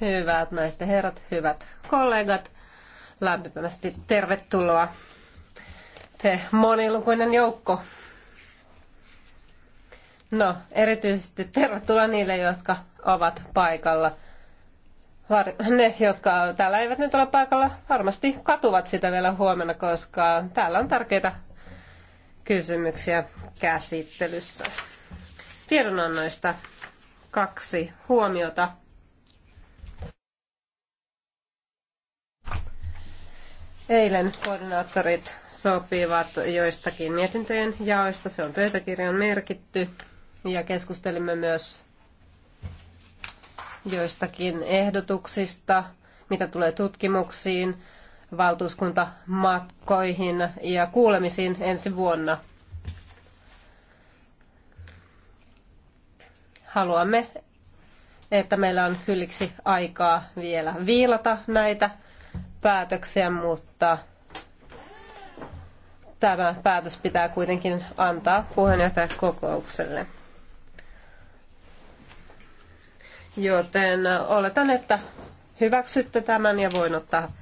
Hyvät naiset ja herrat, hyvät kollegat, lämpimästi tervetuloa. Te monilukuinen joukko No, erityisesti tervetuloa niille, jotka ovat paikalla. ne, jotka täällä eivät nyt ole paikalla, varmasti katuvat sitä vielä huomenna, koska täällä on tärkeitä kysymyksiä käsittelyssä. Tiedonannoista kaksi huomiota. Eilen koordinaattorit sopivat joistakin mietintöjen jaoista. Se on pöytäkirjan merkitty ja keskustelimme myös joistakin ehdotuksista, mitä tulee tutkimuksiin, valtuuskuntamatkoihin ja kuulemisiin ensi vuonna. Haluamme, että meillä on kylliksi aikaa vielä viilata näitä päätöksiä, mutta tämä päätös pitää kuitenkin antaa puheenjohtajakokoukselle. Joten oletan, että hyväksytte tämän ja voin ottaa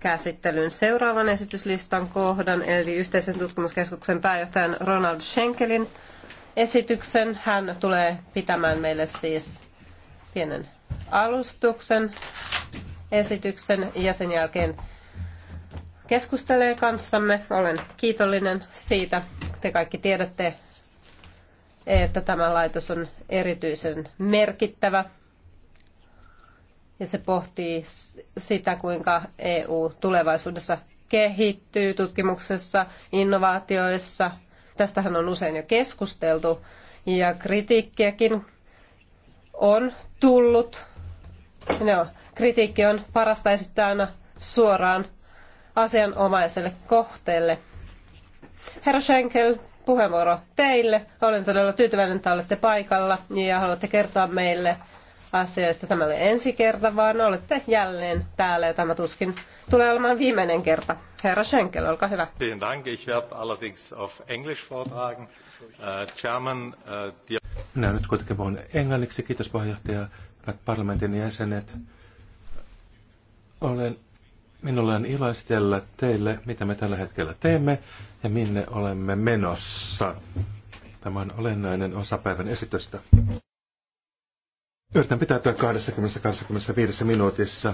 käsittelyyn seuraavan esityslistan kohdan, eli yhteisen tutkimuskeskuksen pääjohtajan Ronald Schenkelin esityksen. Hän tulee pitämään meille siis pienen alustuksen esityksen ja sen jälkeen keskustelee kanssamme. Olen kiitollinen siitä. Te kaikki tiedätte, että tämä laitos on erityisen merkittävä ja se pohtii sitä, kuinka EU tulevaisuudessa kehittyy tutkimuksessa, innovaatioissa. Tästähän on usein jo keskusteltu ja kritiikkiäkin on tullut. No, kritiikki on parasta esittää aina suoraan asianomaiselle kohteelle. Herra Schenkel, puheenvuoro teille. Olen todella tyytyväinen, että olette paikalla ja haluatte kertoa meille asioista. Tämä oli ensi kerta, vaan olette jälleen täällä ja tämä tuskin tulee olemaan viimeinen kerta. Herra Schenkel, olkaa hyvä. Vielen Dank. Ich werde allerdings auf Englisch vortragen. German, äh, äh, Minä nyt kuitenkin puhun englanniksi. Kiitos puheenjohtaja, hyvät parlamentin jäsenet. Olen Minulla on ilo esitellä teille, mitä me tällä hetkellä teemme ja minne olemme menossa. Tämä on olennainen osa päivän esitystä. Yritän pitäytyä 20-25 minuutissa.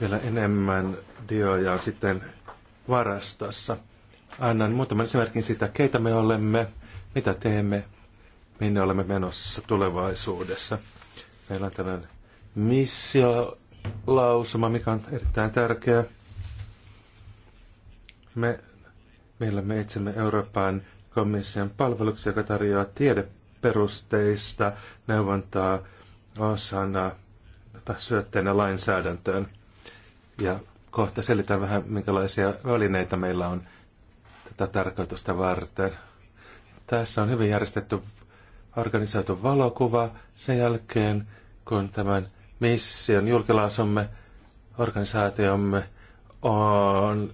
Vielä enemmän dioja on sitten varastossa. Annan muutaman esimerkin siitä, keitä me olemme, mitä teemme, minne olemme menossa tulevaisuudessa. Meillä on tällainen missio lausuma, mikä on erittäin tärkeä. Me, meillä me etsimme Euroopan komission palveluksia joka tarjoaa tiedeperusteista neuvontaa osana syötteenä lainsäädäntöön. Ja kohta selitän vähän, minkälaisia välineitä meillä on tätä tarkoitusta varten. Tässä on hyvin järjestetty, organisoitu valokuva sen jälkeen, kun tämän mission julkilausumme, organisaatiomme on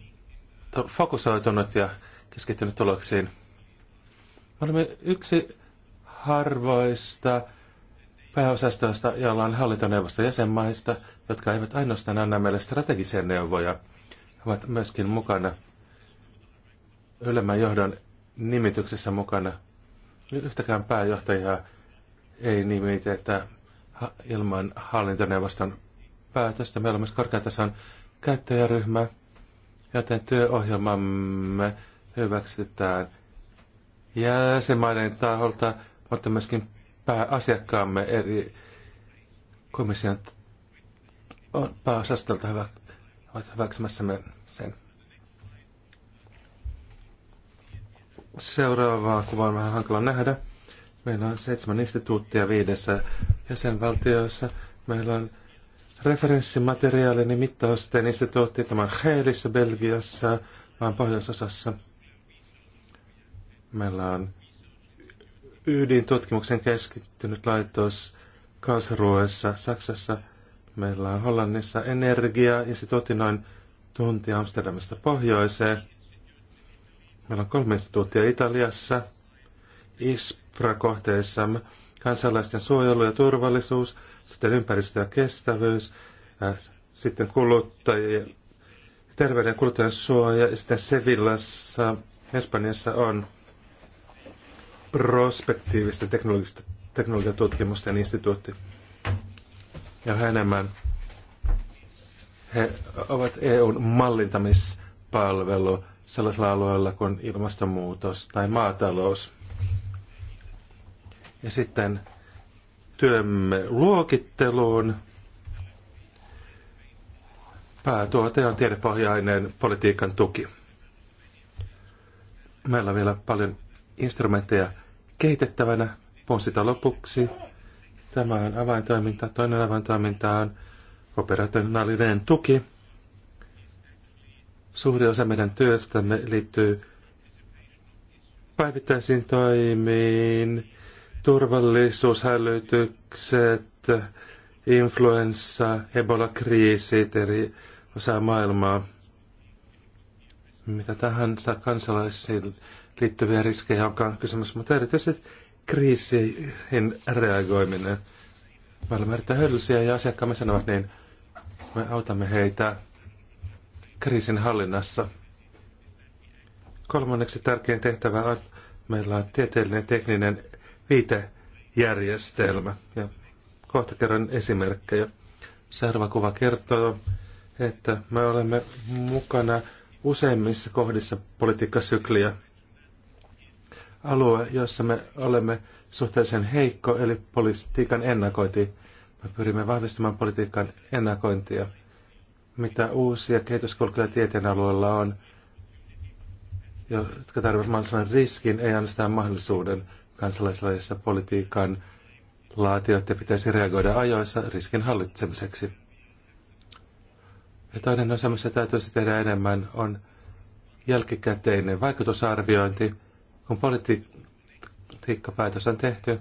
fokusoitunut ja keskittynyt tuloksiin. Me olemme yksi harvoista pääosastoista, joilla on hallintoneuvosto jäsenmaista, jotka eivät ainoastaan anna meille strategisia neuvoja, ovat myöskin mukana ylemmän johdon nimityksessä mukana. Yhtäkään pääjohtajaa ei nimitetä ilman hallintoneuvoston päätöstä. Meillä on myös tason käyttäjäryhmä, joten työohjelmamme hyväksytään jäsenmaiden taholta, mutta myöskin pääasiakkaamme eri komission on pääosastolta hyvä, ovat hyväksymässämme sen. Seuraavaa kuvaa on vähän hankala nähdä. Meillä on seitsemän instituuttia viidessä jäsenvaltioissa. Meillä on referenssimateriaalinen niin mittausten instituutti, tämä on Heelissä, Belgiassa, maan pohjoisosassa. Meillä on ydintutkimuksen keskittynyt laitos Karlsruessa, Saksassa. Meillä on Hollannissa energia ja se tuotti noin tunti Amsterdamista pohjoiseen. Meillä on kolme instituuttia Italiassa, ISPRA-kohteissamme. Kansalaisten suojelu ja turvallisuus, sitten ympäristö ja kestävyys, ja sitten kuluttajien terveyden ja kuluttajan suoja, ja sitten Sevillassa, Espanjassa on prospektiivista teknologista, teknologiatutkimusten instituutti. Ja enemmän he ovat EUn mallintamispalvelu sellaisilla alueilla kuin ilmastonmuutos tai maatalous. Ja sitten työmme luokitteluun. Päätuote on tiedepohjainen politiikan tuki. Meillä on vielä paljon instrumentteja kehitettävänä. Puhun sitä lopuksi. Tämä on avaintoiminta. Toinen avaintoiminta on operationaalinen tuki. Suuri osa meidän työstämme liittyy päivittäisiin toimiin, turvallisuushälytykset, influenssa, Ebola-kriisit eri osa maailmaa. Mitä tahansa kansalaisiin liittyviä riskejä onkaan kysymys, mutta erityisesti kriisiin reagoiminen. Me olemme erittäin hyödyllisiä ja asiakkaamme sanovat niin, me autamme heitä kriisin hallinnassa. Kolmanneksi tärkein tehtävä on, meillä on tieteellinen, tekninen viitejärjestelmä. Ja kohta kerran esimerkkejä. Seuraava kuva kertoo, että me olemme mukana useimmissa kohdissa politiikkasykliä. Alue, jossa me olemme suhteellisen heikko, eli politiikan ennakointi. Me pyrimme vahvistamaan politiikan ennakointia. Mitä uusia kehityskulkuja tieteen alueella on, jotka tarvitsevat mahdollisimman riskin, ei ainoastaan mahdollisuuden kansalaislajissa politiikan ja pitäisi reagoida ajoissa riskin hallitsemiseksi. Ja toinen osa, missä täytyisi tehdä enemmän, on jälkikäteinen vaikutusarviointi, kun politiikkapäätös on tehty.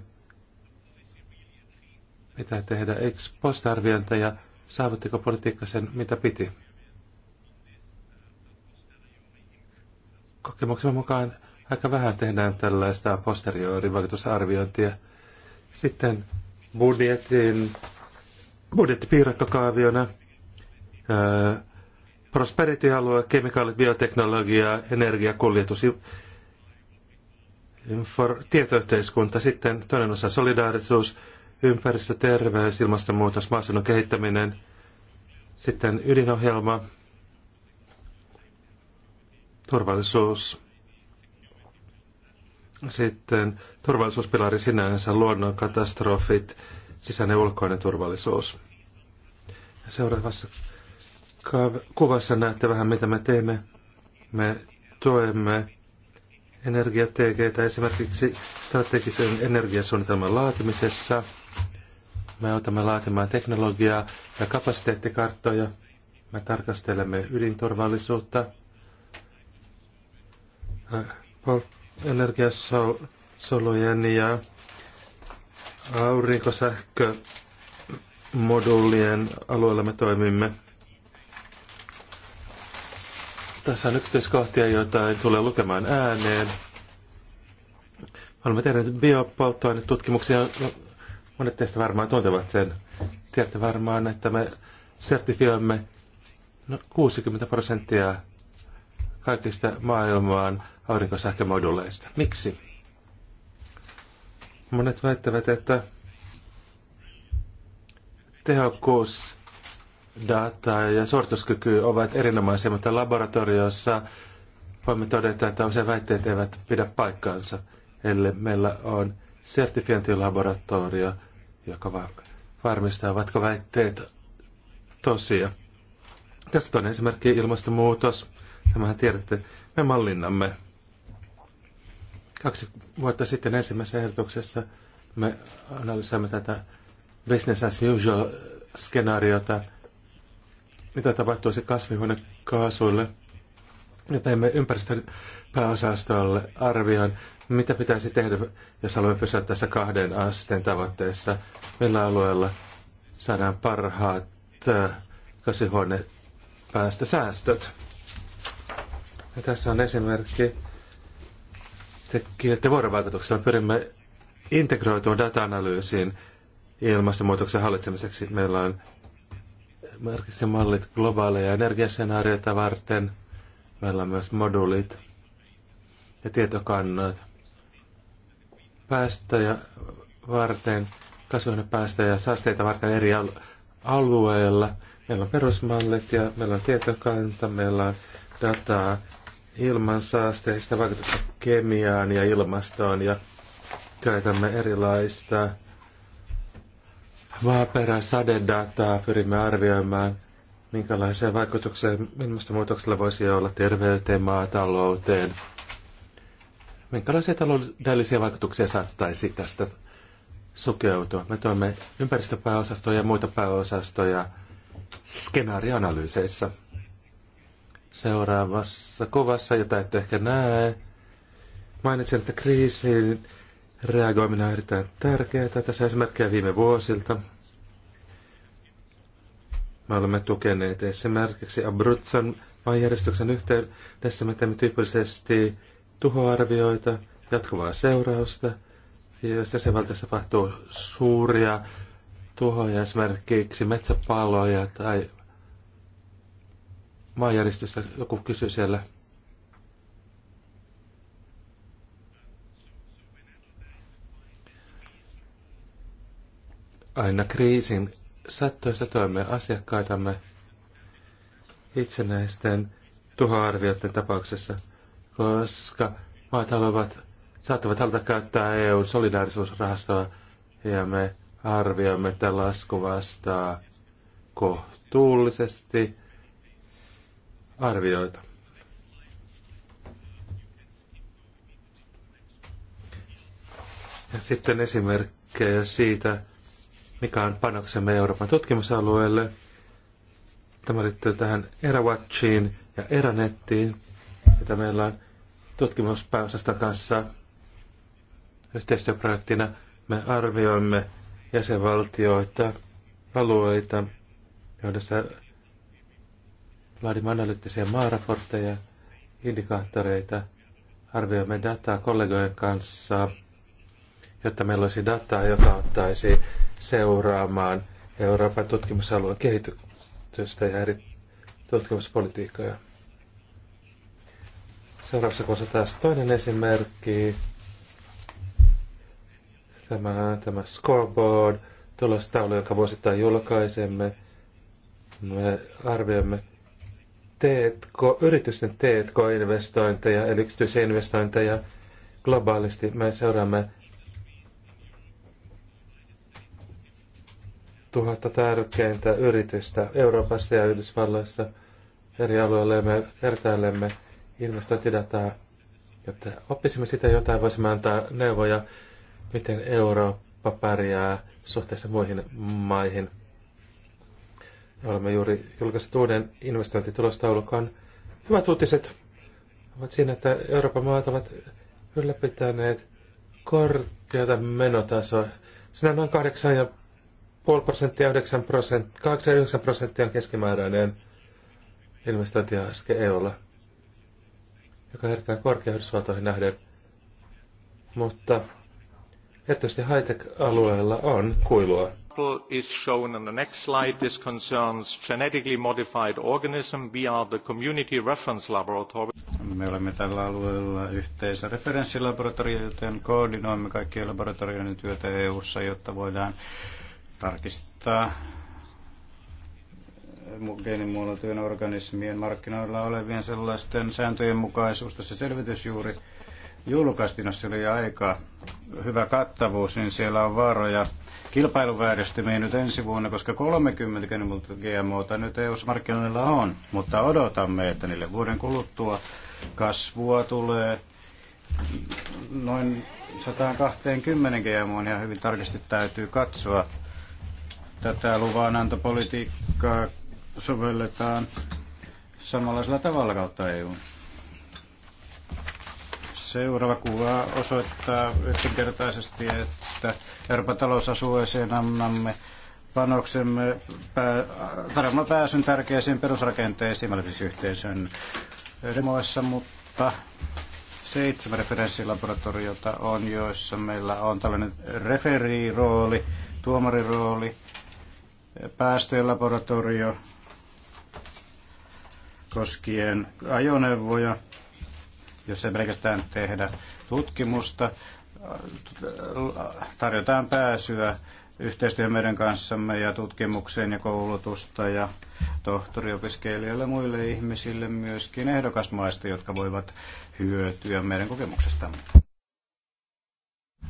Pitää tehdä ex post ja saavuttiko politiikka sen, mitä piti. Kokemuksen mukaan Aika vähän tehdään tällaista posteriorivaikutusarviointia. Sitten budjetin, budjettipiirakkokaaviona prosperity-alue, kemikaalit, bioteknologia, energia, kuljetus, infor, tietoyhteiskunta, sitten toinen osa solidaarisuus, ympäristö, terveys, ilmastonmuutos, maaseudun kehittäminen, sitten ydinohjelma, turvallisuus, sitten turvallisuuspilari sinänsä, luonnon katastrofit, sisäinen ja ulkoinen turvallisuus. Seuraavassa kuvassa näette vähän, mitä me teemme. Me tuemme energiatekeitä esimerkiksi strategisen energiasuunnitelman laatimisessa. Me otamme laatimaan teknologiaa ja kapasiteettikarttoja. Me tarkastelemme ydinturvallisuutta, äh, energiasolujen ja aurinkosähkömoduulien alueella me toimimme. Tässä on yksityiskohtia, joita ei tule lukemaan ääneen. Olemme tehneet biopolttoainetutkimuksia. Monet teistä varmaan tuntevat sen. Tiedätte varmaan, että me sertifioimme no 60 prosenttia kaikista maailmaan aurinkosähkömoduleista. Miksi? Monet väittävät, että tehokkuus, data ja suorituskyky ovat erinomaisia, mutta laboratoriossa voimme todeta, että usein väitteet eivät pidä paikkaansa, ellei meillä on sertifiointilaboratorio, joka varmistaa, ovatko väitteet tosia. Tässä on esimerkki ilmastonmuutos. Tämähän tiedätte, me mallinnamme Kaksi vuotta sitten ensimmäisessä ehdotuksessa me analysoimme tätä business as usual skenaariota, mitä tapahtuisi kasvihuonekaasuille. Ja teimme ympäristön pääosastolle arvion, mitä pitäisi tehdä, jos haluamme pysyä tässä kahden asteen tavoitteessa, millä alueella saadaan parhaat äh, kasvihuonepäästösäästöt. Ja tässä on esimerkki tekijöiden vuorovaikutuksella pyrimme integroituun data-analyysiin ilmastonmuutoksen hallitsemiseksi. Meillä on merkissä mallit globaaleja energiaskenaarioita varten. Meillä on myös moduulit ja tietokannat päästöjä varten, kasvihuonepäästöjä ja saasteita varten eri alueilla. Meillä on perusmallit ja meillä on tietokanta, meillä on dataa ilman saasteista vaikutusta kemiaan ja ilmastoon ja käytämme erilaista maaperäsadedataa, pyrimme arvioimaan, minkälaisia vaikutuksia ilmastonmuutoksella voisi olla terveyteen, maatalouteen, minkälaisia taloudellisia vaikutuksia saattaisi tästä sukeutua. Me toimme ympäristöpääosastoja ja muita pääosastoja skenaarianalyyseissa. Seuraavassa kuvassa, jota ette ehkä näe, Mainitsin, että kriisiin reagoiminen on erittäin tärkeää. Tässä esimerkkejä viime vuosilta. Me olemme tukeneet esimerkiksi Abruzzan maanjärjestyksen yhteydessä. Me teemme tyypillisesti tuhoarvioita, jatkuvaa seurausta. Ja se valtiossa tapahtuu suuria tuhoja, esimerkiksi metsäpaloja tai maanjäristystä, joku kysyy siellä – Aina kriisin sattuessa toimme asiakkaitamme itsenäisten tuhoarvioiden tapauksessa, koska maat haluavat, saattavat haluta käyttää EUn solidaarisuusrahastoa ja me arvioimme, että lasku vastaa kohtuullisesti arvioita. Ja sitten esimerkkejä siitä, mikä on panoksemme Euroopan tutkimusalueelle. Tämä liittyy tähän Erawatchiin ja Eranettiin, mitä meillä on tutkimuspääosaston kanssa yhteistyöprojektina. Me arvioimme jäsenvaltioita, alueita, joissa laadimme analyyttisia maaraportteja, indikaattoreita, arvioimme dataa kollegojen kanssa – jotta meillä olisi dataa, joka ottaisi seuraamaan Euroopan tutkimusalueen kehitystä ja eri tutkimuspolitiikkoja. Seuraavassa kohdassa taas toinen esimerkki, tämä, tämä scoreboard, tulostaulu, joka vuosittain julkaisemme. Me arvioimme TK, yritysten T&K-investointeja, eli yksityisiä investointeja globaalisti. Me seuraamme tuhatta tärkeintä yritystä Euroopassa ja Yhdysvalloissa eri alueilla ja me vertailemme investointidataa, jotta oppisimme sitä jotain, voisimme antaa neuvoja, miten Eurooppa pärjää suhteessa muihin maihin. Olemme juuri julkaisseet uuden investointitulostaulukon. Hyvät uutiset ovat siinä, että Euroopan maat ovat ylläpitäneet korkeata menotasoa. Sinä noin 8 ja 6,5 prosenttia, 9 prosenttia, 89 prosenttia on keskimääräinen investointiaske EUlla, joka herättää erittäin korkea Yhdysvaltoihin nähden. Mutta erityisesti high-tech-alueella on kuilua. is shown on the next slide. This concerns genetically modified organism. We are the community reference laboratory. Me olemme tällä alueella yhteisö referenssilaboratorio, joten koordinoimme kaikkia laboratorioiden työtä EU-ssa, jotta voidaan tarkistaa geenimuunneltujen organismien markkinoilla olevien sellaisten sääntöjen mukaisuus. Tässä selvitys juuri julkaistiin, jos oli aika hyvä kattavuus, niin siellä on vaaroja kilpailuvääristymiä nyt ensi vuonna, koska 30 GMOta nyt EU-markkinoilla on, mutta odotamme, että niille vuoden kuluttua kasvua tulee noin 120 GMO, ihan hyvin tarkasti täytyy katsoa tätä luvanantopolitiikkaa sovelletaan samanlaisella tavalla kautta EUn. Seuraava kuva osoittaa yksinkertaisesti, että Euroopan talousasueeseen annamme panoksemme pää, pääsyn tärkeisiin perusrakenteisiin, siis yhteisön remoissa, mutta seitsemän referenssilaboratoriota on, joissa meillä on tällainen referirooli, tuomarirooli, päästöjen laboratorio koskien ajoneuvoja, jos ei pelkästään tehdä tutkimusta, tarjotaan pääsyä yhteistyöhön meidän kanssamme ja tutkimukseen ja koulutusta ja tohtoriopiskelijoille ja muille ihmisille myöskin ehdokasmaista, jotka voivat hyötyä meidän kokemuksestamme.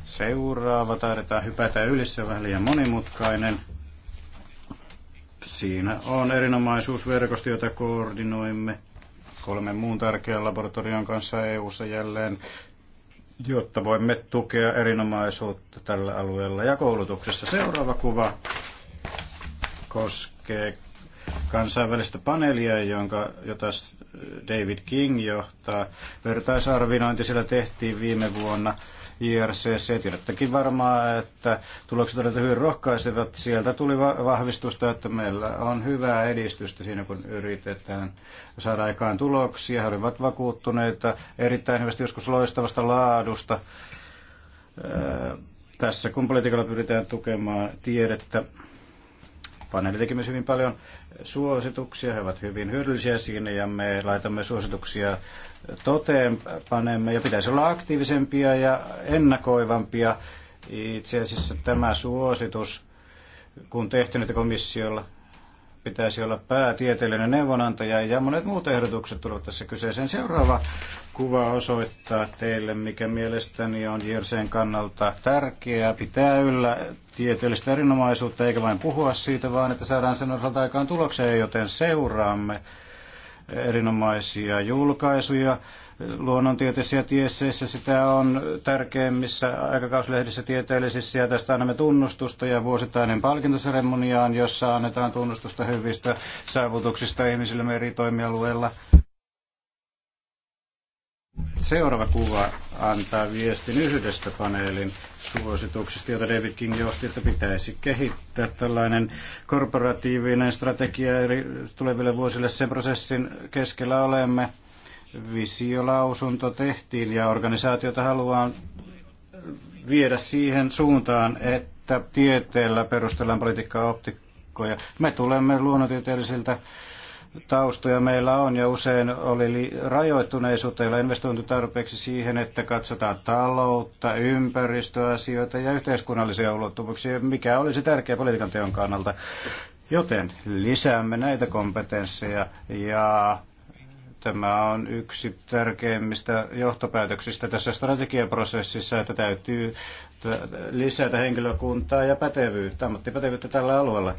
Seuraava taidetaan hypätä yli, se on vähän liian monimutkainen. Siinä on erinomaisuusverkosto, jota koordinoimme kolmen muun tärkeän laboratorion kanssa EU-ssa jälleen, jotta voimme tukea erinomaisuutta tällä alueella ja koulutuksessa. Seuraava kuva koskee kansainvälistä paneelia, jonka, jota David King johtaa. Vertaisarvinointi siellä tehtiin viime vuonna JRCC. Tiedättekin varmaan, että tulokset olivat hyvin rohkaisevat. Sieltä tuli vahvistusta, että meillä on hyvää edistystä siinä, kun yritetään saada aikaan tuloksia. He olivat vakuuttuneita erittäin hyvästä, joskus loistavasta laadusta. Tässä kun politiikalla pyritään tukemaan tiedettä Paneeli teki myös hyvin paljon suosituksia, he ovat hyvin hyödyllisiä siinä ja me laitamme suosituksia toteen, panemme ja pitäisi olla aktiivisempia ja ennakoivampia. Itse asiassa tämä suositus, kun tehty nyt komissiolla, pitäisi olla päätieteellinen neuvonantaja ja monet muut ehdotukset tulevat tässä kyseeseen. Seuraava kuva osoittaa teille, mikä mielestäni on JRCn kannalta tärkeää pitää yllä tieteellistä erinomaisuutta, eikä vain puhua siitä, vaan että saadaan sen osalta aikaan tulokseen, joten seuraamme erinomaisia julkaisuja. Luonnontieteisiä tiesseissä sitä on tärkeimmissä aikakauslehdissä tieteellisissä ja tästä annamme tunnustusta ja vuosittainen palkintoseremoniaan, jossa annetaan tunnustusta hyvistä saavutuksista ihmisille eri toimialueilla – Seuraava kuva antaa viestin yhdestä paneelin suosituksista jota David King johti, että pitäisi kehittää tällainen korporatiivinen strategia eri tuleville vuosille. Sen prosessin keskellä olemme. Visiolausunto tehtiin ja organisaatiota haluaa viedä siihen suuntaan, että tieteellä perustellaan politiikkaa optikkoja. Me tulemme luonnontieteellisiltä taustoja meillä on ja usein oli rajoittuneisuutta, jolla investointi tarpeeksi siihen, että katsotaan taloutta, ympäristöasioita ja yhteiskunnallisia ulottuvuuksia, mikä olisi tärkeä politiikan teon kannalta. Joten lisäämme näitä kompetensseja ja tämä on yksi tärkeimmistä johtopäätöksistä tässä strategiaprosessissa, että täytyy lisätä henkilökuntaa ja pätevyyttä, ammattipätevyyttä tällä alueella.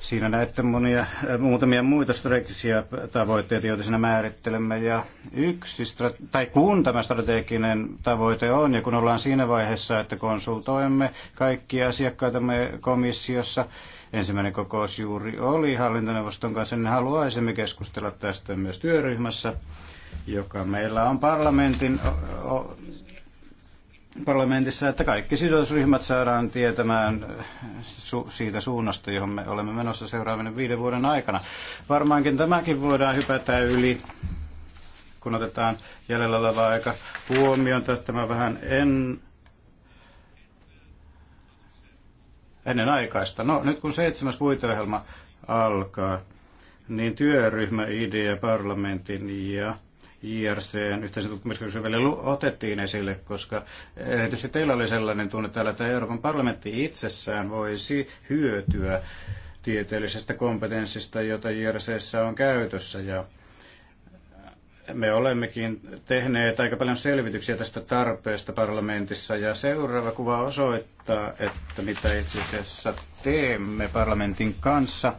Siinä näette monia, äh, muutamia muita strategisia tavoitteita, joita siinä määrittelemme. Ja yksi, tai kun tämä strateginen tavoite on, ja kun ollaan siinä vaiheessa, että konsultoimme kaikkia asiakkaitamme komissiossa, ensimmäinen kokous juuri oli hallintoneuvoston kanssa, niin haluaisimme keskustella tästä myös työryhmässä, joka meillä on parlamentin parlamentissa, että kaikki sidosryhmät saadaan tietämään su- siitä suunnasta, johon me olemme menossa seuraavien viiden vuoden aikana. Varmaankin tämäkin voidaan hypätä yli, kun otetaan jäljellä oleva aika huomioon. Tämä vähän en ennen aikaista. No nyt kun seitsemäs puiteohjelma alkaa, niin työryhmä e, parlamentin ja JRCn yhteisen tutkimuskysymyksen välillä otettiin esille, koska erityisesti teillä oli sellainen tunne täällä, että Euroopan parlamentti itsessään voisi hyötyä tieteellisestä kompetenssista, jota JRCssä on käytössä. Ja me olemmekin tehneet aika paljon selvityksiä tästä tarpeesta parlamentissa ja seuraava kuva osoittaa, että mitä itse asiassa teemme parlamentin kanssa,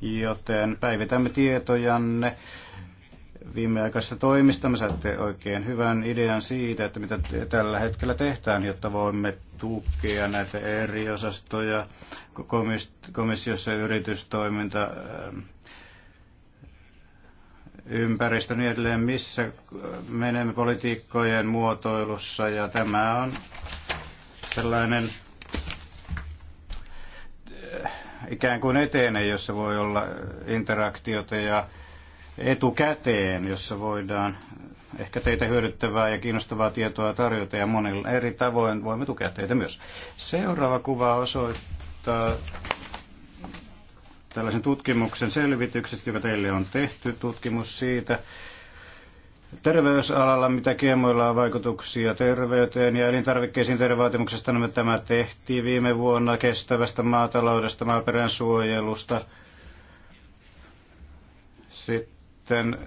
joten päivitämme tietojanne viimeaikaisista toimista. Me oikein hyvän idean siitä, että mitä tällä hetkellä tehdään, jotta voimme tukea näitä eri osastoja komissiossa yritystoiminta, ähm, ympäristö niin edelleen, missä menemme politiikkojen muotoilussa ja tämä on sellainen äh, ikään kuin etene, jossa voi olla interaktiota ja etukäteen, jossa voidaan ehkä teitä hyödyttävää ja kiinnostavaa tietoa tarjota ja monilla eri tavoin voimme tukea teitä myös. Seuraava kuva osoittaa tällaisen tutkimuksen selvityksestä, joka teille on tehty, tutkimus siitä terveysalalla, mitä kiemoilla on vaikutuksia terveyteen ja elintarvikkeisiin terveysvaatimuksesta. No, tämä tehtiin viime vuonna kestävästä maataloudesta, maaperän suojelusta, sitten sitten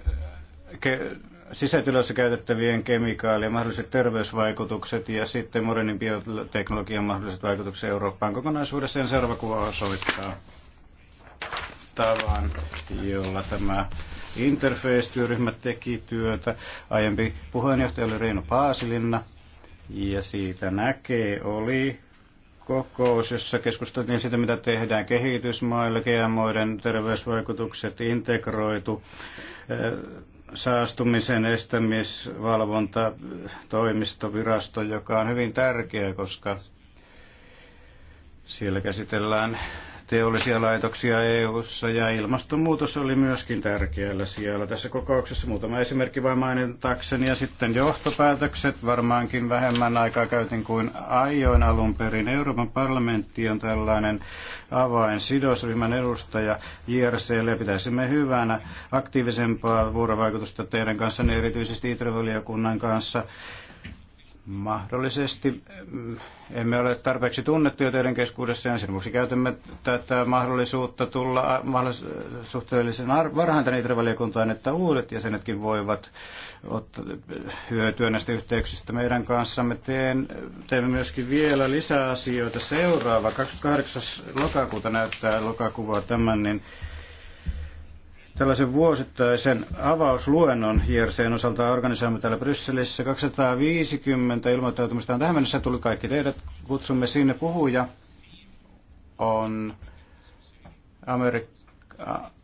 ke- sisätiloissa käytettävien kemikaalien mahdolliset terveysvaikutukset ja sitten modernin bioteknologian mahdolliset vaikutukset Eurooppaan kokonaisuudessaan. Seuraava kuva osoittaa tavan, jolla tämä interface-työryhmä teki työtä. Aiempi puheenjohtaja oli Reino Paasilinna ja siitä näkee oli kokous, jossa keskusteltiin siitä, mitä tehdään kehitysmailla, GMOiden terveysvaikutukset, integroitu eh, saastumisen estämisvalvonta, toimistovirasto, joka on hyvin tärkeä, koska siellä käsitellään teollisia laitoksia EU:ssa ja ilmastonmuutos oli myöskin tärkeällä siellä tässä kokouksessa. Muutama esimerkki vain mainitakseni ja sitten johtopäätökset. Varmaankin vähemmän aikaa käytin kuin aioin alun perin. Euroopan parlamentti on tällainen avain sidosryhmän edustaja JRClle. Pitäisimme hyvänä aktiivisempaa vuorovaikutusta teidän kanssanne, erityisesti Itravaliokunnan kanssa Mahdollisesti mm, emme ole tarpeeksi tunnettuja teidän keskuudessa, ja sen vuoksi käytämme tätä mahdollisuutta tulla mahdollis- suhteellisen varhain tänne itävaliokuntaan, että uudet jäsenetkin voivat hyötyä näistä yhteyksistä meidän kanssamme. Teen, teemme myöskin vielä lisää asioita. Seuraava 28. lokakuuta näyttää lokakuvaa tämän, niin tällaisen vuosittaisen avausluennon JRCn osalta organisoimme täällä Brysselissä. 250 ilmoittautumista on tähän mennessä tuli kaikki teidät. Kutsumme sinne puhuja on Amerik-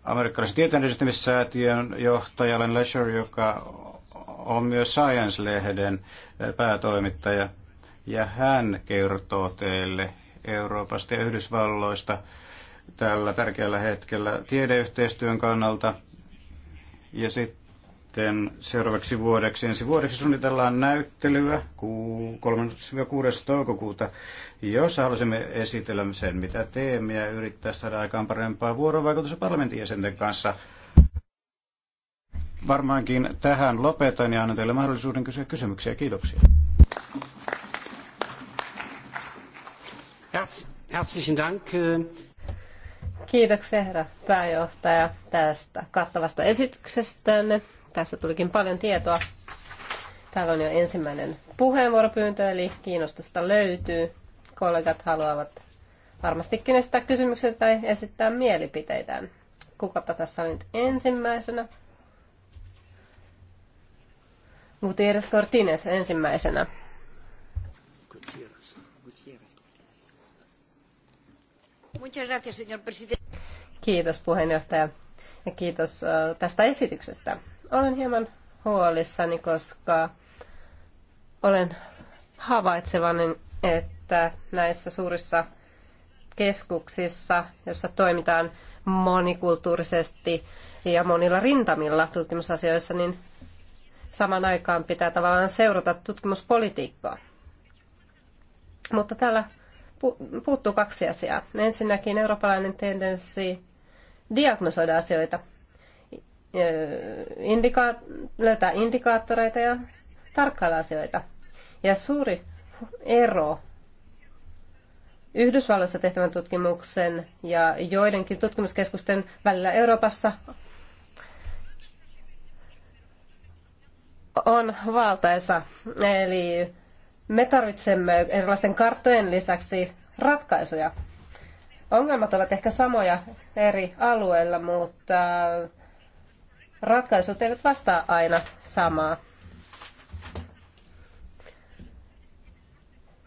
amerikkalaisen tieteenedistämissäätiön johtaja Len Lesher, joka on myös Science-lehden päätoimittaja. Ja hän kertoo teille Euroopasta ja Yhdysvalloista tällä tärkeällä hetkellä tiedeyhteistyön kannalta. Ja sitten seuraavaksi vuodeksi, ensi vuodeksi suunnitellaan näyttelyä 3-6. toukokuuta, jossa haluaisimme esitellä sen, mitä teemme ja yrittää saada aikaan parempaa vuorovaikutusta parlamentin jäsenten kanssa. Varmaankin tähän lopetan ja annan teille mahdollisuuden kysyä kysymyksiä. Kiitoksia. Herzlichen Dank. Äh, Kiitoksia herra pääjohtaja tästä kattavasta esityksestänne. Tässä tulikin paljon tietoa. Täällä on jo ensimmäinen puheenvuoropyyntö, eli kiinnostusta löytyy. Kollegat haluavat varmastikin esittää kysymyksiä tai esittää mielipiteitään. Kukapa tässä on nyt ensimmäisenä? Gutierrez Cortines ensimmäisenä. Kiitos puheenjohtaja ja kiitos äh, tästä esityksestä. Olen hieman huolissani, koska olen havaitsevainen, että näissä suurissa keskuksissa, jossa toimitaan monikulttuurisesti ja monilla rintamilla tutkimusasioissa, niin saman aikaan pitää tavallaan seurata tutkimuspolitiikkaa. Mutta täällä puuttuu kaksi asiaa. Ensinnäkin eurooppalainen tendenssi diagnosoida asioita, indika- löytää indikaattoreita ja tarkkailla asioita. Ja suuri ero Yhdysvalloissa tehtävän tutkimuksen ja joidenkin tutkimuskeskusten välillä Euroopassa on valtaisa. Eli me tarvitsemme erilaisten karttojen lisäksi ratkaisuja. Ongelmat ovat ehkä samoja eri alueilla, mutta ratkaisut eivät vastaa aina samaa.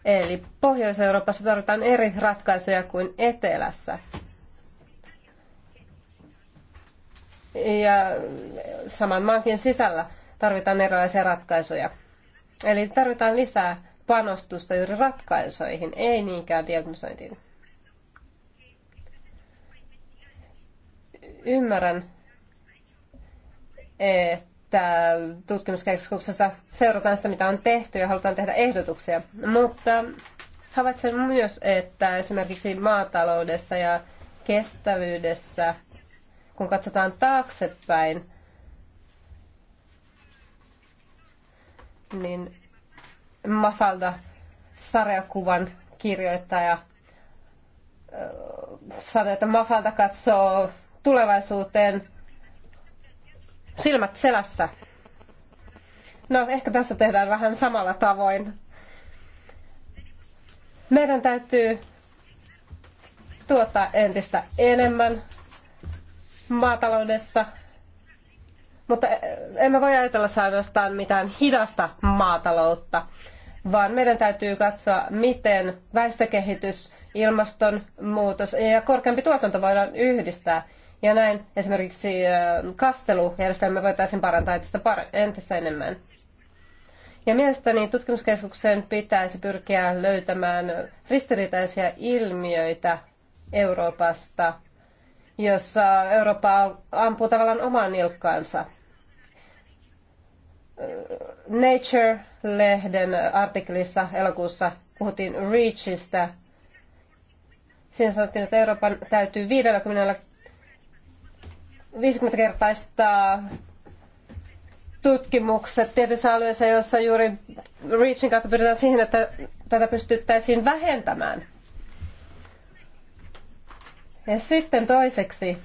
Eli Pohjois-Euroopassa tarvitaan eri ratkaisuja kuin Etelässä. Ja saman maankin sisällä tarvitaan erilaisia ratkaisuja. Eli tarvitaan lisää panostusta juuri ratkaisuihin, ei niinkään diagnosointiin. Ymmärrän, että tutkimuskeskuksessa seurataan sitä, mitä on tehty ja halutaan tehdä ehdotuksia, mutta havaitsen myös, että esimerkiksi maataloudessa ja kestävyydessä, kun katsotaan taaksepäin, niin Mafalda sarjakuvan kirjoittaja äh, sanoi, että Mafalda katsoo tulevaisuuteen silmät selässä. No, ehkä tässä tehdään vähän samalla tavoin. Meidän täytyy tuottaa entistä enemmän maataloudessa, mutta äh, emme voi ajatella ainoastaan mitään hidasta maataloutta vaan meidän täytyy katsoa, miten väestökehitys, ilmastonmuutos ja korkeampi tuotanto voidaan yhdistää. Ja näin esimerkiksi kastelujärjestelmä voitaisiin parantaa entistä, entistä enemmän. Ja mielestäni tutkimuskeskuksen pitäisi pyrkiä löytämään ristiriitaisia ilmiöitä Euroopasta, jossa Eurooppa ampuu tavallaan omaan nilkkaansa. Nature-lehden artikkelissa elokuussa puhuttiin REACHista. Siinä sanottiin, että Euroopan täytyy 50, 50 kertaistaa tutkimukset tietyissä alueissa, joissa juuri REACHin kautta pyritään siihen, että tätä pystyttäisiin vähentämään. Ja sitten toiseksi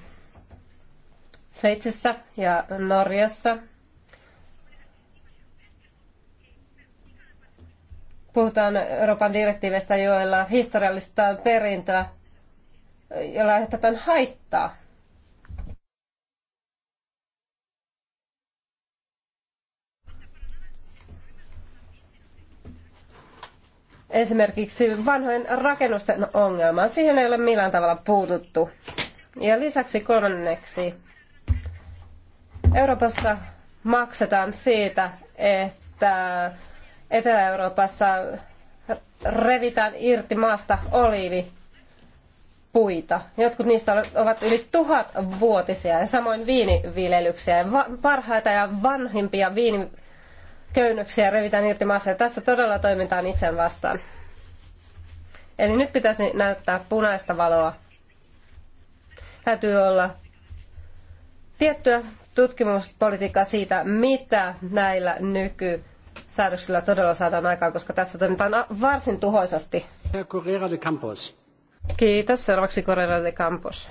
Sveitsissä ja Norjassa – puhutaan Euroopan direktiiveistä, joilla historiallista perintöä, jolla aiheutetaan haittaa. Esimerkiksi vanhojen rakennusten ongelmaan. Siihen ei ole millään tavalla puututtu. Ja lisäksi kolmanneksi Euroopassa maksetaan siitä, että Etelä-Euroopassa revitään irti maasta oliivi puita. Jotkut niistä ovat yli tuhat vuotisia ja samoin viiniviljelyksiä. Parhaita ja vanhimpia viiniköynnöksiä revitään irti maassa ja tässä todella toimitaan itseään vastaan. Eli nyt pitäisi näyttää punaista valoa. Täytyy olla tiettyä tutkimuspolitiikkaa siitä, mitä näillä nyky säädöksillä todella saadaan aikaan, koska tässä toimitaan varsin tuhoisasti. Correra de Campos. Kiitos. Seuraavaksi Correra de Campos.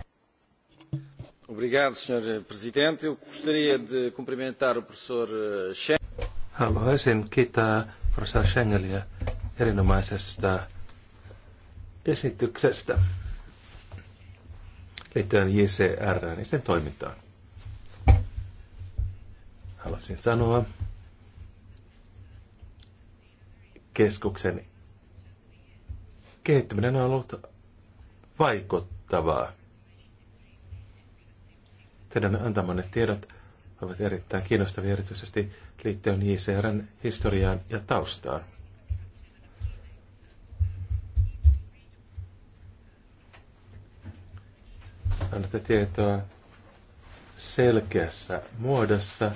Obrigado, senhor presidente. Eu gostaria de cumprimentar o professor eh, Schengen. Haluaisin kiittää professor Schengeliä erinomaisesta esityksestä liittyen JCR ja sen toimintaan. Haluaisin sanoa, keskuksen kehittyminen on ollut vaikuttavaa. Teidän antamanne tiedot ovat erittäin kiinnostavia erityisesti liittyen ICRn historiaan ja taustaan. Annatte tietoa selkeässä muodossa,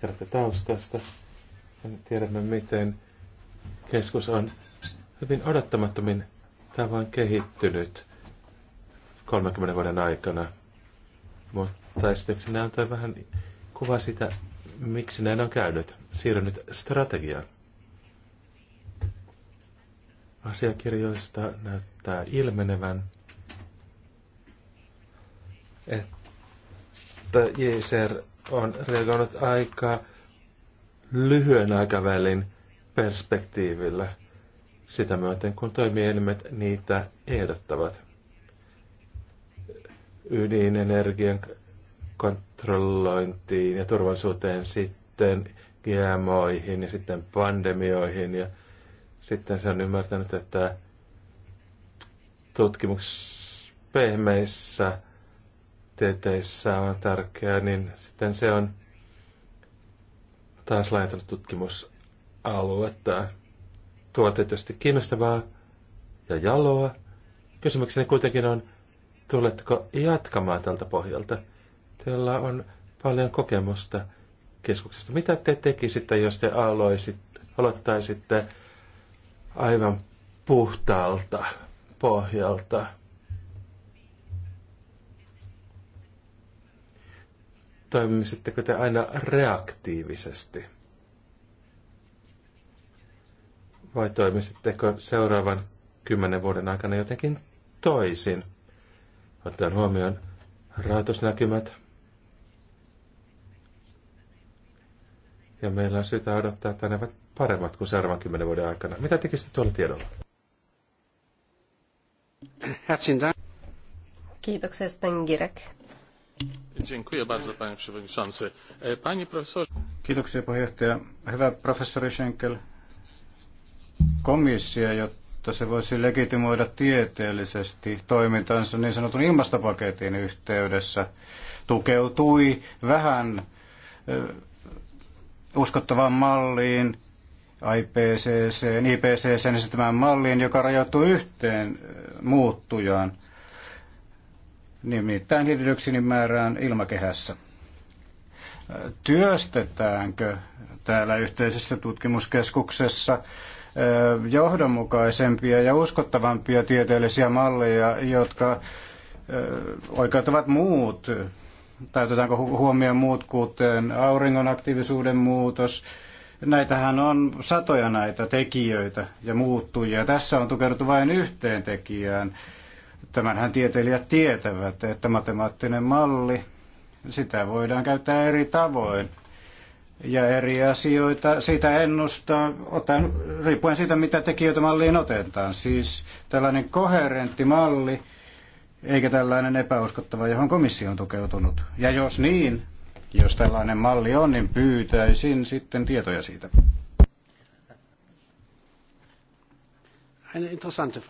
kerrotte taustasta. Tiedämme, miten keskus on hyvin odottamattomin tavoin kehittynyt 30 vuoden aikana. Mutta esityksenä antoi vähän kuva sitä, miksi näin on käynyt. Siirryn nyt strategiaan. Asiakirjoista näyttää ilmenevän, että JCR on reagoinut aika lyhyen aikavälin perspektiivillä sitä myöten, kun toimielimet niitä ehdottavat. Ydinenergian kontrollointiin ja turvallisuuteen sitten GMOihin ja sitten pandemioihin ja sitten se on ymmärtänyt, että tutkimuksessa pehmeissä tieteissä on tärkeää, niin sitten se on taas laajentanut tutkimus aluetta. Tuo on tietysti kiinnostavaa ja jaloa. Kysymykseni kuitenkin on, tuletteko jatkamaan tältä pohjalta? Teillä on paljon kokemusta keskuksesta. Mitä te tekisitte, jos te aloisitte, aloittaisitte aivan puhtaalta pohjalta? Toimisitteko te aina reaktiivisesti? vai toimisitteko seuraavan kymmenen vuoden aikana jotenkin toisin, ottaen huomioon rahoitusnäkymät. Ja meillä on syytä odottaa, että ne ovat paremmat kuin seuraavan kymmenen vuoden aikana. Mitä tekisitte tuolla tiedolla? Kiitoksia, Girek. Dziękuję bardzo, panie przewodniczący. E, panie profesorze... Kiitoksia, puheenjohtaja. Hyvä professori Schenkel, komissio, jotta se voisi legitimoida tieteellisesti toimintansa niin sanotun ilmastopaketin yhteydessä, tukeutui vähän uskottavaan malliin, IPCC, IPCCn esittämään malliin, joka rajoittuu yhteen muuttujaan, nimittäin hiilidioksidin määrään ilmakehässä. Työstetäänkö täällä yhteisessä tutkimuskeskuksessa johdonmukaisempia ja uskottavampia tieteellisiä malleja, jotka oikeuttavat muut. otetaanko huomioon muut, kuten auringon aktiivisuuden muutos, näitähän on satoja näitä tekijöitä ja muuttujia. Tässä on tukenut vain yhteen tekijään. Tämänhän tieteilijät tietävät, että matemaattinen malli, sitä voidaan käyttää eri tavoin ja eri asioita siitä ennustaa, otan, riippuen siitä, mitä tekijöitä malliin otetaan. Siis tällainen koherentti malli, eikä tällainen epäuskottava, johon komissio on tukeutunut. Ja jos niin, jos tällainen malli on, niin pyytäisin sitten tietoja siitä. interessante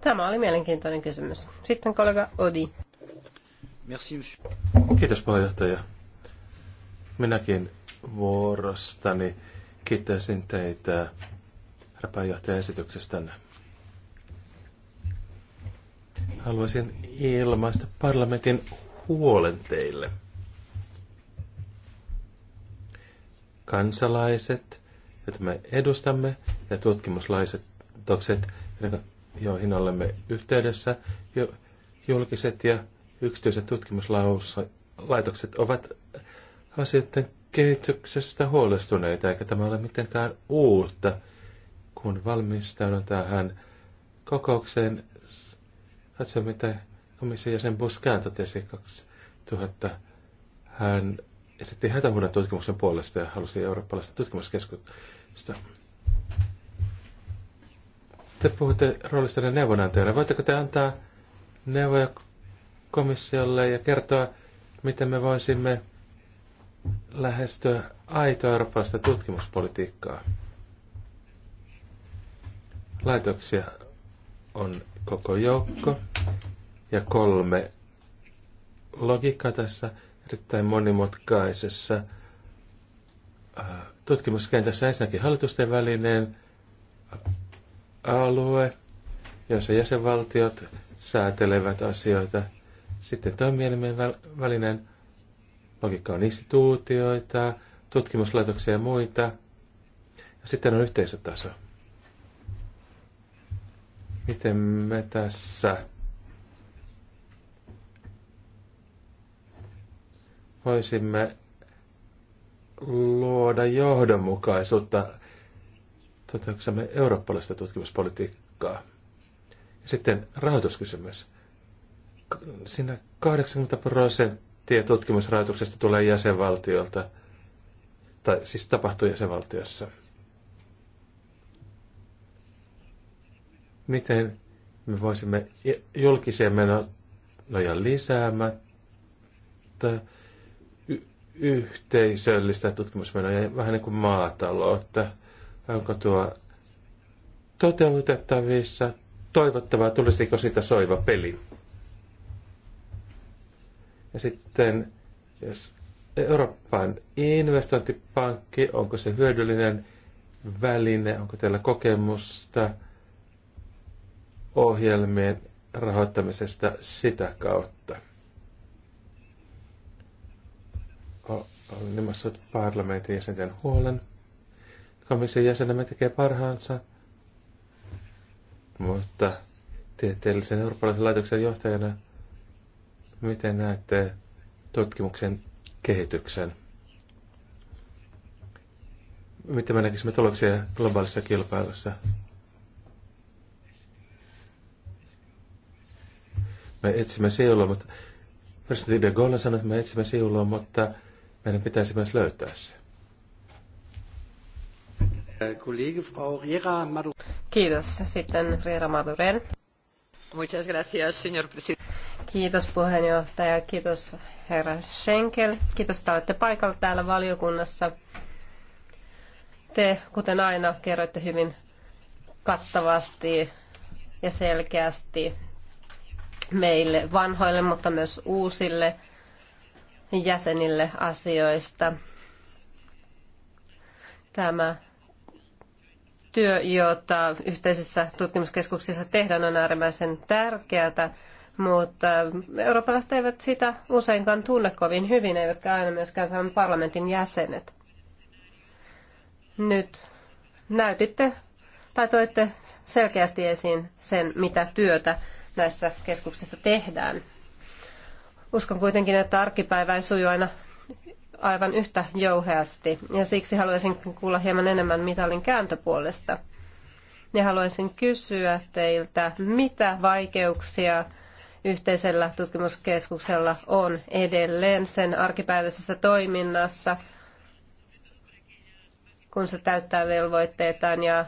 Tämä oli mielenkiintoinen kysymys. Sitten kollega Odi. Merci, Kiitos puheenjohtaja. Minäkin vuorostani kiittäisin teitä rapajohtajan esityksestänne. Haluaisin ilmaista parlamentin huolen teille. Kansalaiset, joita me edustamme, ja tutkimuslaitokset, joihin olemme yhteydessä, julkiset ja yksityiset tutkimuslaitokset ovat asioiden kehityksestä huolestuneita, eikä tämä ole mitenkään uutta, kun valmistaudun tähän kokoukseen. Katso, mitä komission jäsen Buskään totesi 2000. Hän esitti hätähuudon tutkimuksen puolesta ja halusi eurooppalaista tutkimuskeskusta. Te puhutte roolista neuvonantajana. Voitteko te antaa neuvoja komissiolle ja kertoa, miten me voisimme lähestyä aitoa eurooppalaista tutkimuspolitiikkaa. Laitoksia on koko joukko ja kolme logiikkaa tässä erittäin monimutkaisessa äh, tutkimuskentässä. Ensinnäkin hallitusten välinen alue, jossa jäsenvaltiot säätelevät asioita. Sitten toimielimen välinen Logiikka on instituutioita, tutkimuslaitoksia ja muita. Ja sitten on yhteisötaso. Miten me tässä voisimme luoda johdonmukaisuutta toteuksemme eurooppalaista tutkimuspolitiikkaa. Ja sitten rahoituskysymys. Siinä 80 prosenttia tie tutkimusrahoituksesta tulee jäsenvaltiolta, tai siis tapahtuu jäsenvaltiossa. Miten me voisimme julkisia menoja lisäämättä y- yhteisöllistä tutkimusmenoja vähän niin kuin maataloutta? Onko tuo toteutettavissa? Toivottavaa, tulisiko siitä soiva peli? Ja sitten, jos Euroopan investointipankki, onko se hyödyllinen väline, onko teillä kokemusta ohjelmien rahoittamisesta sitä kautta? Olen ilmaissut parlamentin jäsenten huolen. Komission jäsenemme tekee parhaansa, mutta tieteellisen eurooppalaisen laitoksen johtajana – Miten näette tutkimuksen kehityksen? Miten me näkisimme tuloksia globaalissa kilpailussa? Me etsimme siulua, mutta presidentti de Gaulle sanoi, että me etsimme siulua, mutta meidän pitäisi myös löytää se. Kiitos. Sitten Riera Maduren. Muchas gracias, señor presidente. Kiitos puheenjohtaja, kiitos herra Schenkel. Kiitos, että olette paikalla täällä valiokunnassa. Te, kuten aina, kerroitte hyvin kattavasti ja selkeästi meille vanhoille, mutta myös uusille jäsenille asioista. Tämä työ, jota yhteisissä tutkimuskeskuksissa tehdään, on äärimmäisen tärkeää mutta eurooppalaiset eivät sitä useinkaan tunne kovin hyvin, eivätkä aina myöskään tämän parlamentin jäsenet. Nyt näytitte tai toitte selkeästi esiin sen, mitä työtä näissä keskuksissa tehdään. Uskon kuitenkin, että arkipäivä ei suju aina aivan yhtä jouheasti, ja siksi haluaisin kuulla hieman enemmän mitalin kääntöpuolesta. Ja haluaisin kysyä teiltä, mitä vaikeuksia yhteisellä tutkimuskeskuksella on edelleen sen arkipäiväisessä toiminnassa, kun se täyttää velvoitteitaan ja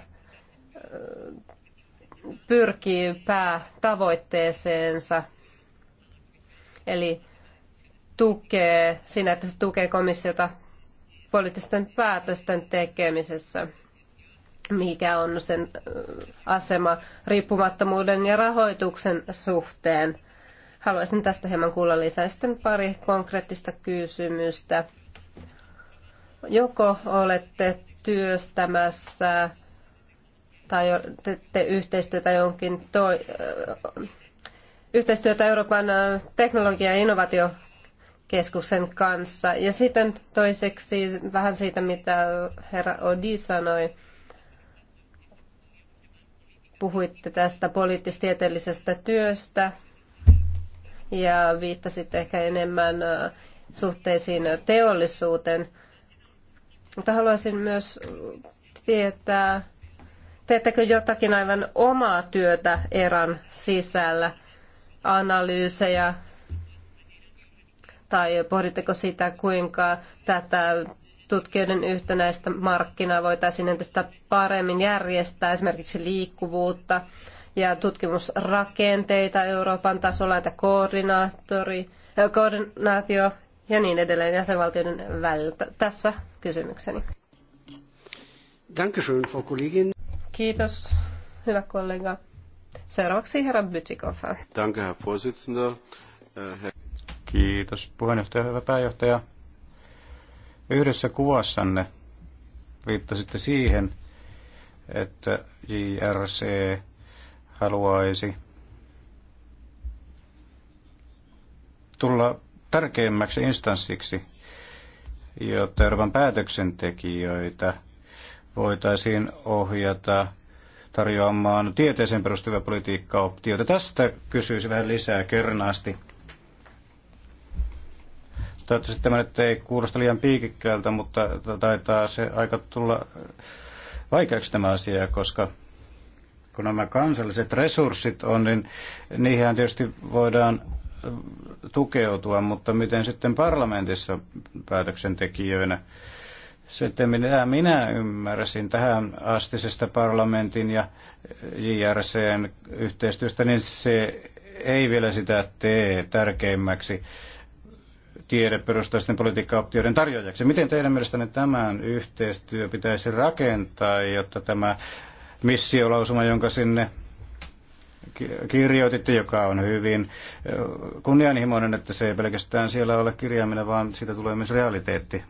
pyrkii päätavoitteeseensa, eli tukee siinä, että se tukee komissiota poliittisten päätösten tekemisessä, mikä on sen asema riippumattomuuden ja rahoituksen suhteen. Haluaisin tästä hieman kuulla lisää. Sitten pari konkreettista kysymystä. Joko olette työstämässä tai teette yhteistyötä jonkin toi, yhteistyötä Euroopan teknologia- ja innovaatiokeskuksen kanssa. Ja sitten toiseksi vähän siitä, mitä herra Odi sanoi. Puhuitte tästä poliittistieteellisestä työstä ja viittasit ehkä enemmän suhteisiin teollisuuteen. Mutta haluaisin myös tietää, teettekö jotakin aivan omaa työtä erän sisällä, analyysejä, tai pohditteko sitä, kuinka tätä tutkijoiden yhtenäistä markkinaa voitaisiin entistä paremmin järjestää, esimerkiksi liikkuvuutta, ja tutkimusrakenteita Euroopan tasolla, että koordinaattori, äh, koordinaatio ja niin edelleen jäsenvaltioiden välillä. Tässä kysymykseni. Dankeschön, Frau Kollegin. Kiitos, hyvä kollega. Seuraavaksi herra Bütikofer. Danke, Herr Vorsitzender. Äh, Kiitos puheenjohtaja, hyvä pääjohtaja. Yhdessä kuvassanne viittasitte siihen, että JRC haluaisi tulla tärkeimmäksi instanssiksi, jotta Euroopan päätöksentekijöitä voitaisiin ohjata tarjoamaan tieteeseen perustuvia politiikkaoptioita. Tästä kysyisi vähän lisää kernaasti. Toivottavasti tämä nyt ei kuulosta liian piikikkäältä, mutta taitaa se aika tulla vaikeaksi tämä asia, koska kun nämä kansalliset resurssit on, niin niihin tietysti voidaan tukeutua, mutta miten sitten parlamentissa päätöksentekijöinä sitten minä, minä ymmärsin tähän astisesta parlamentin ja JRCn yhteistyöstä, niin se ei vielä sitä tee tärkeimmäksi tiedeperustaisten politiikkaoptioiden tarjoajaksi. Miten teidän mielestänne tämän yhteistyö pitäisi rakentaa, jotta tämä missiolausuma, jonka sinne kirjoititte, joka on hyvin kunnianhimoinen, että se ei pelkästään siellä ole kirjaaminen, vaan siitä tulee myös realiteetti.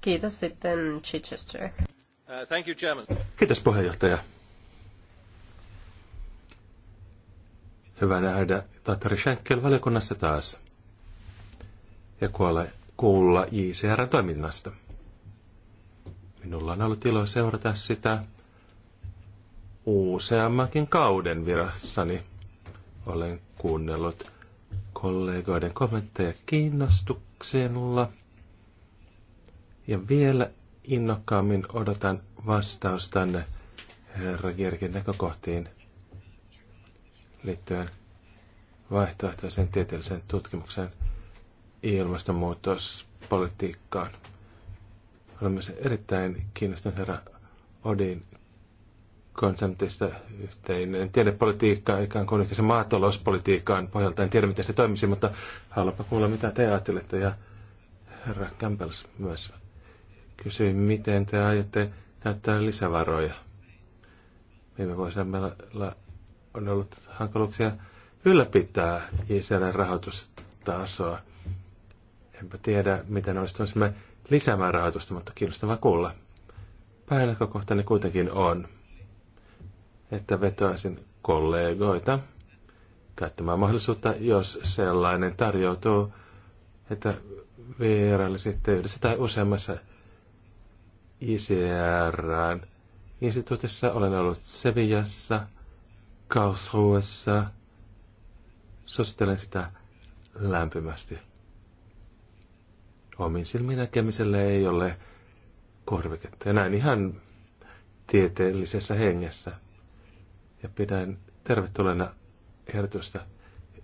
Kiitos sitten Chichester. Uh, Kiitos puheenjohtaja. Hyvä nähdä Tatari Schenkel valiokunnassa taas ja kuulla, kuulla toiminnasta Minulla on ollut ilo seurata sitä useammankin kauden virassani. Olen kuunnellut kollegoiden kommentteja kiinnostuksella. Ja vielä innokkaammin odotan vastaustanne herra Kirkin näkökohtiin liittyen vaihtoehtoiseen tieteelliseen tutkimukseen ilmastonmuutospolitiikkaan olemme se erittäin kiinnostunut herra Odin konseptista yhteinen tiedepolitiikka, ikään kuin yhteisen maatalouspolitiikan pohjalta. En tiedä, miten se toimisi, mutta haluanpa kuulla, mitä te ajattelette. Ja herra Campbells myös kysyi, miten te aiotte käyttää lisävaroja. Viime vuosina meillä on ollut hankaluuksia ylläpitää icl rahoitustasoa. Enpä tiedä, miten tuossa lisäämään rahoitusta, mutta kiinnostavaa kuulla. Päälläkökohtani kuitenkin on, että vetoaisin kollegoita käyttämään mahdollisuutta, jos sellainen tarjoutuu, että vierailisitte yhdessä tai useammassa icr instituutissa. Olen ollut Sevillassa, Karlsruessa. Suosittelen sitä lämpimästi. Omin silmin näkemiselle ei ole korviketta. Ja näin ihan tieteellisessä hengessä. Ja pidän tervetulleena järjestystä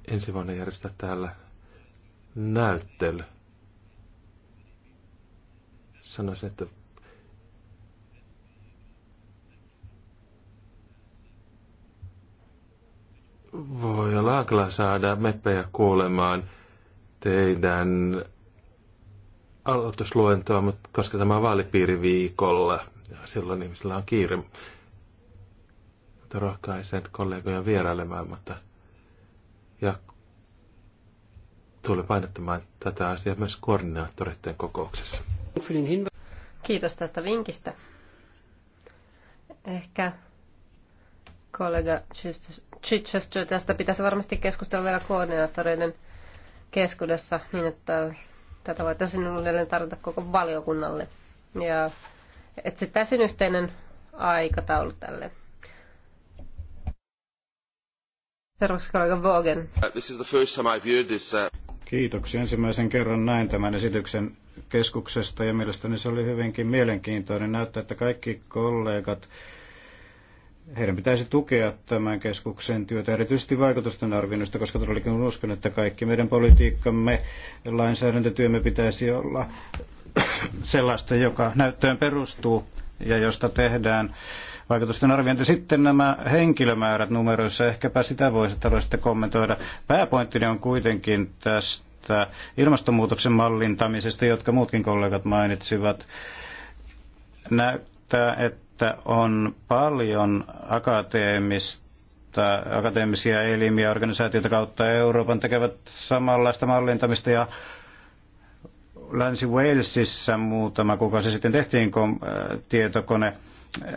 ensi vuonna järjestää täällä näyttely. Sanoisin, että voi olla saada meppejä kuulemaan teidän aloitusluentoa, mutta koska tämä on vaalipiiriviikolla, silloin ihmisillä on kiire. Mutta rohkaisen kollegoja vierailemaan, mutta ja tulen painottamaan tätä asiaa myös koordinaattoreiden kokouksessa. Kiitos tästä vinkistä. Ehkä kollega Chichester tästä pitäisi varmasti keskustella vielä koordinaattoreiden keskuudessa niin, että Tätä voitaisiin uudelleen tarjota koko valiokunnalle. Ja etsittäisiin yhteinen aikataulu tälle. Seuraavaksi kollega Vogen. Uh, this is the first time I've heard this, uh... Kiitoksia. Ensimmäisen kerran näin tämän esityksen keskuksesta ja mielestäni se oli hyvinkin mielenkiintoinen. Näyttää, että kaikki kollegat heidän pitäisi tukea tämän keskuksen työtä, erityisesti vaikutusten arvioinnista, koska todellakin uskon, että kaikki meidän politiikkamme, lainsäädäntötyömme pitäisi olla sellaista, joka näyttöön perustuu ja josta tehdään vaikutusten arviointi. Sitten nämä henkilömäärät numeroissa, ehkäpä sitä voisi tällaista kommentoida. Pääpointtini on kuitenkin tästä ilmastonmuutoksen mallintamisesta, jotka muutkin kollegat mainitsivat. Näyttää, että että on paljon akateemista, akateemisia elimiä organisaatioita kautta Euroopan tekevät samanlaista mallintamista ja Länsi-Walesissa muutama kuukausi sitten tehtiin äh, tietokone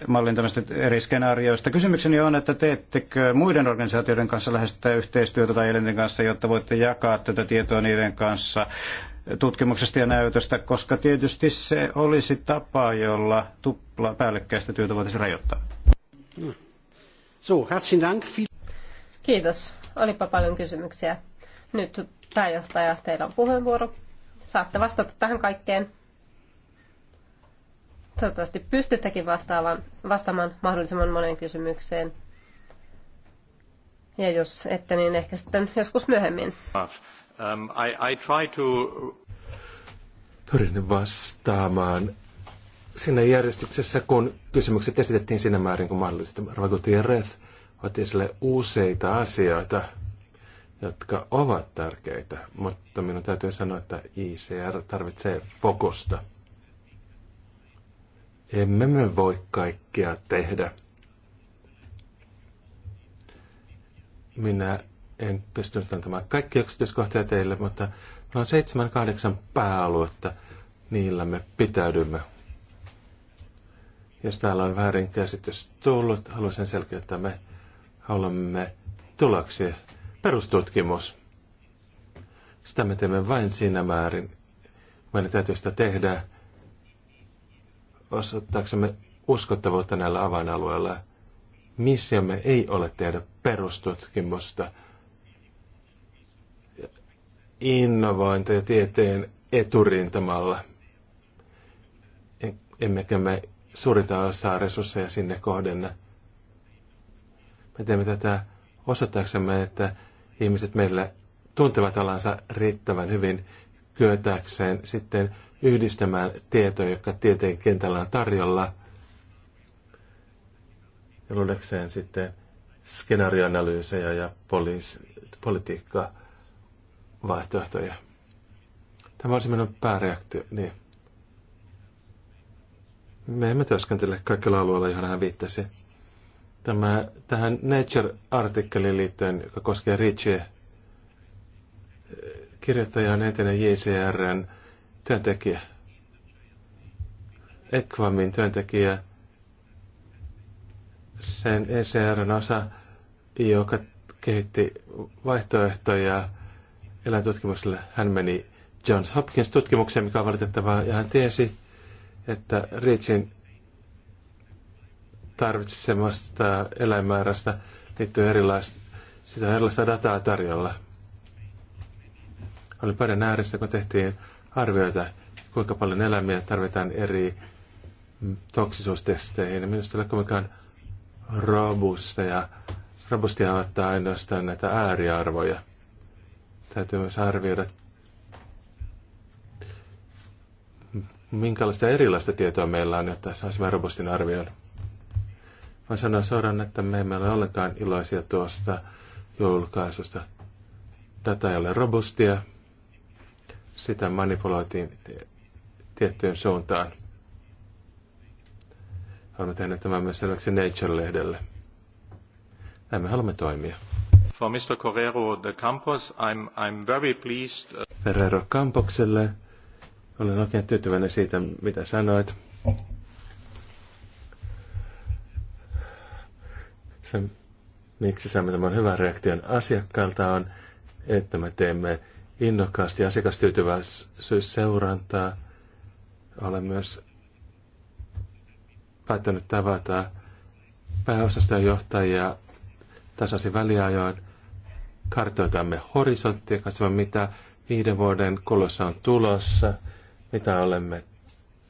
mallintamista eri skenaarioista. Kysymykseni on, että teettekö muiden organisaatioiden kanssa lähestytä yhteistyötä tai elinten kanssa, jotta voitte jakaa tätä tietoa niiden kanssa tutkimuksesta ja näytöstä, koska tietysti se olisi tapa, jolla tupla päällekkäistä työtä voitaisiin rajoittaa. So, herzlichen Dank. Kiitos. Olipa paljon kysymyksiä. Nyt pääjohtaja, teillä on puheenvuoro. Saatte vastata tähän kaikkeen. Toivottavasti pystyttekin vastaamaan, vastaamaan mahdollisimman moneen kysymykseen. Ja jos ette, niin ehkä sitten joskus myöhemmin. Ah, Um, I, I try to... Pyrin vastaamaan siinä järjestyksessä, kun kysymykset esitettiin siinä määrin kuin mahdollista. reth, otti esille useita asioita, jotka ovat tärkeitä, mutta minun täytyy sanoa, että ICR tarvitsee fokusta. Emme me voi kaikkea tehdä. Minä en pystynyt antamaan kaikki yksityiskohtia teille, mutta meillä on seitsemän, kahdeksan pääaluetta. Niillä me pitäydymme. Jos täällä on väärinkäsitys tullut, haluaisin selkeyttää, me haluamme tuloksia. Perustutkimus. Sitä me teemme vain siinä määrin. Meidän täytyy sitä tehdä osoittaaksemme uskottavuutta näillä avainalueilla. Missiomme ei ole tehdä perustutkimusta – innovointeja tieteen eturintamalla. Emmekä me suurinta osaa resursseja sinne kohdenna. Me teemme tätä osoittaaksemme, että ihmiset meillä tuntevat alansa riittävän hyvin kyötäkseen sitten yhdistämään tietoja, jotka tieteen kentällä on tarjolla, ja luodakseen sitten skenaarioanalyysejä ja poliis, politiikkaa vaihtoehtoja. Tämä on semmoinen pääreaktio, niin. Me emme työskentele kaikilla alueilla, johon hän viittasi. Tämä, tähän Nature-artikkeliin liittyen, joka koskee Richie, eh, kirjoittaja on entinen JCRn työntekijä, Ekvamin työntekijä, sen ECRn osa, joka kehitti vaihtoehtoja eläintutkimukselle. Hän meni Johns Hopkins-tutkimukseen, mikä on valitettavaa, ja hän tiesi, että Reachin semmoista eläinmäärästä liittyy erilaista, sitä erilaista dataa tarjolla. Oli paljon ääristä, kun tehtiin arvioita, kuinka paljon eläimiä tarvitaan eri toksisuustesteihin. Minusta ei ole kovinkaan robusta ja robustia ottaa ainoastaan näitä ääriarvoja. Täytyy myös arvioida, minkälaista erilaista tietoa meillä on, jotta saisimme robustin arvion. Mä sanoa suoraan, että me emme ole ollenkaan iloisia tuosta julkaisusta. Data ei ole robustia. Sitä manipuloitiin tiettyyn suuntaan. Olemme tehneet tämän myös selväksi Nature-lehdelle. Näin me haluamme toimia for Mr. Correro de Campos. I'm, I'm very pleased. Uh, Ferrero Campokselle. Olen oikein tyytyväinen siitä, mitä sanoit. Se, miksi saamme tämän hyvän reaktion asiakkailta on, että me teemme innokkaasti asiakastyytyväisyysseurantaa. Olen myös päättänyt tavata pääosastojen johtajia tasaisin väliajoin kartoitamme horisonttia, katsomme mitä viiden vuoden kulussa on tulossa, mitä olemme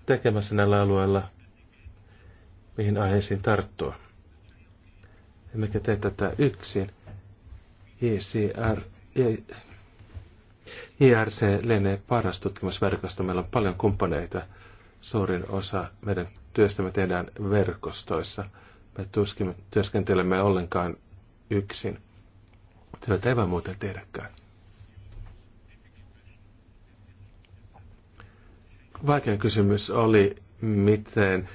tekemässä näillä alueilla, mihin aiheisiin tarttua. Emmekä tee tätä yksin. JCR, JRC lenee paras tutkimusverkosto. Meillä on paljon kumppaneita. Suurin osa meidän työstämme tehdään verkostoissa. Me tuskin, työskentelemme ollenkaan yksin. Työtä ei voi muuten tehdäkään. Vaikea kysymys oli, miten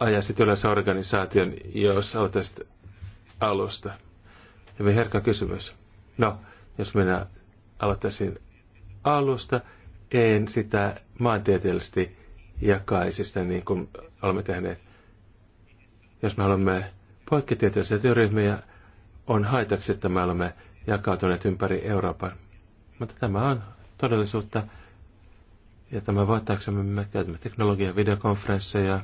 ajaisit yleensä organisaation, jos aloittaisit alusta. Hyvin herkä kysymys. No, jos minä aloittaisin alusta, en sitä maantieteellisesti jakaisi sitä niin kuin olemme tehneet. Jos me haluamme poikkitieteellisiä työryhmiä, on haitaksi, että me olemme jakautuneet ympäri Euroopan. Mutta tämä on todellisuutta. Ja tämä voittaaksemme me käytämme teknologiaa, videokonferensseja,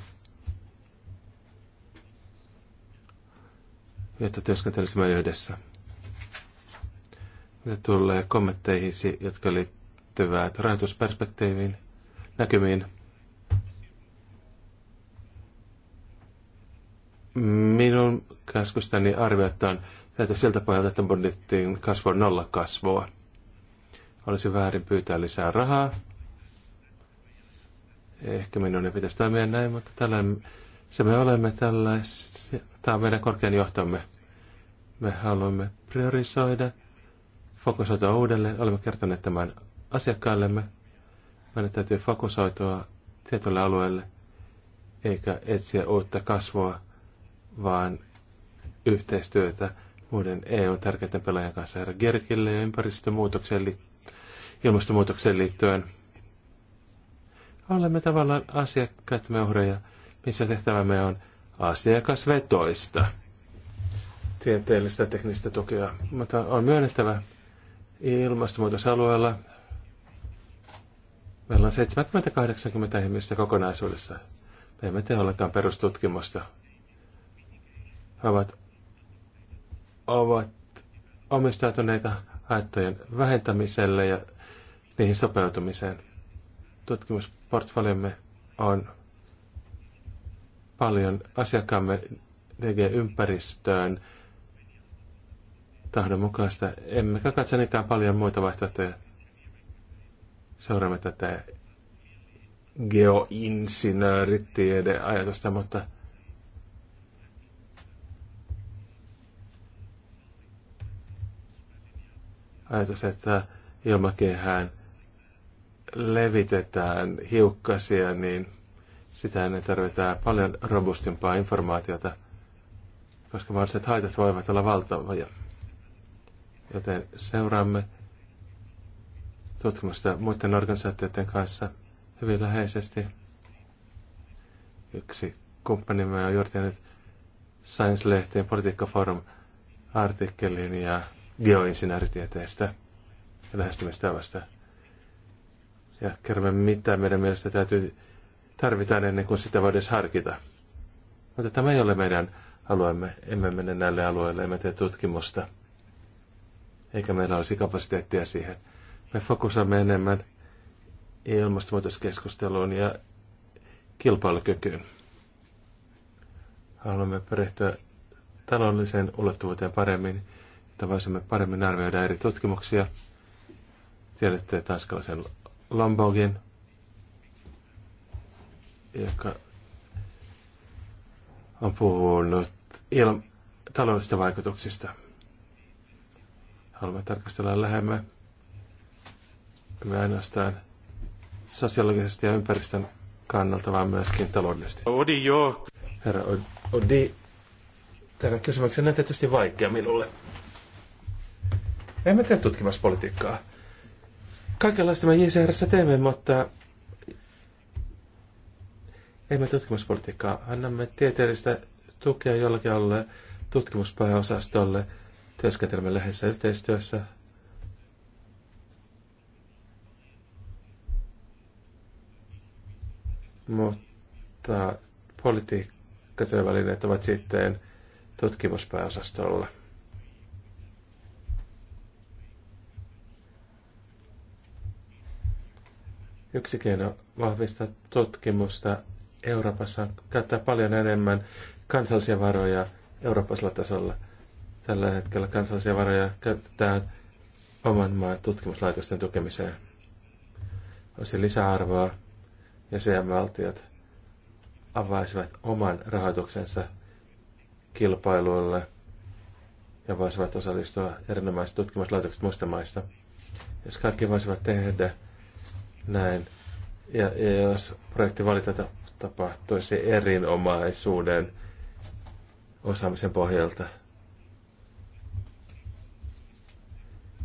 jotta työskentelisimme yhdessä. Mitä tulee kommentteihisi, jotka liittyvät rajoitusperspektiiviin, näkymiin, minun käskustani on Täytyy siltä pohjalta, että budjettiin kasvoi nolla kasvoa. Olisi väärin pyytää lisää rahaa. Ehkä minun ei pitäisi toimia näin, mutta tällainen, se me olemme tällaisia. Tämä on meidän korkean johtamme. Me haluamme priorisoida, fokusoitua uudelleen. Olemme kertoneet tämän asiakkaillemme. Meidän täytyy fokusoitua tietylle alueelle, eikä etsiä uutta kasvua, vaan yhteistyötä muiden EUn tärkeiden pelaajien kanssa herra Gerkille ja ympäristömuutokseen li- ilmastonmuutokseen liittyen. Olemme tavallaan me uhreja, missä tehtävämme on asiakasvetoista tieteellistä teknistä tukea. Mutta on myönnettävä ilmastonmuutosalueella meillä on 70-80 ihmistä kokonaisuudessa. Me emme tee ollenkaan perustutkimusta. He ovat ovat omistautuneita haittojen vähentämiselle ja niihin sopeutumiseen. Tutkimusportfoliomme on paljon asiakkaamme DG-ympäristöön tahdonmukaista. Emmekä katso niinkään paljon muita vaihtoehtoja. Seuraamme tätä geoinsinööritiede-ajatusta, mutta – ajatus, että ilmakehään levitetään hiukkasia, niin sitä ennen tarvitaan paljon robustimpaa informaatiota, koska mahdolliset haitat voivat olla valtavia. Joten seuraamme tutkimusta muiden organisaatioiden kanssa hyvin läheisesti. Yksi kumppanimme on juuri tehnyt Science-lehteen politiikkaforum artikkelin ja bioinsinööritieteestä ja lähestymistavasta. Ja kerromme, mitä meidän mielestä täytyy tarvitaan ennen kuin sitä voidaan harkita. Mutta tämä ei ole meidän alueemme. Emme mene näille alueille, emme tee tutkimusta. Eikä meillä olisi kapasiteettia siihen. Me fokusoimme enemmän ilmastonmuutoskeskusteluun ja kilpailukykyyn. Haluamme perehtyä taloudelliseen ulottuvuuteen paremmin että voisimme paremmin arvioida eri tutkimuksia. Tiedätte tanskalaisen Lombogin, joka on puhunut il- taloudellisista vaikutuksista. Haluamme tarkastella lähemmän me ainoastaan sosiologisesti ja ympäristön kannalta, vaan myöskin taloudellisesti. Odi, joo. Herra Odi, tämä kysymyksen on tietysti vaikea minulle. Me emme tee tutkimuspolitiikkaa. Kaikenlaista me JCRssä teemme, mutta emme tutkimuspolitiikkaa. Annamme tieteellistä tukea jollakin alueelle tutkimuspääosastolle, työskentelemme läheisessä yhteistyössä. Mutta politiikkatyövälineet ovat sitten tutkimuspääosastolla. Yksi keino vahvistaa tutkimusta Euroopassa on käyttää paljon enemmän kansallisia varoja eurooppalaisella tasolla. Tällä hetkellä kansallisia varoja käytetään oman maan tutkimuslaitosten tukemiseen. Olisi lisäarvoa ja sen valtiot avaisivat oman rahoituksensa kilpailuille ja voisivat osallistua erinomaiset tutkimuslaitokset muista maista. Jos kaikki voisivat tehdä näin. Ja, ja jos projekti valita tapahtuisi erinomaisuuden osaamisen pohjalta.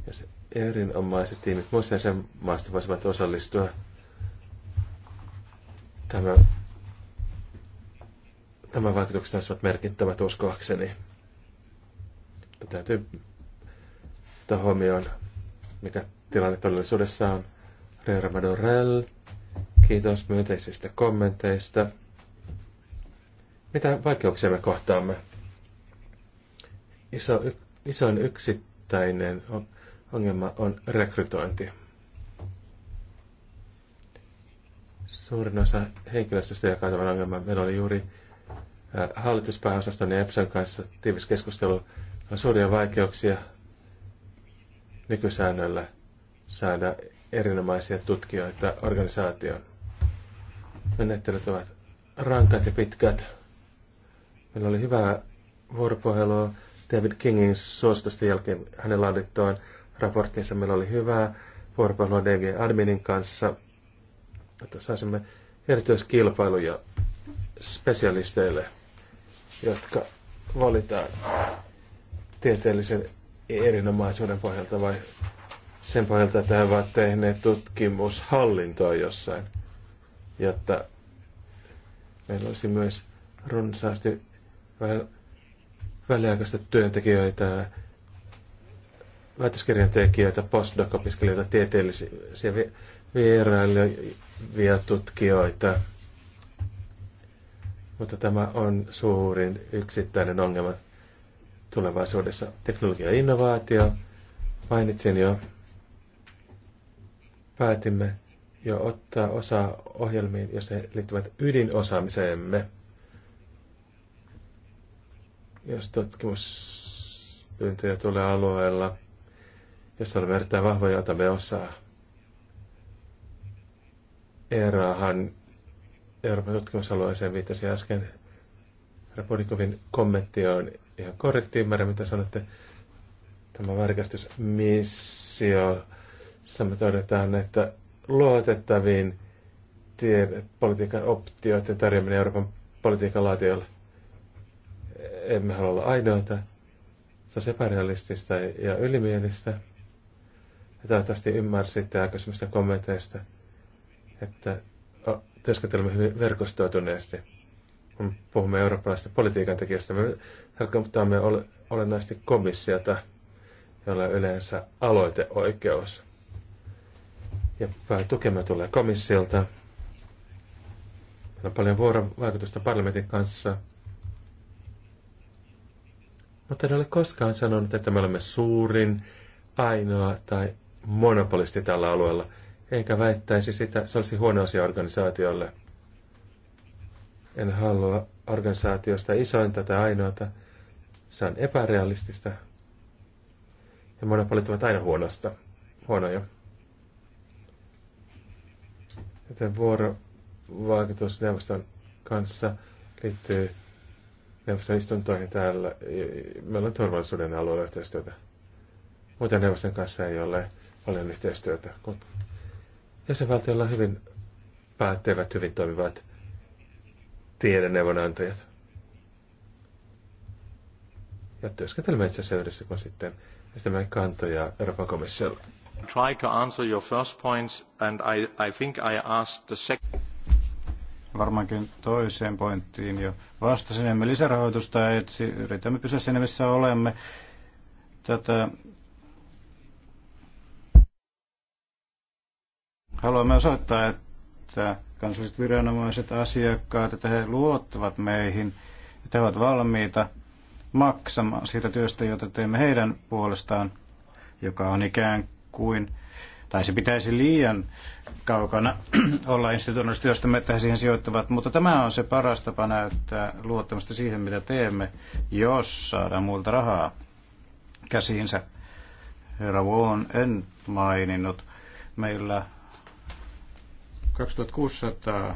Jos erinomaiset tiimit muista maasta voisivat osallistua tämä, tämä vaikutukset olisivat merkittävät uskoakseni. Täytyy ottaa huomioon, mikä tilanne todellisuudessa on. Claire kiitos myönteisistä kommenteista. Mitä vaikeuksia me kohtaamme? Iso, isoin yksittäinen ongelma on rekrytointi. Suurin osa henkilöstöstä jakaa tämän ongelman. Meillä oli juuri hallituspääosaston ja EPSOn kanssa tiivis keskustelu. On suuria vaikeuksia nykysäännöllä saada erinomaisia tutkijoita organisaation. Menettelyt ovat rankat ja pitkät. Meillä oli hyvää vuoropuhelua David Kingin suositusten jälkeen hänen laadittuaan raporttinsa. Meillä oli hyvää vuoropuhelua DG Adminin kanssa, että saisimme erityiskilpailuja spesialisteille, jotka valitaan tieteellisen erinomaisuuden pohjalta vai sen pohjalta, että he ovat tehneet tutkimushallintoa jossain, jotta meillä olisi myös runsaasti väliaikaista työntekijöitä, väitöskirjan tekijöitä, postdoc-opiskelijoita, tieteellisiä vierailevia tutkijoita. Mutta tämä on suurin yksittäinen ongelma tulevaisuudessa. Teknologia ja innovaatio, mainitsin jo, päätimme jo ottaa osaa ohjelmiin, jos ne liittyvät ydinosaamiseemme. Jos tutkimuspyyntöjä tulee alueella, jos olemme erittäin vahvoja, otamme osaa. Eeraahan Euroopan tutkimusalueeseen viittasi äsken. Rapunikovin kommentti on ihan korrekti, ymmärrän mitä sanotte. Tämä missio me todetaan, että luotettaviin tiedepolitiikan optioiden tarjoaminen Euroopan politiikan laatiolle. Emme halua olla ainoita. Se on epärealistista ja ylimielistä. Ja toivottavasti ymmärsitte aikaisemmista kommenteista, että työskentelemme hyvin verkostoituneesti. Kun puhumme eurooppalaisesta politiikan tekijästä, me tarkoittamme olennaisesti komissiota, jolla on yleensä aloiteoikeus ja tukemme tulee komissiolta. Meillä on paljon vuorovaikutusta parlamentin kanssa. Mutta en ole koskaan sanonut, että me olemme suurin, ainoa tai monopolisti tällä alueella. Eikä väittäisi sitä, se olisi huono asia organisaatiolle. En halua organisaatiosta isointa tai ainoata. Se on epärealistista. Ja monopolit ovat aina huonosta. Huonoja. Joten vuorovaikutus neuvoston kanssa liittyy neuvoston istuntoihin täällä. Meillä on turvallisuuden alueella yhteistyötä. Muuten neuvoston kanssa ei ole paljon yhteistyötä. Kun jäsenvaltioilla on hyvin päättävät, hyvin toimivat tiedeneuvonantajat. Ja työskentelemme itse asiassa yhdessä, kun sitten esitämme kantoja Euroopan komissiolla. Try to answer your first points and I, I think I asked the second. Varmaankin toiseen pointtiin jo vastasin. Emme lisärahoitusta etsi, yritämme pysyä sinne, missä olemme. Tätä haluamme osoittaa, että kansalliset viranomaiset, asiakkaat, että he luottavat meihin, että he ovat valmiita maksamaan siitä työstä, jota teemme heidän puolestaan, joka on ikään kuin, tai se pitäisi liian kaukana olla instituutioista, joista me he siihen sijoittavat, mutta tämä on se paras tapa näyttää luottamusta siihen, mitä teemme, jos saadaan muilta rahaa käsiinsä. Herra Woon, en maininnut. Meillä 2600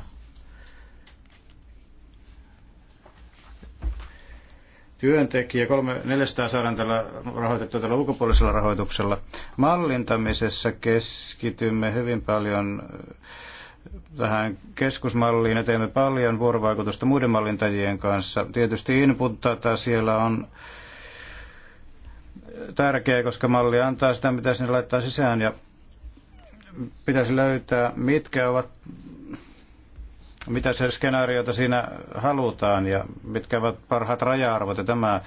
työntekijä, 400 saadaan tällä rahoitettu tällä ulkopuolisella rahoituksella. Mallintamisessa keskitymme hyvin paljon äh, tähän keskusmalliin ja teemme paljon vuorovaikutusta muiden mallintajien kanssa. Tietysti inputtaa siellä on äh, tärkeää, koska malli antaa sitä, mitä sinne laittaa sisään ja pitäisi löytää, mitkä ovat mitä se skenaariota siinä halutaan ja mitkä ovat parhaat raja-arvot. Ja tämä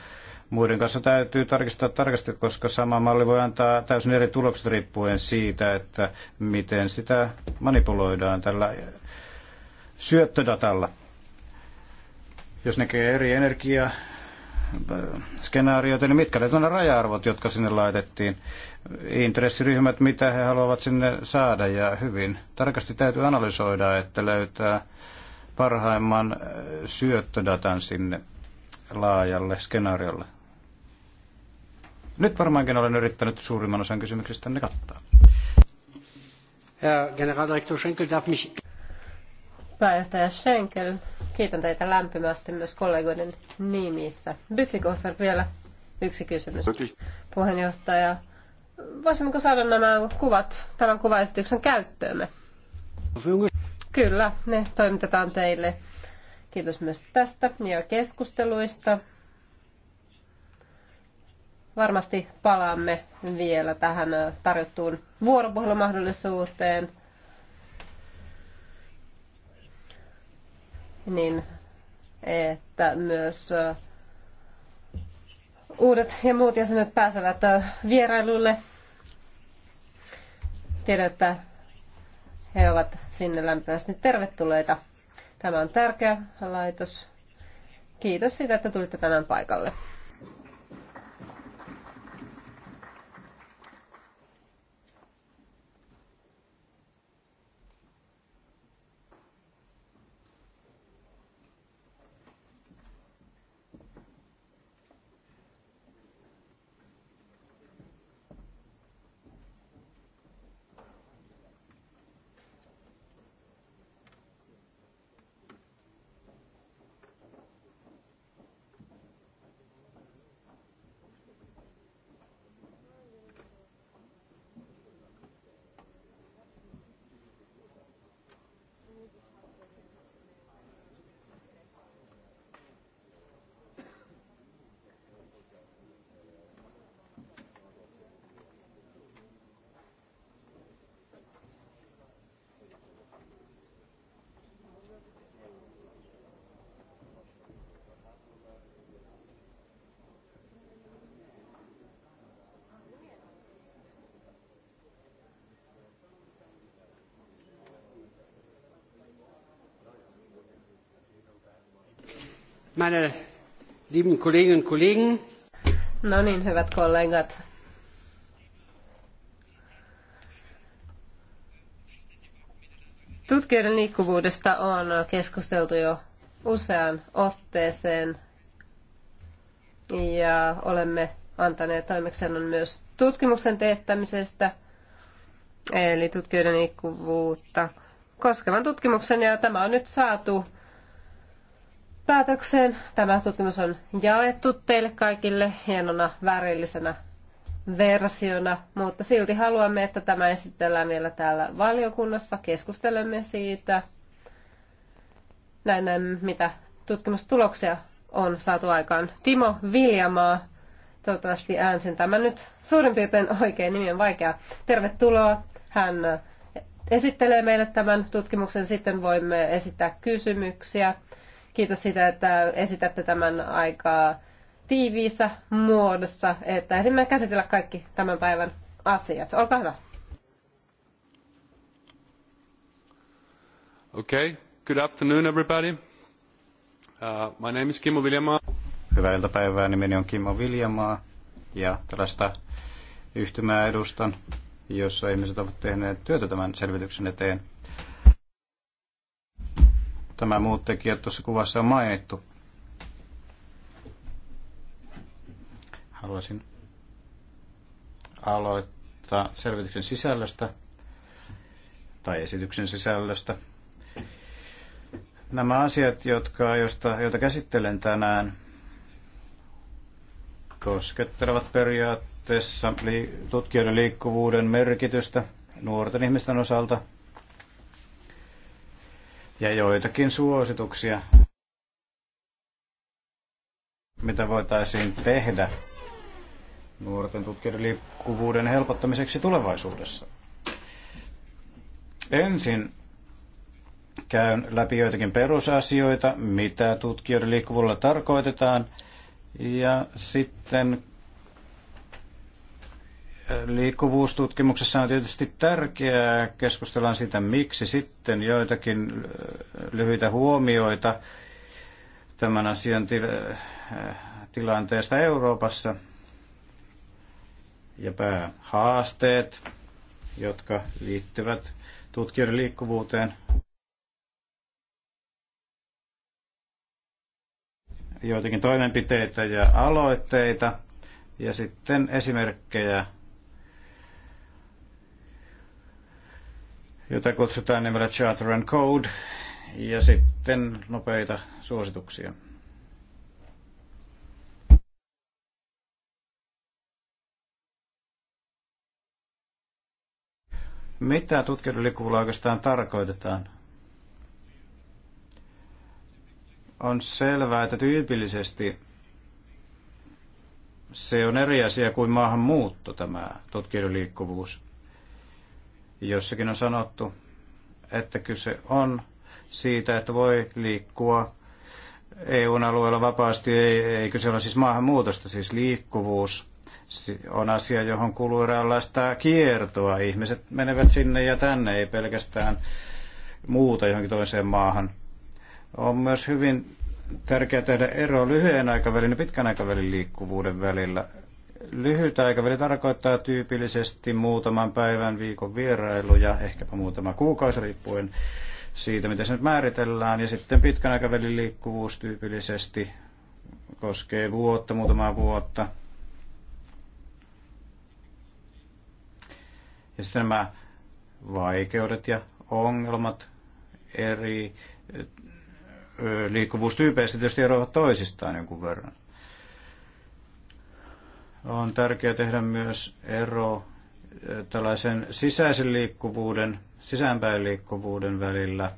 muiden kanssa täytyy tarkistaa tarkasti, koska sama malli voi antaa täysin eri tulokset riippuen siitä, että miten sitä manipuloidaan tällä syöttödatalla. Jos näkee eri energiaa, skenaarioita, niin mitkä olivat ne raja-arvot, jotka sinne laitettiin, intressiryhmät, mitä he haluavat sinne saada, ja hyvin tarkasti täytyy analysoida, että löytää parhaimman äh, syöttödatan sinne laajalle skenaariolle. Nyt varmaankin olen yrittänyt suurimman osan kysymyksistä ne kattaa. Herr Generaldirektor Schenkel darf mich... Pääjohtaja Schenkel, Kiitän teitä lämpimästi myös kollegoiden nimissä. Bytikofer vielä yksi kysymys. Puheenjohtaja, voisimmeko saada nämä kuvat tämän kuvaesityksen käyttöömme? Kyllä, ne toimitetaan teille. Kiitos myös tästä ja keskusteluista. Varmasti palaamme vielä tähän tarjottuun vuoropuhelumahdollisuuteen. niin että myös uudet ja muut jäsenet pääsevät vierailulle. Tiedän, että he ovat sinne lämpimästi tervetulleita. Tämä on tärkeä laitos. Kiitos siitä, että tulitte tänään paikalle. meine lieben Kolleginnen und Kollegen. No niin, hyvät kollegat. Tutkijoiden liikkuvuudesta on keskusteltu jo useaan otteeseen ja olemme antaneet toimeksiannon myös tutkimuksen teettämisestä, eli tutkijoiden liikkuvuutta koskevan tutkimuksen, ja tämä on nyt saatu päätökseen. Tämä tutkimus on jaettu teille kaikille hienona värillisenä versiona, mutta silti haluamme, että tämä esitellään vielä täällä valiokunnassa. Keskustelemme siitä. Näin näin mitä tutkimustuloksia on saatu aikaan. Timo Viljamaa, toivottavasti äänsin tämän nyt suurin piirtein oikein, nimi on vaikea. Tervetuloa. Hän esittelee meille tämän tutkimuksen, sitten voimme esittää kysymyksiä Kiitos siitä, että esitätte tämän aikaa tiiviissä muodossa, että ehdimme käsitellä kaikki tämän päivän asiat. Olkaa hyvä. Okay. Good afternoon, everybody. Uh, my name is Kimmo Viljamaa. Hyvää iltapäivää. Nimeni on Kimmo Viljamaa ja tällaista yhtymää edustan, jossa ihmiset ovat tehneet työtä tämän selvityksen eteen – Tämä muut tekijät tuossa kuvassa on mainittu. Haluaisin aloittaa selvityksen sisällöstä tai esityksen sisällöstä. Nämä asiat, jotka, josta, joita käsittelen tänään, koskettelevat periaatteessa tutkijoiden liikkuvuuden merkitystä nuorten ihmisten osalta – ja joitakin suosituksia, mitä voitaisiin tehdä nuorten tutkijoiden liikkuvuuden helpottamiseksi tulevaisuudessa. Ensin käyn läpi joitakin perusasioita, mitä tutkijoiden liikkuvuudella tarkoitetaan, ja sitten Liikkuvuustutkimuksessa on tietysti tärkeää, keskustellaan siitä miksi sitten joitakin lyhyitä huomioita tämän asian til- tilanteesta Euroopassa ja päähaasteet, jotka liittyvät tutkijoiden liikkuvuuteen. Joitakin toimenpiteitä ja aloitteita ja sitten esimerkkejä jota kutsutaan nimellä Charter and Code, ja sitten nopeita suosituksia. Mitä tutkijoiden oikeastaan tarkoitetaan? On selvää, että tyypillisesti se on eri asia kuin maahanmuutto, tämä tutkijoiden liikkuvuus jossakin on sanottu, että kyse on siitä, että voi liikkua eu alueella vapaasti, ei, ei kyse ole siis maahanmuutosta, siis liikkuvuus on asia, johon kuuluu eräänlaista kiertoa. Ihmiset menevät sinne ja tänne, ei pelkästään muuta johonkin toiseen maahan. On myös hyvin tärkeää tehdä ero lyhyen aikavälin ja pitkän aikavälin liikkuvuuden välillä. Lyhyt aikaväli tarkoittaa tyypillisesti muutaman päivän viikon vierailuja, ehkäpä muutama kuukausi riippuen siitä, miten se nyt määritellään. Ja sitten pitkän aikavälin liikkuvuus tyypillisesti koskee vuotta, muutamaa vuotta. Ja sitten nämä vaikeudet ja ongelmat eri liikkuvuustyypeissä tietysti eroavat toisistaan jonkun verran. On tärkeää tehdä myös ero eh, tällaisen sisäisen liikkuvuuden, sisäänpäin liikkuvuuden välillä,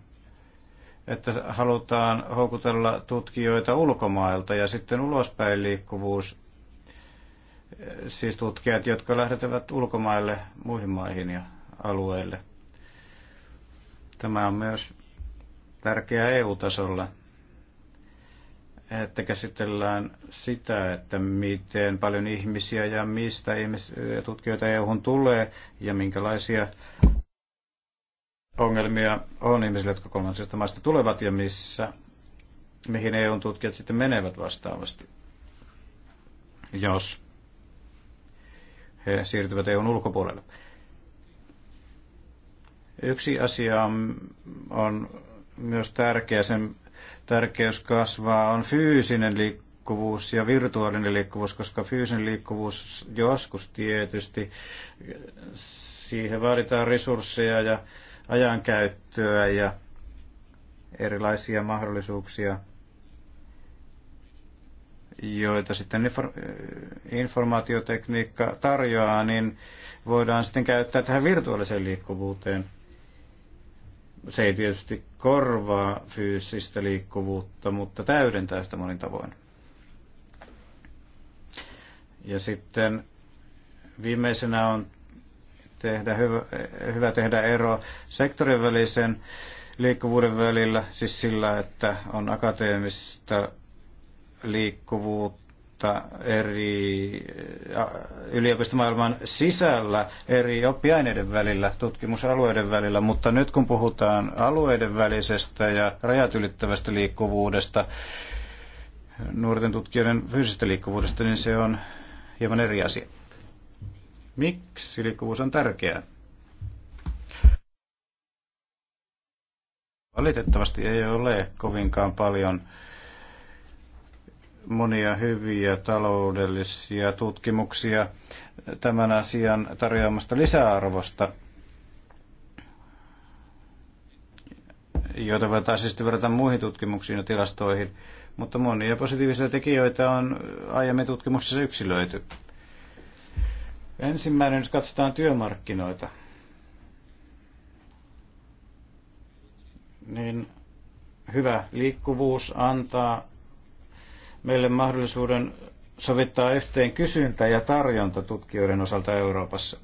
että halutaan houkutella tutkijoita ulkomailta ja sitten ulospäin liikkuvuus, eh, siis tutkijat, jotka lähtevät ulkomaille muihin maihin ja alueille. Tämä on myös tärkeää EU-tasolla että käsitellään sitä, että miten paljon ihmisiä ja mistä ihmisiä, tutkijoita eu tulee ja minkälaisia ongelmia on ihmisille, jotka kolmansista maista tulevat ja missä, mihin eu tutkijat sitten menevät vastaavasti, jos he siirtyvät EUn ulkopuolelle. Yksi asia on myös tärkeä, sen tärkeys kasvaa, on fyysinen liikkuvuus ja virtuaalinen liikkuvuus, koska fyysinen liikkuvuus joskus tietysti siihen vaaditaan resursseja ja ajankäyttöä ja erilaisia mahdollisuuksia, joita sitten informaatiotekniikka tarjoaa, niin voidaan sitten käyttää tähän virtuaaliseen liikkuvuuteen – se ei tietysti korvaa fyysistä liikkuvuutta, mutta täydentää sitä monin tavoin. Ja sitten viimeisenä on tehdä hyvä, hyvä tehdä ero sektorin välisen liikkuvuuden välillä, siis sillä, että on akateemista liikkuvuutta, mutta eri äh, yliopistomaailman sisällä, eri oppiaineiden välillä, tutkimusalueiden välillä, mutta nyt kun puhutaan alueiden välisestä ja rajat ylittävästä liikkuvuudesta, nuorten tutkijoiden fyysisestä liikkuvuudesta, niin se on hieman eri asia. Miksi liikkuvuus on tärkeää? Valitettavasti ei ole kovinkaan paljon monia hyviä taloudellisia tutkimuksia tämän asian tarjoamasta lisäarvosta, joita voitaisiin verrata muihin tutkimuksiin ja tilastoihin, mutta monia positiivisia tekijöitä on aiemmin tutkimuksissa yksilöity. Ensimmäinen, jos katsotaan työmarkkinoita, niin hyvä liikkuvuus antaa meille mahdollisuuden sovittaa yhteen kysyntä ja tarjonta tutkijoiden osalta Euroopassa.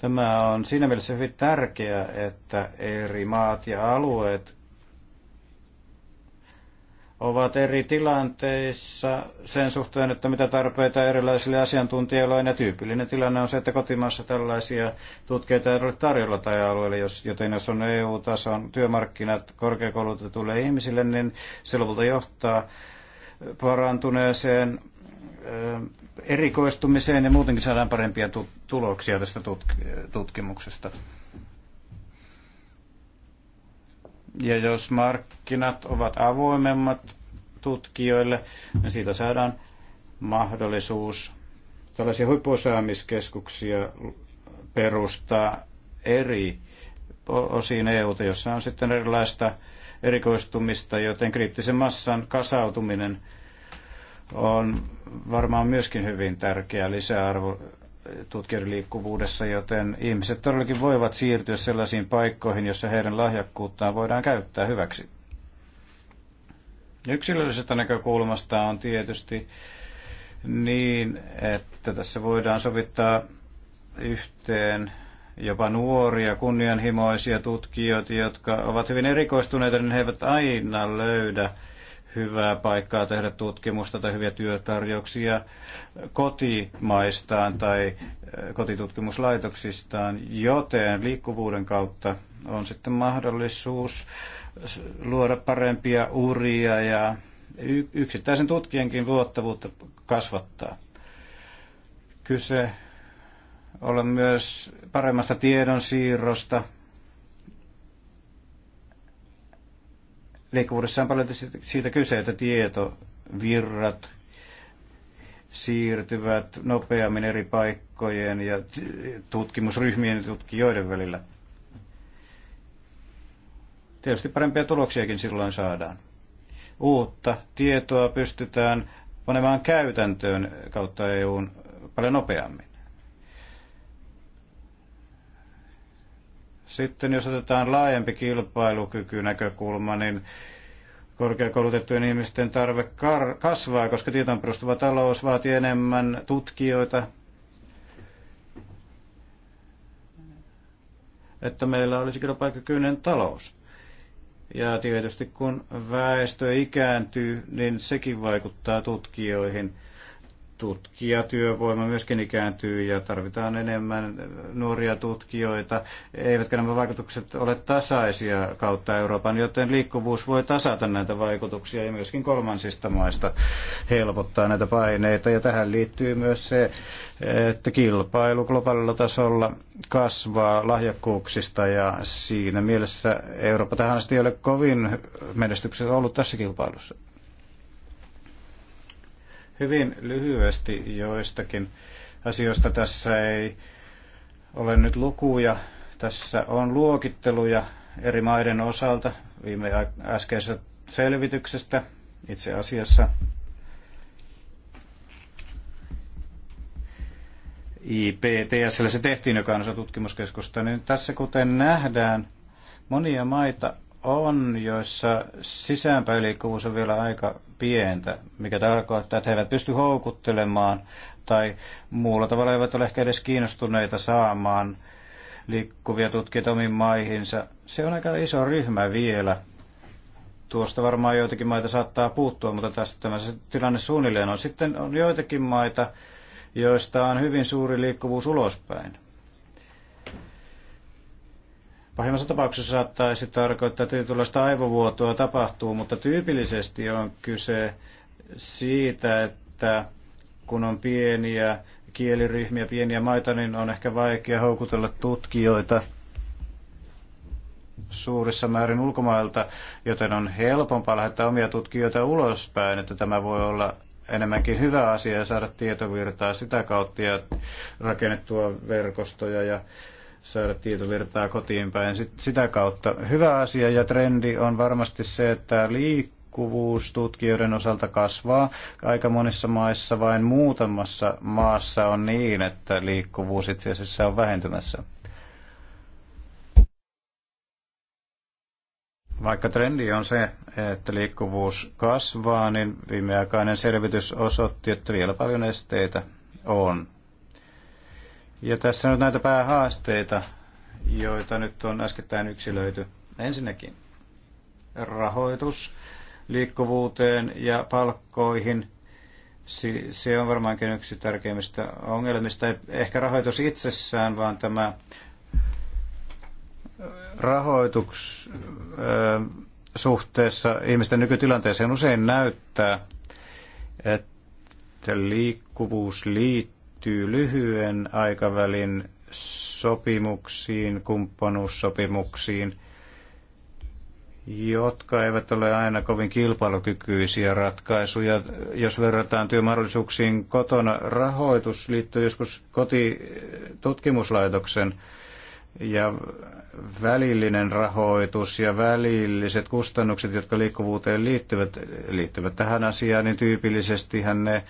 Tämä on siinä mielessä hyvin tärkeää, että eri maat ja alueet ovat eri tilanteissa sen suhteen, että mitä tarpeita erilaisille asiantuntijoille on. Ja tyypillinen tilanne on se, että kotimaassa tällaisia tutkijoita ei ole tarjolla tai alueelle, jos, joten jos on EU-tason työmarkkinat korkeakoulutetuille ihmisille, niin se lopulta johtaa parantuneeseen erikoistumiseen ja muutenkin saadaan parempia tuloksia tästä tutkimuksesta. Ja jos markkinat ovat avoimemmat tutkijoille, niin siitä saadaan mahdollisuus tällaisia huippuosaamiskeskuksia perustaa eri osiin EUta, jossa on sitten erilaista erikoistumista, joten kriittisen massan kasautuminen on varmaan myöskin hyvin tärkeä lisäarvo tutkijoiden liikkuvuudessa, joten ihmiset todellakin voivat siirtyä sellaisiin paikkoihin, joissa heidän lahjakkuuttaan voidaan käyttää hyväksi. Yksilöllisestä näkökulmasta on tietysti niin, että tässä voidaan sovittaa yhteen jopa nuoria, kunnianhimoisia tutkijoita, jotka ovat hyvin erikoistuneita, niin he eivät aina löydä hyvää paikkaa tehdä tutkimusta tai hyviä työtarjouksia kotimaistaan tai eh, kotitutkimuslaitoksistaan, joten liikkuvuuden kautta on sitten mahdollisuus luoda parempia uria ja yksittäisen tutkijankin luottavuutta kasvattaa. Kyse olen myös paremmasta tiedonsiirrosta. Liikkuvuudessa on paljon siitä kyse, että tietovirrat siirtyvät nopeammin eri paikkojen ja tutkimusryhmien ja tutkijoiden välillä. Tietysti parempia tuloksiakin silloin saadaan. Uutta tietoa pystytään panemaan käytäntöön kautta EUn paljon nopeammin. Sitten jos otetaan laajempi kilpailukykynäkökulma, niin korkeakoulutettujen ihmisten tarve kasvaa, koska tietoon perustuva talous vaatii enemmän tutkijoita, että meillä olisi kilpailukykyinen talous. Ja tietysti kun väestö ikääntyy, niin sekin vaikuttaa tutkijoihin – tutkijatyövoima myöskin ikääntyy ja tarvitaan enemmän nuoria tutkijoita, eivätkä nämä vaikutukset ole tasaisia kautta Euroopan, joten liikkuvuus voi tasata näitä vaikutuksia ja myöskin kolmansista maista helpottaa näitä paineita. Ja tähän liittyy myös se, että kilpailu globaalilla tasolla kasvaa lahjakkuuksista ja siinä mielessä Eurooppa tähän asti ei ole kovin menestyksessä ollut tässä kilpailussa hyvin lyhyesti joistakin asioista. Tässä ei ole nyt lukuja. Tässä on luokitteluja eri maiden osalta viime äskeisestä selvityksestä itse asiassa. IPTSL se tehtiin, joka on osa tutkimuskeskusta, niin tässä kuten nähdään, monia maita on, joissa sisäänpäiliikkuvuus on vielä aika pientä, mikä tarkoittaa, että he eivät pysty houkuttelemaan tai muulla tavalla eivät ole ehkä edes kiinnostuneita saamaan liikkuvia tutkijoita omiin maihinsa. Se on aika iso ryhmä vielä. Tuosta varmaan joitakin maita saattaa puuttua, mutta tästä tämä se tilanne suunnilleen on. Sitten on joitakin maita, joista on hyvin suuri liikkuvuus ulospäin. Pahimmassa tapauksessa saattaisi tarkoittaa, että tietynlaista aivovuotoa tapahtuu, mutta tyypillisesti on kyse siitä, että kun on pieniä kieliryhmiä, pieniä maita, niin on ehkä vaikea houkutella tutkijoita suurissa määrin ulkomailta, joten on helpompaa lähettää omia tutkijoita ulospäin, että tämä voi olla enemmänkin hyvä asia ja saada tietovirtaa sitä kautta ja rakennettua verkostoja ja saada tietovirtaa kotiin päin sitä kautta. Hyvä asia ja trendi on varmasti se, että liikkuvuus tutkijoiden osalta kasvaa. Aika monissa maissa, vain muutamassa maassa on niin, että liikkuvuus itse asiassa on vähentymässä. Vaikka trendi on se, että liikkuvuus kasvaa, niin viimeaikainen selvitys osoitti, että vielä paljon esteitä on ja tässä on näitä päähaasteita, joita nyt on äskettäin yksilöity. Ensinnäkin rahoitus liikkuvuuteen ja palkkoihin. Se on varmaankin yksi tärkeimmistä ongelmista. Ehkä rahoitus itsessään, vaan tämä rahoituks suhteessa ihmisten nykytilanteeseen usein näyttää, että liikkuvuus liittyy liittyy lyhyen aikavälin sopimuksiin, kumppanuussopimuksiin, jotka eivät ole aina kovin kilpailukykyisiä ratkaisuja. Jos verrataan työmahdollisuuksiin kotona, rahoitus liittyy joskus kotitutkimuslaitoksen ja välillinen rahoitus ja välilliset kustannukset, jotka liikkuvuuteen liittyvät, liittyvät tähän asiaan, niin tyypillisesti ne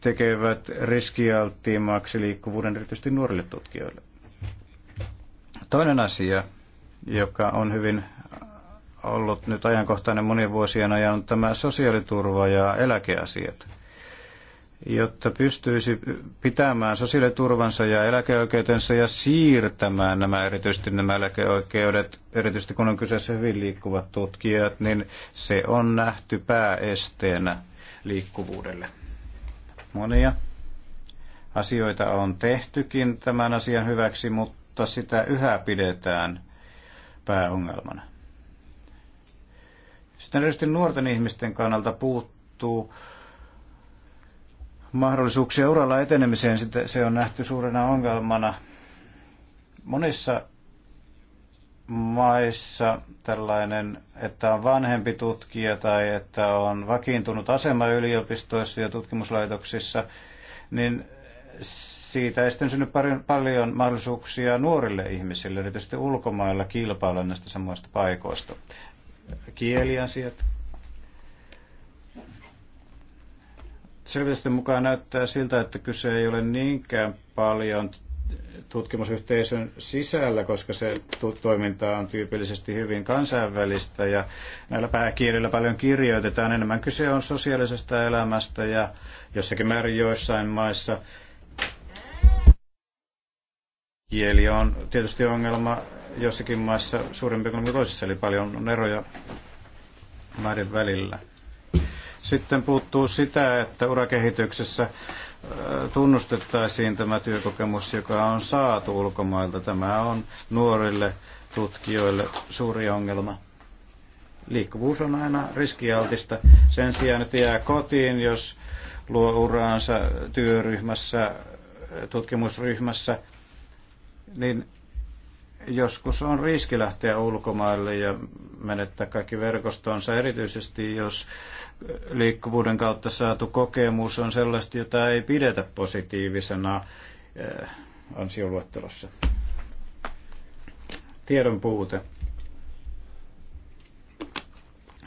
tekevät riskialttiimmaksi liikkuvuuden erityisesti nuorille tutkijoille. Toinen asia, joka on hyvin ollut nyt ajankohtainen monien vuosien ajan, on tämä sosiaaliturva ja eläkeasiat. Jotta pystyisi pitämään sosiaaliturvansa ja eläkeoikeutensa ja siirtämään nämä erityisesti nämä eläkeoikeudet, erityisesti kun on kyseessä hyvin liikkuvat tutkijat, niin se on nähty pääesteenä liikkuvuudelle. Monia asioita on tehtykin tämän asian hyväksi, mutta sitä yhä pidetään pääongelmana. Sitten erityisesti nuorten ihmisten kannalta puuttuu mahdollisuuksia uralla etenemiseen. Se on nähty suurena ongelmana. Monissa maissa tällainen, että on vanhempi tutkija tai että on vakiintunut asema yliopistoissa ja tutkimuslaitoksissa, niin siitä ei sitten synny paljon mahdollisuuksia nuorille ihmisille, erityisesti ulkomailla kilpailla näistä samoista paikoista. Kieliasiat. Selvitysten mukaan näyttää siltä, että kyse ei ole niinkään paljon tutkimusyhteisön sisällä, koska se toiminta on tyypillisesti hyvin kansainvälistä ja näillä pääkielillä paljon kirjoitetaan. Enemmän kyse on sosiaalisesta elämästä ja jossakin määrin joissain maissa kieli on tietysti ongelma jossakin maissa suurempi kuin toisissa, eli paljon on eroja maiden välillä. Sitten puuttuu sitä, että urakehityksessä äh, tunnustettaisiin tämä työkokemus, joka on saatu ulkomailta. Tämä on nuorille tutkijoille suuri ongelma. Liikkuvuus on aina riskialtista. Sen sijaan, että jää kotiin, jos luo uraansa työryhmässä, äh, tutkimusryhmässä, niin joskus on riski lähteä ulkomaille ja menettää kaikki verkostonsa, erityisesti jos liikkuvuuden kautta saatu kokemus on sellaista, jota ei pidetä positiivisena eh, ansioluettelossa. Tiedon puute.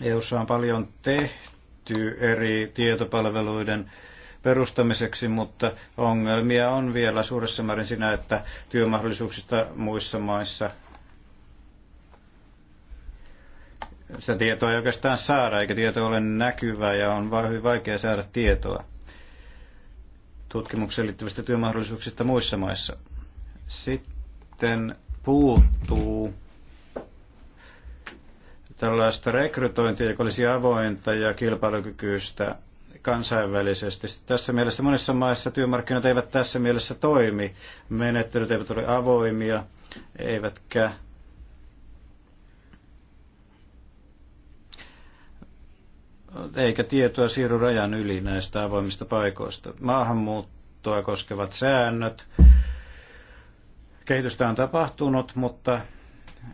EUssa on paljon tehty eri tietopalveluiden perustamiseksi, mutta ongelmia on vielä suuressa määrin siinä, että työmahdollisuuksista muissa maissa sitä tietoa ei oikeastaan saada, eikä tieto ole näkyvää ja on hyvin vaikea saada tietoa tutkimukseen liittyvistä työmahdollisuuksista muissa maissa. Sitten puuttuu tällaista rekrytointia, joka olisi avointa ja kilpailukykyistä kansainvälisesti. Tässä mielessä monissa maissa työmarkkinat eivät tässä mielessä toimi. Menettelyt eivät ole avoimia, eivätkä eikä tietoa siirry rajan yli näistä avoimista paikoista. Maahanmuuttoa koskevat säännöt. Kehitystä on tapahtunut, mutta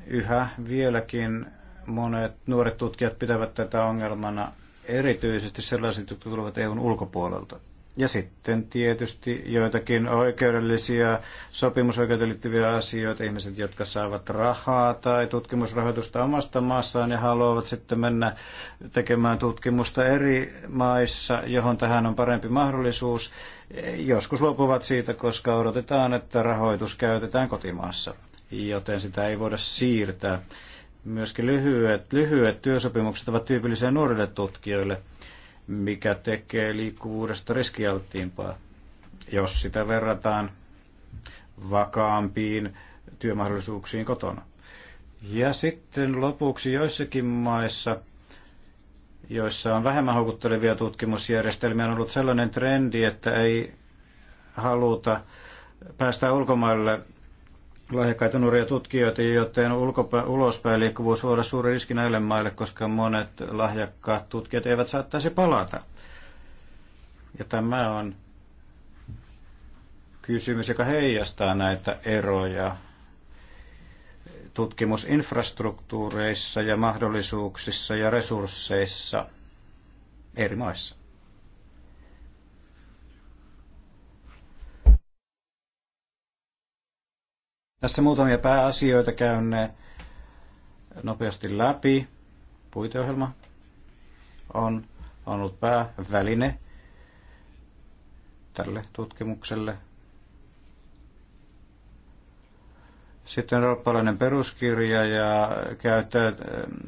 yhä vieläkin monet nuoret tutkijat pitävät tätä ongelmana erityisesti sellaiset, jotka tulevat EUn ulkopuolelta. Ja sitten tietysti joitakin oikeudellisia sopimusoikeuteen liittyviä asioita, ihmiset, jotka saavat rahaa tai tutkimusrahoitusta omasta maassaan ja haluavat sitten mennä tekemään tutkimusta eri maissa, johon tähän on parempi mahdollisuus. Joskus lopuvat siitä, koska odotetaan, että rahoitus käytetään kotimaassa, joten sitä ei voida siirtää Myöskin lyhyet, lyhyet työsopimukset ovat tyypillisiä nuorille tutkijoille, mikä tekee liikkuvuudesta riskialttiimpaa, jos sitä verrataan vakaampiin työmahdollisuuksiin kotona. Ja sitten lopuksi joissakin maissa, joissa on vähemmän houkuttelevia tutkimusjärjestelmiä, on ollut sellainen trendi, että ei haluta päästä ulkomaille lahjakkaita nuoria tutkijoita, joten ulkopä, ulospäin liikkuvuus voi olla suuri riski näille maille, koska monet lahjakkaat tutkijat eivät saattaisi palata. Ja tämä on kysymys, joka heijastaa näitä eroja tutkimusinfrastruktuureissa ja mahdollisuuksissa ja resursseissa eri maissa. Tässä muutamia pääasioita käyn ne nopeasti läpi. Puiteohjelma on ollut pääväline tälle tutkimukselle. Sitten eurooppalainen peruskirja ja käyttää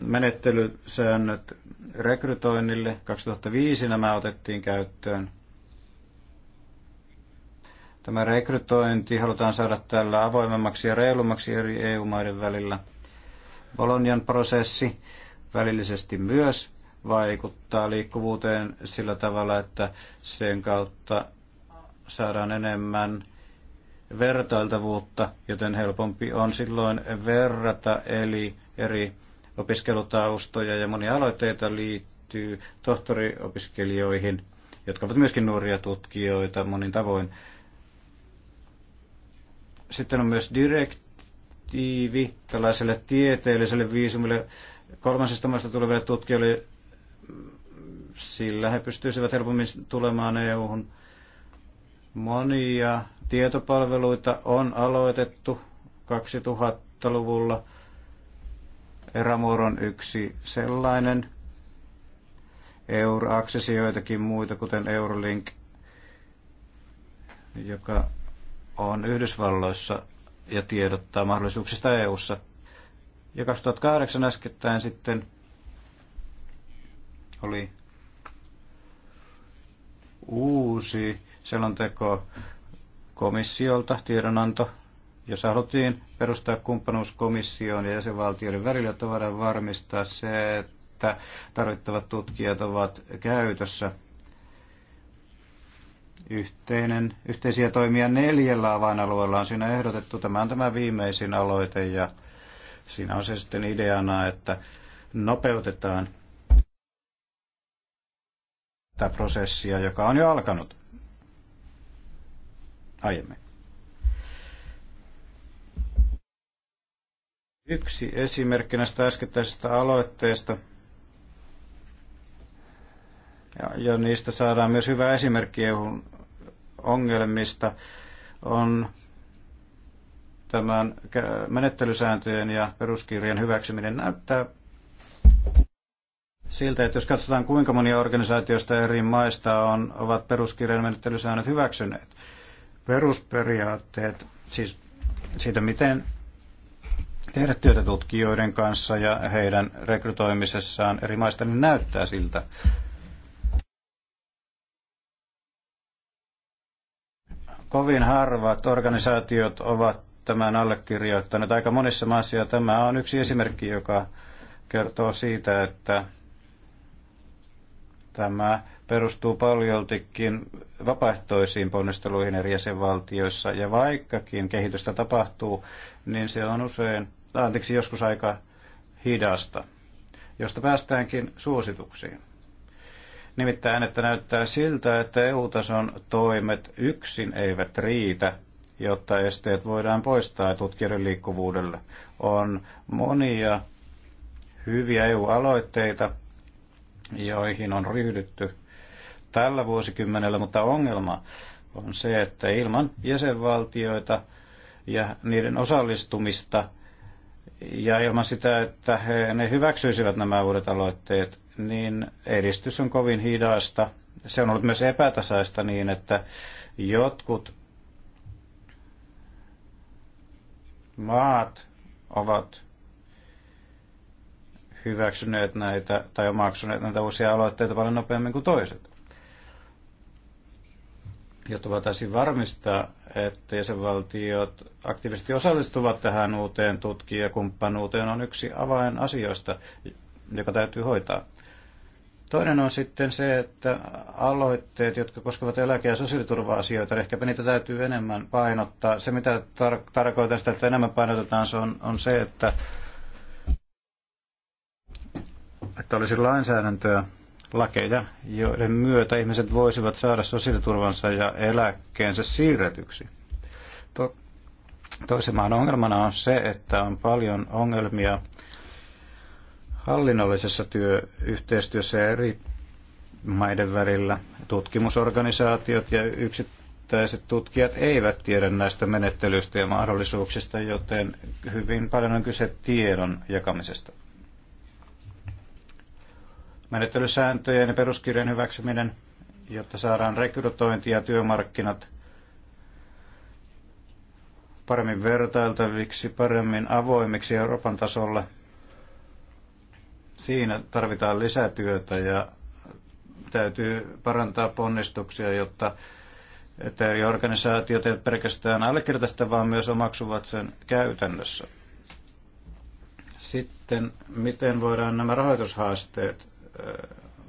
menettelysäännöt rekrytoinnille. 2005 nämä otettiin käyttöön – Tämä rekrytointi halutaan saada tällä avoimemmaksi ja reilummaksi eri EU-maiden välillä. Bolonian prosessi välillisesti myös vaikuttaa liikkuvuuteen sillä tavalla, että sen kautta saadaan enemmän vertailtavuutta, joten helpompi on silloin verrata eli eri opiskelutaustoja ja monia aloitteita liittyy tohtoriopiskelijoihin, jotka ovat myöskin nuoria tutkijoita monin tavoin. Sitten on myös direktiivi tällaiselle tieteelliselle viisumille kolmansista maista tuleville tutkijoille. Sillä he pystyisivät helpommin tulemaan EU-hun. Monia tietopalveluita on aloitettu 2000-luvulla. Eramor on yksi sellainen. Euroaksesi joitakin muita, kuten Eurolink, joka on Yhdysvalloissa ja tiedottaa mahdollisuuksista EU:ssa. Ja 2008 äskettäin sitten oli uusi selonteko komissiolta, tiedonanto, jossa haluttiin perustaa kumppanuuskomissioon ja jäsenvaltioiden välillä, jotta voidaan varmistaa se, että tarvittavat tutkijat ovat käytössä yhteinen, yhteisiä toimia neljällä avainalueella on siinä ehdotettu. Tämä on tämä viimeisin aloite ja siinä on se sitten ideana, että nopeutetaan tätä prosessia, joka on jo alkanut aiemmin. Yksi esimerkki näistä äskettäisistä aloitteista, ja, ja niistä saadaan myös hyvä esimerkki EUn ongelmista on tämän menettelysääntöjen ja peruskirjan hyväksyminen näyttää siltä, että jos katsotaan kuinka monia organisaatioista eri maista on, ovat peruskirjan menettelysäännöt hyväksyneet. Perusperiaatteet, siis siitä miten tehdä työtä tutkijoiden kanssa ja heidän rekrytoimisessaan eri maista, niin näyttää siltä, Kovin harvat organisaatiot ovat tämän allekirjoittaneet. Aika monissa maissa ja tämä on yksi esimerkki, joka kertoo siitä, että tämä perustuu paljoltikin vapaaehtoisiin ponnisteluihin eri jäsenvaltioissa. Ja vaikkakin kehitystä tapahtuu, niin se on usein, anteeksi, joskus aika hidasta, josta päästäänkin suosituksiin. Nimittäin, että näyttää siltä, että EU-tason toimet yksin eivät riitä, jotta esteet voidaan poistaa tutkijoiden liikkuvuudelle. On monia hyviä EU-aloitteita, joihin on ryhdytty tällä vuosikymmenellä, mutta ongelma on se, että ilman jäsenvaltioita ja niiden osallistumista – ja ilman sitä, että he, ne hyväksyisivät nämä uudet aloitteet, niin edistys on kovin hidasta. Se on ollut myös epätasaista niin, että jotkut maat ovat hyväksyneet näitä tai omaksuneet näitä uusia aloitteita paljon nopeammin kuin toiset jotta voitaisiin varmistaa, että jäsenvaltiot aktiivisesti osallistuvat tähän uuteen tutkijakumppanuuteen, on yksi avain asioista, joka täytyy hoitaa. Toinen on sitten se, että aloitteet, jotka koskevat eläke- ja sosiaaliturva-asioita, niin ehkäpä niitä täytyy enemmän painottaa. Se, mitä tar- tarkoitan sitä, että enemmän painotetaan, se on, on se, että, että olisi lainsäädäntöä, lakeja, joiden myötä ihmiset voisivat saada sosiaaliturvansa ja eläkkeensä siirretyksi. To- toisen maan ongelmana on se, että on paljon ongelmia hallinnollisessa työyhteistyössä eri maiden välillä. Tutkimusorganisaatiot ja yksittäiset tutkijat eivät tiedä näistä menettelyistä ja mahdollisuuksista, joten hyvin paljon on kyse tiedon jakamisesta menettelysääntöjen ja peruskirjan hyväksyminen, jotta saadaan rekrytointi ja työmarkkinat paremmin vertailtaviksi, paremmin avoimiksi Euroopan tasolla. Siinä tarvitaan lisätyötä ja täytyy parantaa ponnistuksia, jotta että eri organisaatiot eivät pelkästään allekirjoita vaan myös omaksuvat sen käytännössä. Sitten, miten voidaan nämä rahoitushaasteet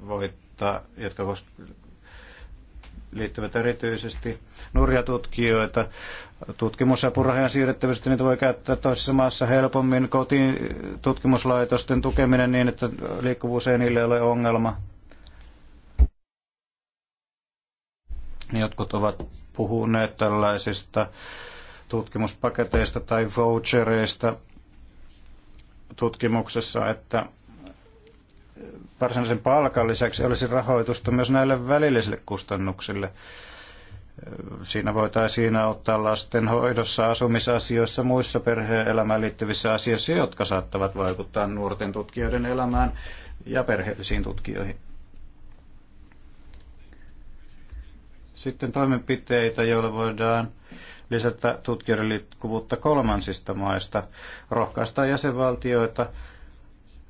voittaa, jotka liittyvät erityisesti nurja tutkijoita. Tutkimusapurahojen siirrettävästi niitä voi käyttää toisessa maassa helpommin. Kotiin tutkimuslaitosten tukeminen niin, että liikkuvuus ei niille ole ongelma. Jotkut ovat puhuneet tällaisista tutkimuspaketeista tai vouchereista tutkimuksessa, että varsinaisen palkan lisäksi olisi rahoitusta myös näille välillisille kustannuksille. Siinä voitaisiin auttaa lasten hoidossa, asumisasioissa, muissa perheen elämään liittyvissä asioissa, jotka saattavat vaikuttaa nuorten tutkijoiden elämään ja perheellisiin tutkijoihin. Sitten toimenpiteitä, joilla voidaan lisätä tutkijoiden liikkuvuutta kolmansista maista, rohkaista jäsenvaltioita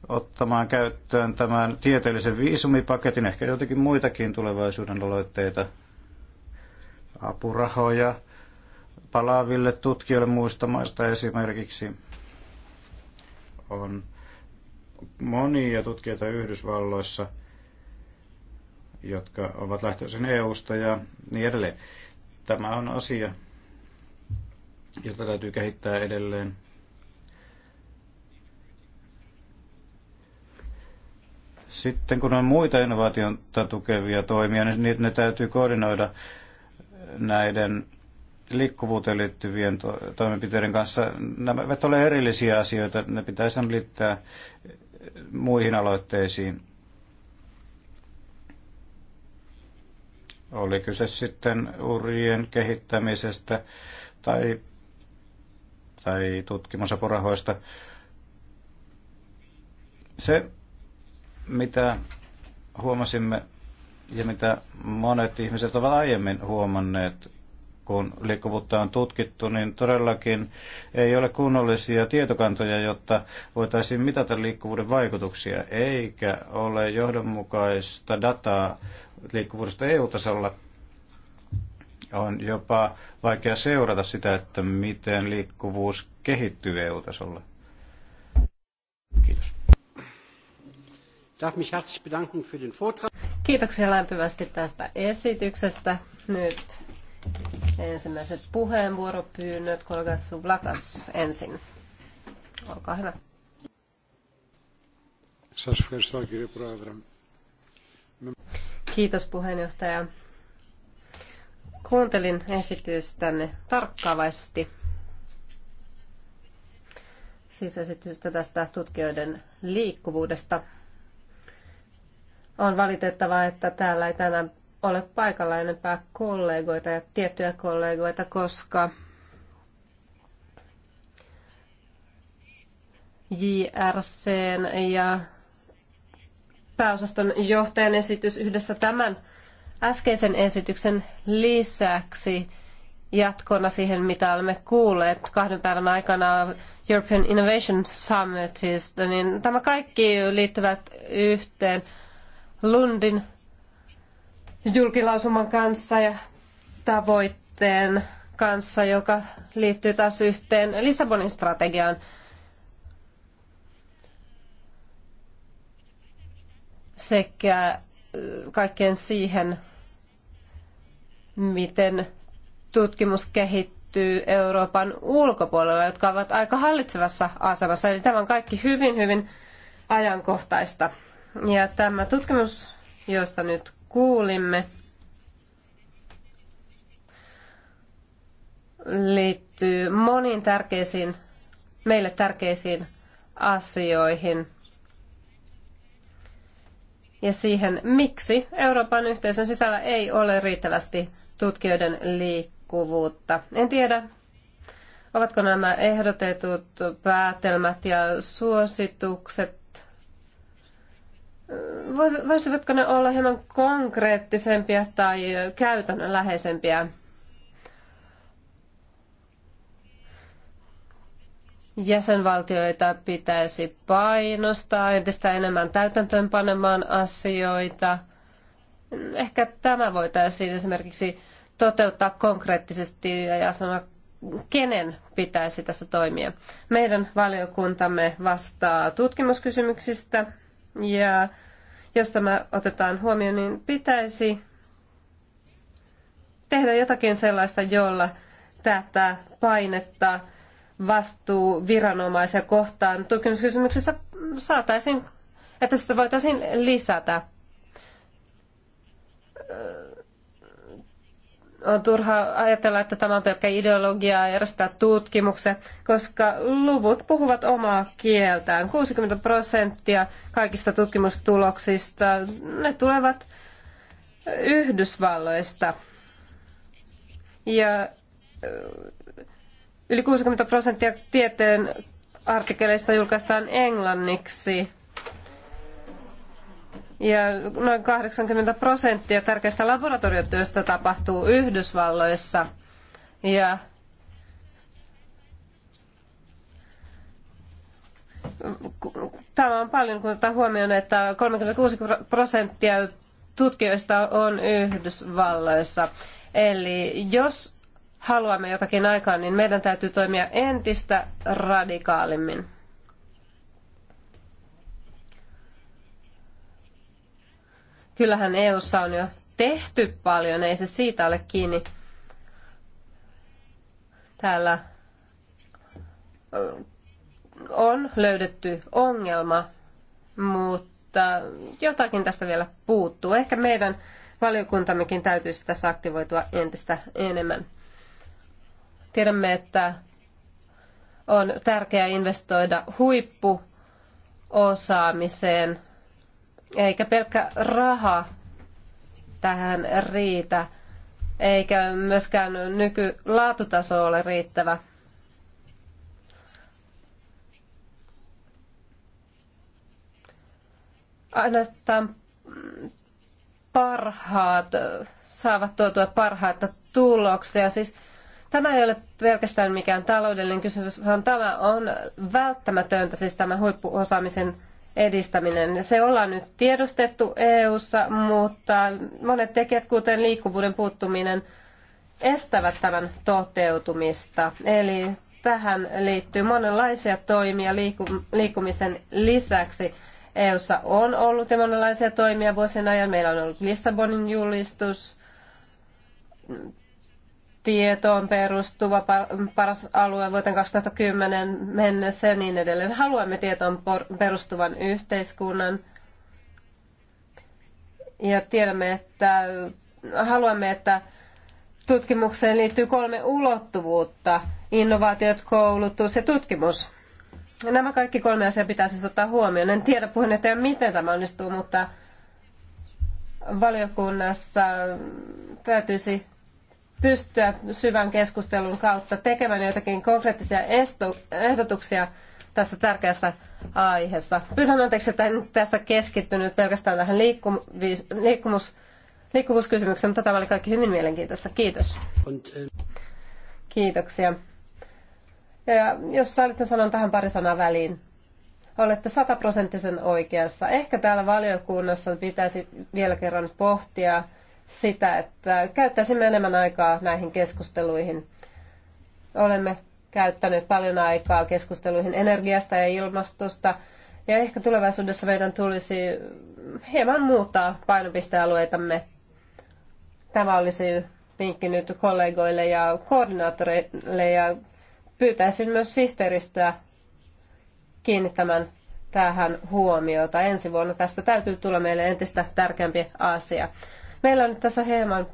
ottamaan käyttöön tämän tieteellisen viisumipaketin, ehkä jotenkin muitakin tulevaisuuden aloitteita, apurahoja palaaville tutkijoille muista maista esimerkiksi. On monia tutkijoita Yhdysvalloissa, jotka ovat lähtöisin EU-sta ja niin edelleen. Tämä on asia, jota täytyy kehittää edelleen. Sitten kun on muita innovaatiota tukevia toimia, niin niitä ne täytyy koordinoida näiden liikkuvuuteen liittyvien to- toimenpiteiden kanssa. Nämä eivät ole erillisiä asioita, ne pitäisi liittää muihin aloitteisiin. Oli kyse sitten urien kehittämisestä tai, tai tutkimusapurahoista. Se mitä huomasimme ja mitä monet ihmiset ovat aiemmin huomanneet, kun liikkuvuutta on tutkittu, niin todellakin ei ole kunnollisia tietokantoja, jotta voitaisiin mitata liikkuvuuden vaikutuksia, eikä ole johdonmukaista dataa liikkuvuudesta EU-tasolla. On jopa vaikea seurata sitä, että miten liikkuvuus kehittyy EU-tasolla. Kiitos darf mich herzlich bedanken für den Vortrag. Kiitoksia lämpimästi tästä esityksestä. Nyt ensimmäiset puheenvuoropyynnöt. Kollega Suvlakas ensin. Olkaa hyvä. Kiitos puheenjohtaja. Kuuntelin esitystänne tarkkaavasti. Siis esitystä tästä tutkijoiden liikkuvuudesta on valitettavaa, että täällä ei tänään ole paikalla enempää kollegoita ja tiettyjä kollegoita, koska JRCn ja pääosaston johtajan esitys yhdessä tämän äskeisen esityksen lisäksi jatkona siihen, mitä olemme kuulleet kahden päivän aikana European Innovation Summitista, niin tämä kaikki liittyvät yhteen. Lundin julkilausuman kanssa ja tavoitteen kanssa, joka liittyy taas yhteen Lissabonin strategiaan. sekä kaikkeen siihen, miten tutkimus kehittyy Euroopan ulkopuolella, jotka ovat aika hallitsevassa asemassa. Eli tämä on kaikki hyvin, hyvin ajankohtaista. Ja tämä tutkimus, josta nyt kuulimme, liittyy moniin tärkeisiin, meille tärkeisiin asioihin ja siihen, miksi Euroopan yhteisön sisällä ei ole riittävästi tutkijoiden liikkuvuutta. En tiedä, ovatko nämä ehdotetut päätelmät ja suositukset voisivatko ne olla hieman konkreettisempia tai käytännönläheisempiä? Jäsenvaltioita pitäisi painostaa entistä enemmän täytäntöönpanemaan asioita. Ehkä tämä voitaisiin esimerkiksi toteuttaa konkreettisesti ja sanoa, kenen pitäisi tässä toimia. Meidän valiokuntamme vastaa tutkimuskysymyksistä ja jos tämä otetaan huomioon, niin pitäisi tehdä jotakin sellaista, jolla tätä painetta vastuu viranomaisia kohtaan tutkimuskysymyksessä saataisiin, että sitä voitaisiin lisätä on turha ajatella, että tämä on pelkkä ideologia ja järjestää tutkimuksen, koska luvut puhuvat omaa kieltään. 60 prosenttia kaikista tutkimustuloksista, ne tulevat Yhdysvalloista. Ja yli 60 prosenttia tieteen artikkeleista julkaistaan englanniksi ja noin 80 prosenttia tärkeistä laboratoriotyöstä tapahtuu Yhdysvalloissa. Ja tämä on paljon, kun ottaa huomioon, että 36 prosenttia tutkijoista on Yhdysvalloissa. Eli jos haluamme jotakin aikaan, niin meidän täytyy toimia entistä radikaalimmin. Kyllähän EU:ssa on jo tehty paljon, ei se siitä ole kiinni. Täällä on löydetty ongelma, mutta jotakin tästä vielä puuttuu. Ehkä meidän valiokuntammekin täytyisi tässä aktivoitua entistä enemmän. Tiedämme, että on tärkeää investoida huippuosaamiseen eikä pelkkä raha tähän riitä, eikä myöskään nykylaatutaso ole riittävä. Ainoastaan parhaat saavat tuotua parhaita tuloksia. Siis tämä ei ole pelkästään mikään taloudellinen kysymys, vaan tämä on välttämätöntä, siis tämä huippuosaamisen edistäminen. Se ollaan nyt tiedostettu EU:ssa, mutta monet tekijät, kuten liikkuvuuden puuttuminen, estävät tämän toteutumista. Eli tähän liittyy monenlaisia toimia liikkumisen lisäksi. EU:ssa on ollut jo monenlaisia toimia vuosien ajan. Meillä on ollut Lissabonin julistus, tietoon perustuva paras alue vuoteen 2010 mennessä ja niin edelleen. Haluamme tietoon perustuvan yhteiskunnan ja tiedämme, että haluamme, että tutkimukseen liittyy kolme ulottuvuutta, innovaatiot, koulutus ja tutkimus. Nämä kaikki kolme asiaa pitää siis ottaa huomioon. En tiedä puheenjohtaja, miten tämä onnistuu, mutta valiokunnassa täytyisi pystyä syvän keskustelun kautta tekemään jotakin konkreettisia ehdotuksia tässä tärkeässä aiheessa. Pyydän anteeksi, että en tässä keskittynyt pelkästään tähän liikkumis- liikkumus- liikkuvuuskysymykseen, mutta tämä oli kaikki hyvin mielenkiintoista. Kiitos. Äh, Kiitoksia. Ja jos sallitte sanon tähän pari sanaa väliin. Olette sataprosenttisen oikeassa. Ehkä täällä valiokunnassa pitäisi vielä kerran pohtia sitä, että käyttäisimme enemmän aikaa näihin keskusteluihin. Olemme käyttäneet paljon aikaa keskusteluihin energiasta ja ilmastosta, ja ehkä tulevaisuudessa meidän tulisi hieman muuttaa painopistealueitamme. Tämä olisi vinkki nyt kollegoille ja koordinaattoreille ja pyytäisin myös sihteeristöä kiinnittämään tähän huomiota. Ensi vuonna tästä täytyy tulla meille entistä tärkeämpi asia. Meillä on nyt tässä hieman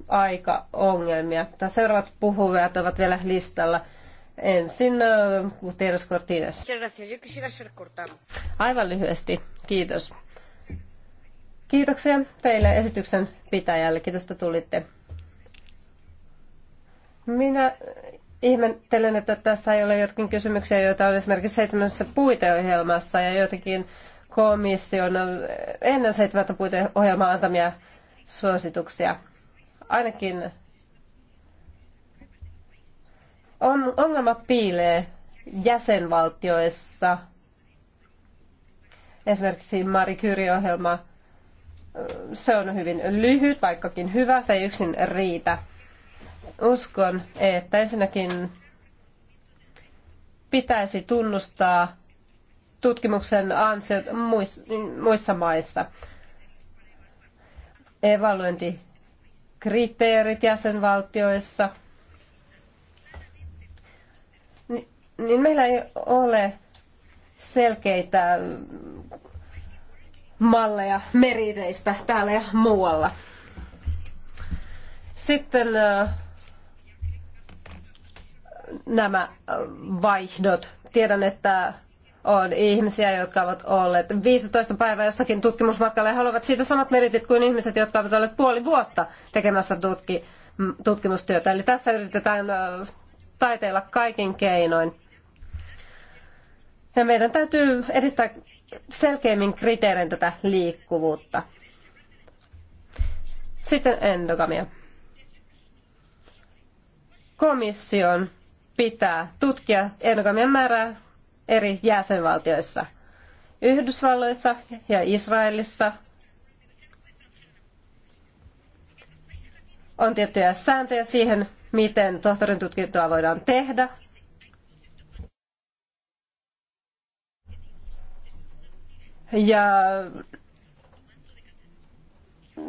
Tämä Seuraavat puhuvat ovat vielä listalla. Ensin Gutierrez Cortines. Aivan lyhyesti, kiitos. Kiitoksia teille esityksen pitäjälle. Kiitos, että tulitte. Minä ihmettelen, että tässä ei ole jotkin kysymyksiä, joita on esimerkiksi seitsemässä puiteohjelmassa ja jotenkin komission ennen seitsemättä puiteohjelmaa antamia suosituksia. Ainakin on, ongelma piilee jäsenvaltioissa. Esimerkiksi Marie Curie-ohjelma, se on hyvin lyhyt, vaikkakin hyvä, se ei yksin riitä. Uskon, että ensinnäkin pitäisi tunnustaa tutkimuksen ansiot muissa maissa evaluointikriteerit jäsenvaltioissa, niin meillä ei ole selkeitä malleja meriteistä täällä ja muualla. Sitten nämä vaihdot. Tiedän, että on ihmisiä, jotka ovat olleet 15 päivää jossakin tutkimusmatkalla ja haluavat siitä samat meritit kuin ihmiset, jotka ovat olleet puoli vuotta tekemässä tutki, tutkimustyötä. Eli tässä yritetään taiteilla kaikin keinoin. Ja meidän täytyy edistää selkeämmin kriteerin tätä liikkuvuutta. Sitten endogamia. Komission pitää tutkia endogamian määrää eri jäsenvaltioissa. Yhdysvalloissa ja Israelissa on tiettyjä sääntöjä siihen, miten tohtorin tutkintoa voidaan tehdä. Ja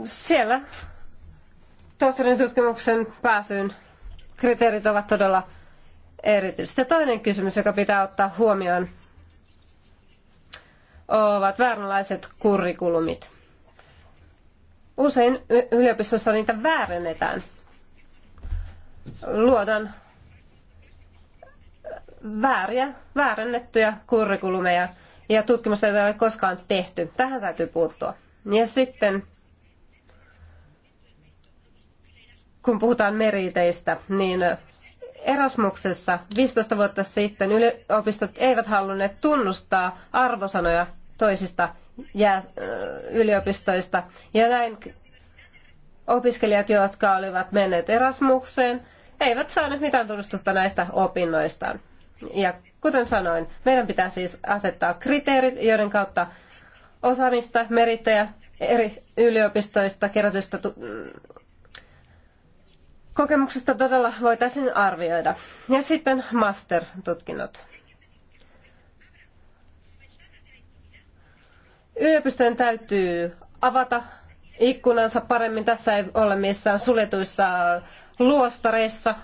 siellä tohtorin tutkimuksen pääsyyn kriteerit ovat todella erityisesti. Toinen kysymys, joka pitää ottaa huomioon, ovat vääränlaiset kurrikulumit. Usein yliopistossa niitä väärennetään. Luodaan vääriä, väärennettyjä kurrikulumeja ja tutkimusta ei ole koskaan tehty. Tähän täytyy puuttua. Ja sitten kun puhutaan meriteistä, niin Erasmuksessa 15 vuotta sitten yliopistot eivät halunneet tunnustaa arvosanoja toisista yliopistoista. Ja näin opiskelijat, jotka olivat menneet Erasmukseen, eivät saaneet mitään tunnustusta näistä opinnoistaan. Ja kuten sanoin, meidän pitää siis asettaa kriteerit, joiden kautta osaamista, merittäjä eri yliopistoista kerätystä kokemuksesta todella voitaisiin arvioida. Ja sitten master-tutkinnot. Yliopistojen täytyy avata ikkunansa paremmin. Tässä ei ole missään suljetuissa luostareissa.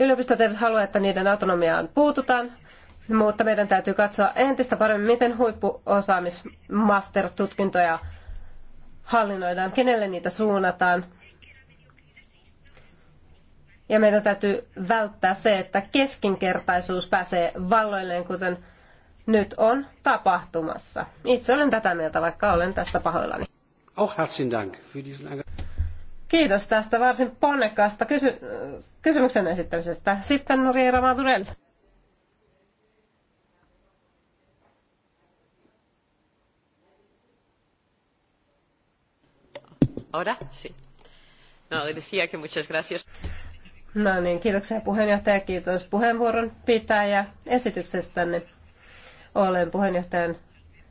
Yliopistot eivät halua, että niiden autonomiaan puututaan, mutta meidän täytyy katsoa entistä paremmin, miten huippuosaamis-master-tutkintoja hallinnoidaan, kenelle niitä suunnataan – ja meidän täytyy välttää se, että keskinkertaisuus pääsee valloilleen, kuten nyt on tapahtumassa. Itse olen tätä mieltä, vaikka olen tästä pahoillani. Oh, herzlichen Dank für diesen Kiitos tästä varsin ponnekkaasta kysy- kysymyksen esittämisestä. Sitten Noriera Madurell. Ahora sí. No, decía que muchas gracias. No niin, kiitoksia puheenjohtaja, kiitos puheenvuoron pitäjä esityksestänne. Olen puheenjohtajan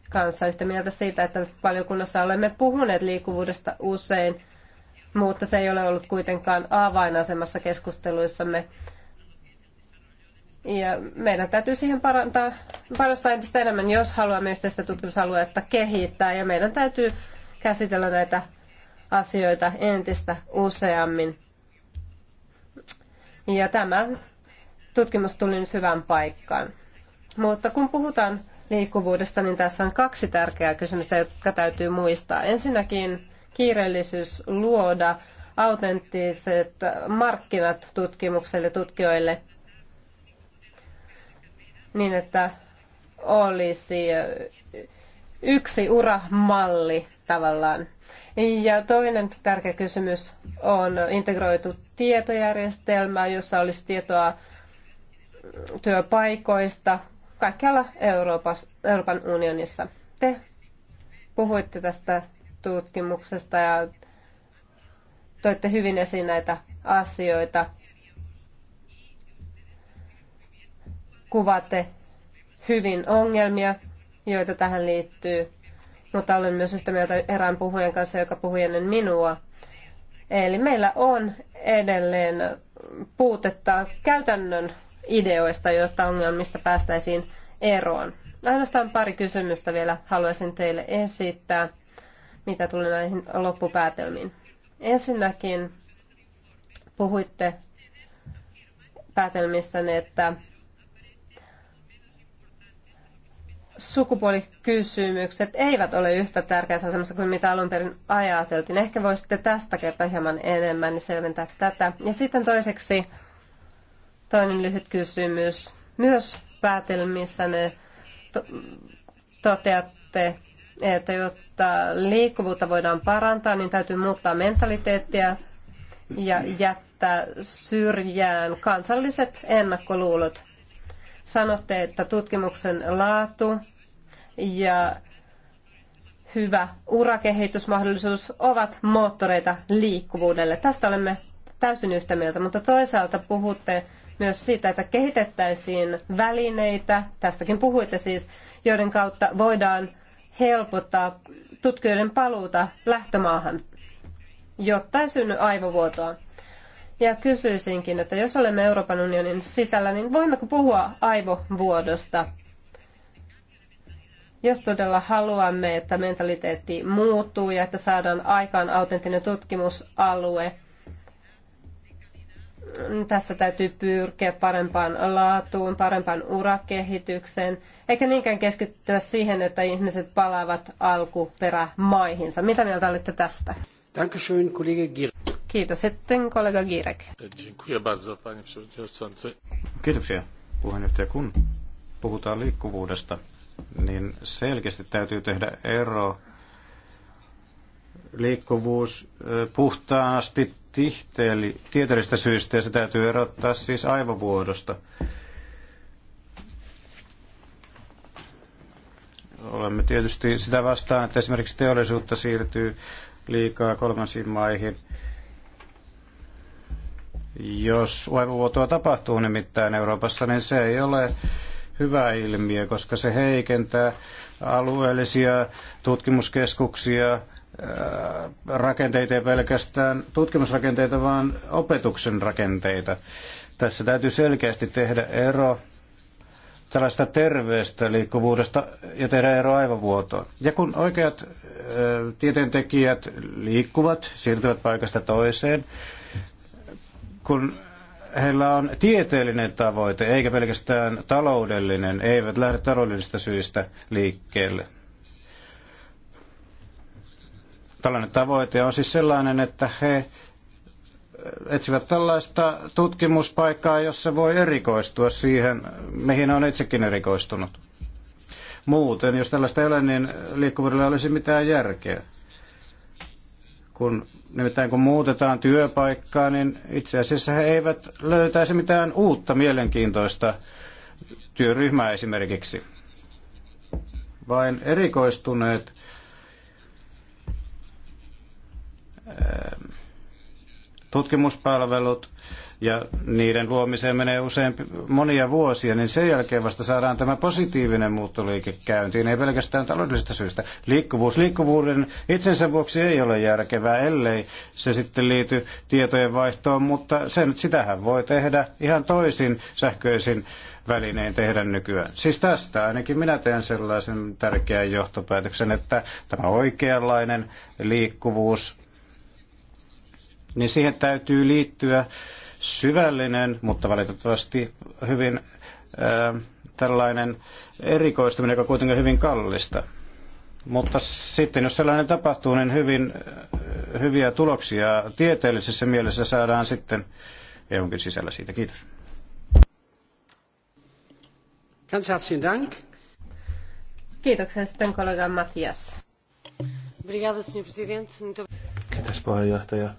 kanssa yhtä mieltä siitä, että valiokunnassa olemme puhuneet liikkuvuudesta usein, mutta se ei ole ollut kuitenkaan avainasemassa keskusteluissamme. Ja meidän täytyy siihen parantaa, parantaa entistä enemmän, jos haluamme yhteistä tutkimusaluetta kehittää. Ja meidän täytyy käsitellä näitä asioita entistä useammin. Ja tämä tutkimus tuli nyt hyvään paikkaan. Mutta kun puhutaan liikkuvuudesta, niin tässä on kaksi tärkeää kysymystä, jotka täytyy muistaa. Ensinnäkin kiireellisyys luoda autenttiset markkinat tutkimukselle tutkijoille niin, että olisi yksi uramalli tavallaan. Ja toinen tärkeä kysymys on integroitu tietojärjestelmä, jossa olisi tietoa työpaikoista kaikkialla Euroopassa, Euroopan unionissa. Te puhuitte tästä tutkimuksesta ja toitte hyvin esiin näitä asioita. Kuvaatte hyvin ongelmia, joita tähän liittyy mutta olen myös yhtä mieltä erään puhujan kanssa, joka puhui ennen minua. Eli meillä on edelleen puutetta käytännön ideoista, jotta ongelmista päästäisiin eroon. Ainoastaan pari kysymystä vielä haluaisin teille esittää, mitä tulee näihin loppupäätelmiin. Ensinnäkin puhuitte päätelmissäni, että sukupuolikysymykset eivät ole yhtä tärkeässä asemassa kuin mitä alun perin ajateltiin. Ehkä voisitte tästä kertoa hieman enemmän niin selventää tätä. Ja sitten toiseksi toinen lyhyt kysymys. Myös päätelmissä ne to- toteatte, että jotta liikkuvuutta voidaan parantaa, niin täytyy muuttaa mentaliteettia ja jättää syrjään kansalliset ennakkoluulot sanotte, että tutkimuksen laatu ja hyvä urakehitysmahdollisuus ovat moottoreita liikkuvuudelle. Tästä olemme täysin yhtä mieltä, mutta toisaalta puhutte myös siitä, että kehitettäisiin välineitä, tästäkin puhuitte siis, joiden kautta voidaan helpottaa tutkijoiden paluuta lähtömaahan, jotta ei synny aivovuotoa. Ja kysyisinkin, että jos olemme Euroopan unionin sisällä, niin voimmeko puhua aivovuodosta? Jos todella haluamme, että mentaliteetti muuttuu ja että saadaan aikaan autenttinen tutkimusalue, tässä täytyy pyrkiä parempaan laatuun, parempaan urakehitykseen, eikä niinkään keskittyä siihen, että ihmiset palaavat alkuperämaihinsa. Mitä mieltä olette tästä? Dankeschön, kollega Girek. Kiitos. Sitten kollega Girek. Kiitoksia, puheenjohtaja. Kun puhutaan liikkuvuudesta, niin selkeästi täytyy tehdä ero liikkuvuus puhtaasti tihteeli, tieteellisistä syistä ja se täytyy erottaa siis aivovuodosta. Olemme tietysti sitä vastaan, että esimerkiksi teollisuutta siirtyy liikaa kolmansiin maihin. Jos aivovuotoa tapahtuu nimittäin Euroopassa, niin se ei ole hyvä ilmiö, koska se heikentää alueellisia tutkimuskeskuksia, äh, rakenteita ei pelkästään tutkimusrakenteita, vaan opetuksen rakenteita. Tässä täytyy selkeästi tehdä ero tällaista terveestä liikkuvuudesta ja tehdä ero aivovuotoon. Ja kun oikeat äh, tieteentekijät liikkuvat, siirtyvät paikasta toiseen, kun heillä on tieteellinen tavoite, eikä pelkästään taloudellinen, eivät lähde taloudellisista syistä liikkeelle. Tällainen tavoite on siis sellainen, että he etsivät tällaista tutkimuspaikkaa, jossa voi erikoistua siihen, mihin on itsekin erikoistunut. Muuten, jos tällaista ei ole, niin liikkuvuudella olisi mitään järkeä. Kun, nimittäin kun muutetaan työpaikkaa, niin itse asiassa he eivät löytäisi mitään uutta mielenkiintoista työryhmää esimerkiksi. Vain erikoistuneet tutkimuspalvelut ja niiden luomiseen menee usein monia vuosia, niin sen jälkeen vasta saadaan tämä positiivinen muuttoliike käyntiin, ei pelkästään taloudellisista syistä. Liikkuvuus liikkuvuuden itsensä vuoksi ei ole järkevää, ellei se sitten liity tietojen vaihtoon, mutta sen, sitähän voi tehdä ihan toisin sähköisin välineen tehdä nykyään. Siis tästä ainakin minä teen sellaisen tärkeän johtopäätöksen, että tämä oikeanlainen liikkuvuus niin siihen täytyy liittyä syvällinen, mutta valitettavasti hyvin ää, tällainen erikoistuminen, joka kuitenkin on hyvin kallista. Mutta sitten jos sellainen tapahtuu, niin hyvin hyviä tuloksia tieteellisessä mielessä saadaan sitten EUnkin sisällä siitä. Kiitos. Ganz herzlichen Dank. Kiitoksia sitten kollega Matias. Obrigada, senhor presidente. Kiitos puheenjohtaja.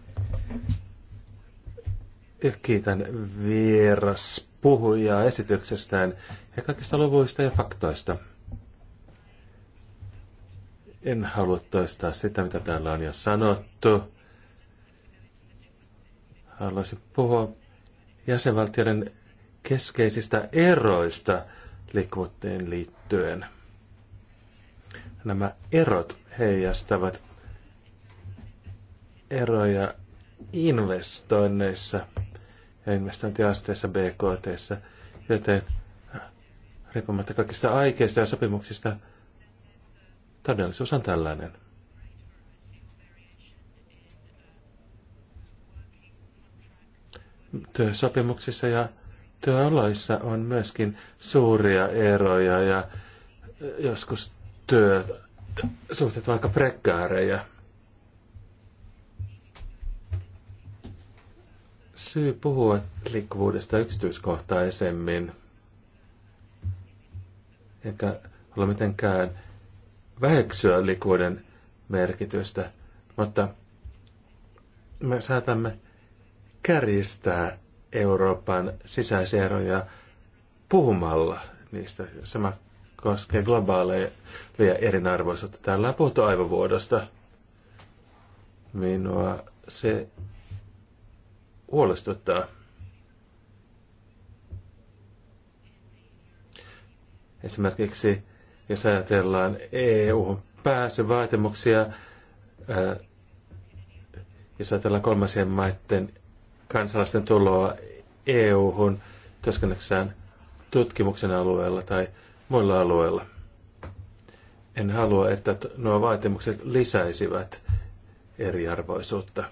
Kiitän vieras puhujaa esityksestään ja kaikista luvuista ja faktoista. En halua toistaa sitä, mitä täällä on jo sanottu. Haluaisin puhua jäsenvaltioiden keskeisistä eroista liikkuvuuteen liittyen. Nämä erot heijastavat eroja investoinneissa ja investointiasteissa BKT, joten riippumatta kaikista aikeista ja sopimuksista, todellisuus on tällainen. Työsopimuksissa ja työoloissa on myöskin suuria eroja ja joskus työsuhteet vaikka prekkaareja. syy puhua liikkuvuudesta yksityiskohtaisemmin, eikä ole mitenkään väheksyä liikkuvuuden merkitystä, mutta me saatamme kärjistää Euroopan sisäisiä eroja puhumalla niistä. Sama koskee globaaleja erinarvoisuutta. Täällä on puhuttu aivovuodosta. Minua se huolestuttaa. Esimerkiksi jos ajatellaan EU-pääsyvaatimuksia, jos ajatellaan kolmasien maiden kansalaisten tuloa EU-hun työskennäksään tutkimuksen alueella tai muilla alueilla. En halua, että nuo vaatimukset lisäisivät eriarvoisuutta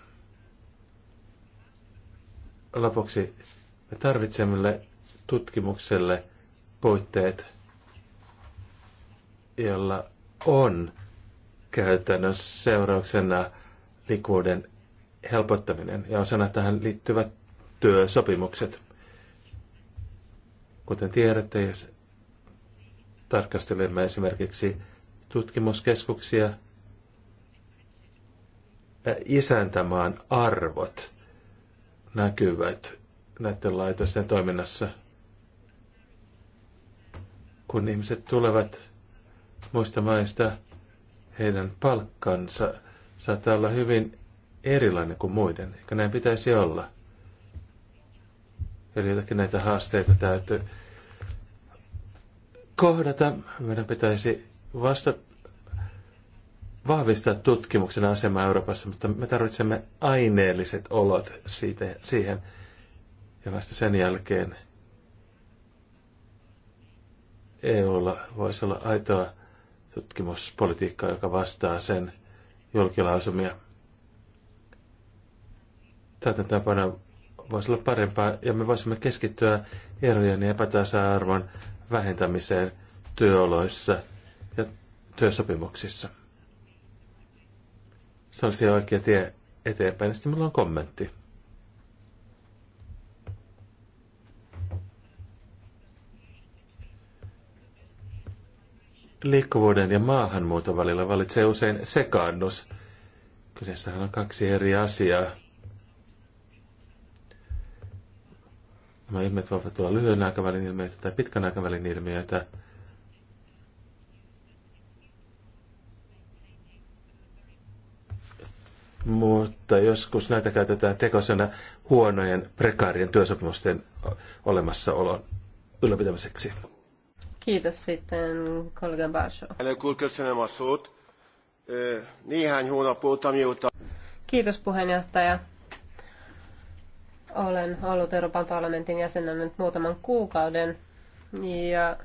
lopuksi me tarvitsemme tutkimukselle puitteet, jolla on käytännön seurauksena liikkuvuuden helpottaminen ja osana tähän liittyvät työsopimukset. Kuten tiedätte, jos tarkastelemme esimerkiksi tutkimuskeskuksia, isäntämaan arvot näkyvät näiden laitosten toiminnassa. Kun ihmiset tulevat muista maista, heidän palkkansa saattaa olla hyvin erilainen kuin muiden, eikä näin pitäisi olla. Eli jotakin näitä haasteita täytyy kohdata. Meidän pitäisi vastata vahvistaa tutkimuksen asemaa Euroopassa, mutta me tarvitsemme aineelliset olot siitä, siihen. Ja vasta sen jälkeen EUlla voisi olla aitoa tutkimuspolitiikkaa, joka vastaa sen julkilausumia. Tätä tapana voisi olla parempaa ja me voisimme keskittyä erojen ja epätasa-arvon vähentämiseen työoloissa ja työsopimuksissa se olisi oikea tie eteenpäin. Sitten minulla on kommentti. Liikkuvuuden ja maahanmuuton välillä valitsee usein sekaannus. Kyseessähän on kaksi eri asiaa. Nämä ilmiöt voivat olla lyhyen aikavälin ilmiöitä tai pitkän aikavälin ilmiöitä. mutta joskus näitä käytetään tekosena huonojen prekaarien työsopimusten olemassaolon ylläpitämiseksi. Kiitos sitten kollega Basho. Kiitos puheenjohtaja. Olen ollut Euroopan parlamentin jäsenä nyt muutaman kuukauden ja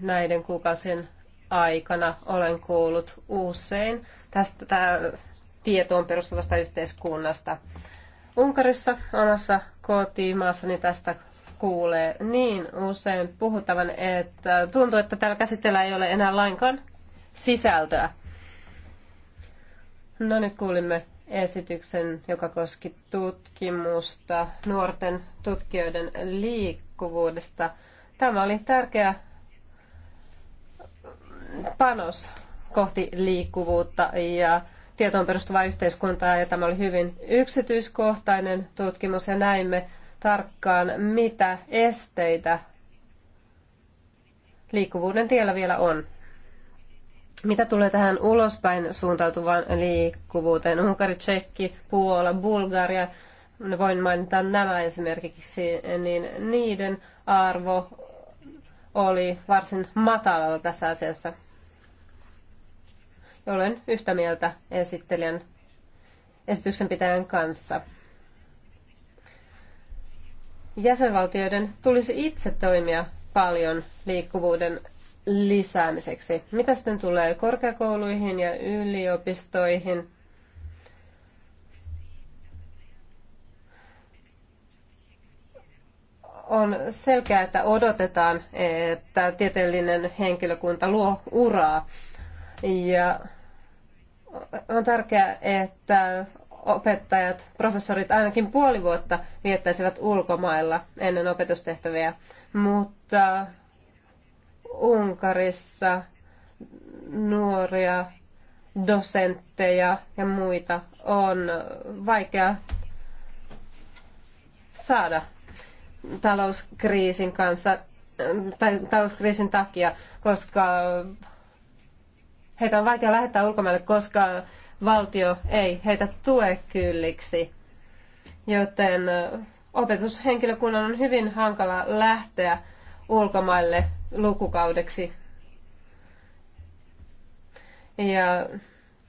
näiden kuukausien aikana olen kuullut usein tästä tietoon perustuvasta yhteiskunnasta. Unkarissa, omassa niin tästä kuulee niin usein puhuttavan, että tuntuu, että täällä käsitellä ei ole enää lainkaan sisältöä. No nyt kuulimme esityksen, joka koski tutkimusta nuorten tutkijoiden liikkuvuudesta. Tämä oli tärkeä panos kohti liikkuvuutta ja tietoon perustuvaa yhteiskuntaa ja tämä oli hyvin yksityiskohtainen tutkimus ja näimme tarkkaan, mitä esteitä liikkuvuuden tiellä vielä on. Mitä tulee tähän ulospäin suuntautuvaan liikkuvuuteen, Unkari, Tsekki, Puola, Bulgaria, voin mainita nämä esimerkiksi, niin niiden arvo oli varsin matalalla tässä asiassa. Olen yhtä mieltä esittelijän esityksen pitäjän kanssa. Jäsenvaltioiden tulisi itse toimia paljon liikkuvuuden lisäämiseksi. Mitä sitten tulee korkeakouluihin ja yliopistoihin? On selkeää, että odotetaan, että tieteellinen henkilökunta luo uraa. Ja on tärkeää, että opettajat, professorit ainakin puoli vuotta viettäisivät ulkomailla ennen opetustehtäviä, mutta Unkarissa nuoria dosentteja ja muita on vaikea saada talouskriisin kanssa tai talouskriisin takia, koska Heitä on vaikea lähettää ulkomaille, koska valtio ei heitä tue kylliksi. Joten opetushenkilökunnan on hyvin hankala lähteä ulkomaille lukukaudeksi. Ja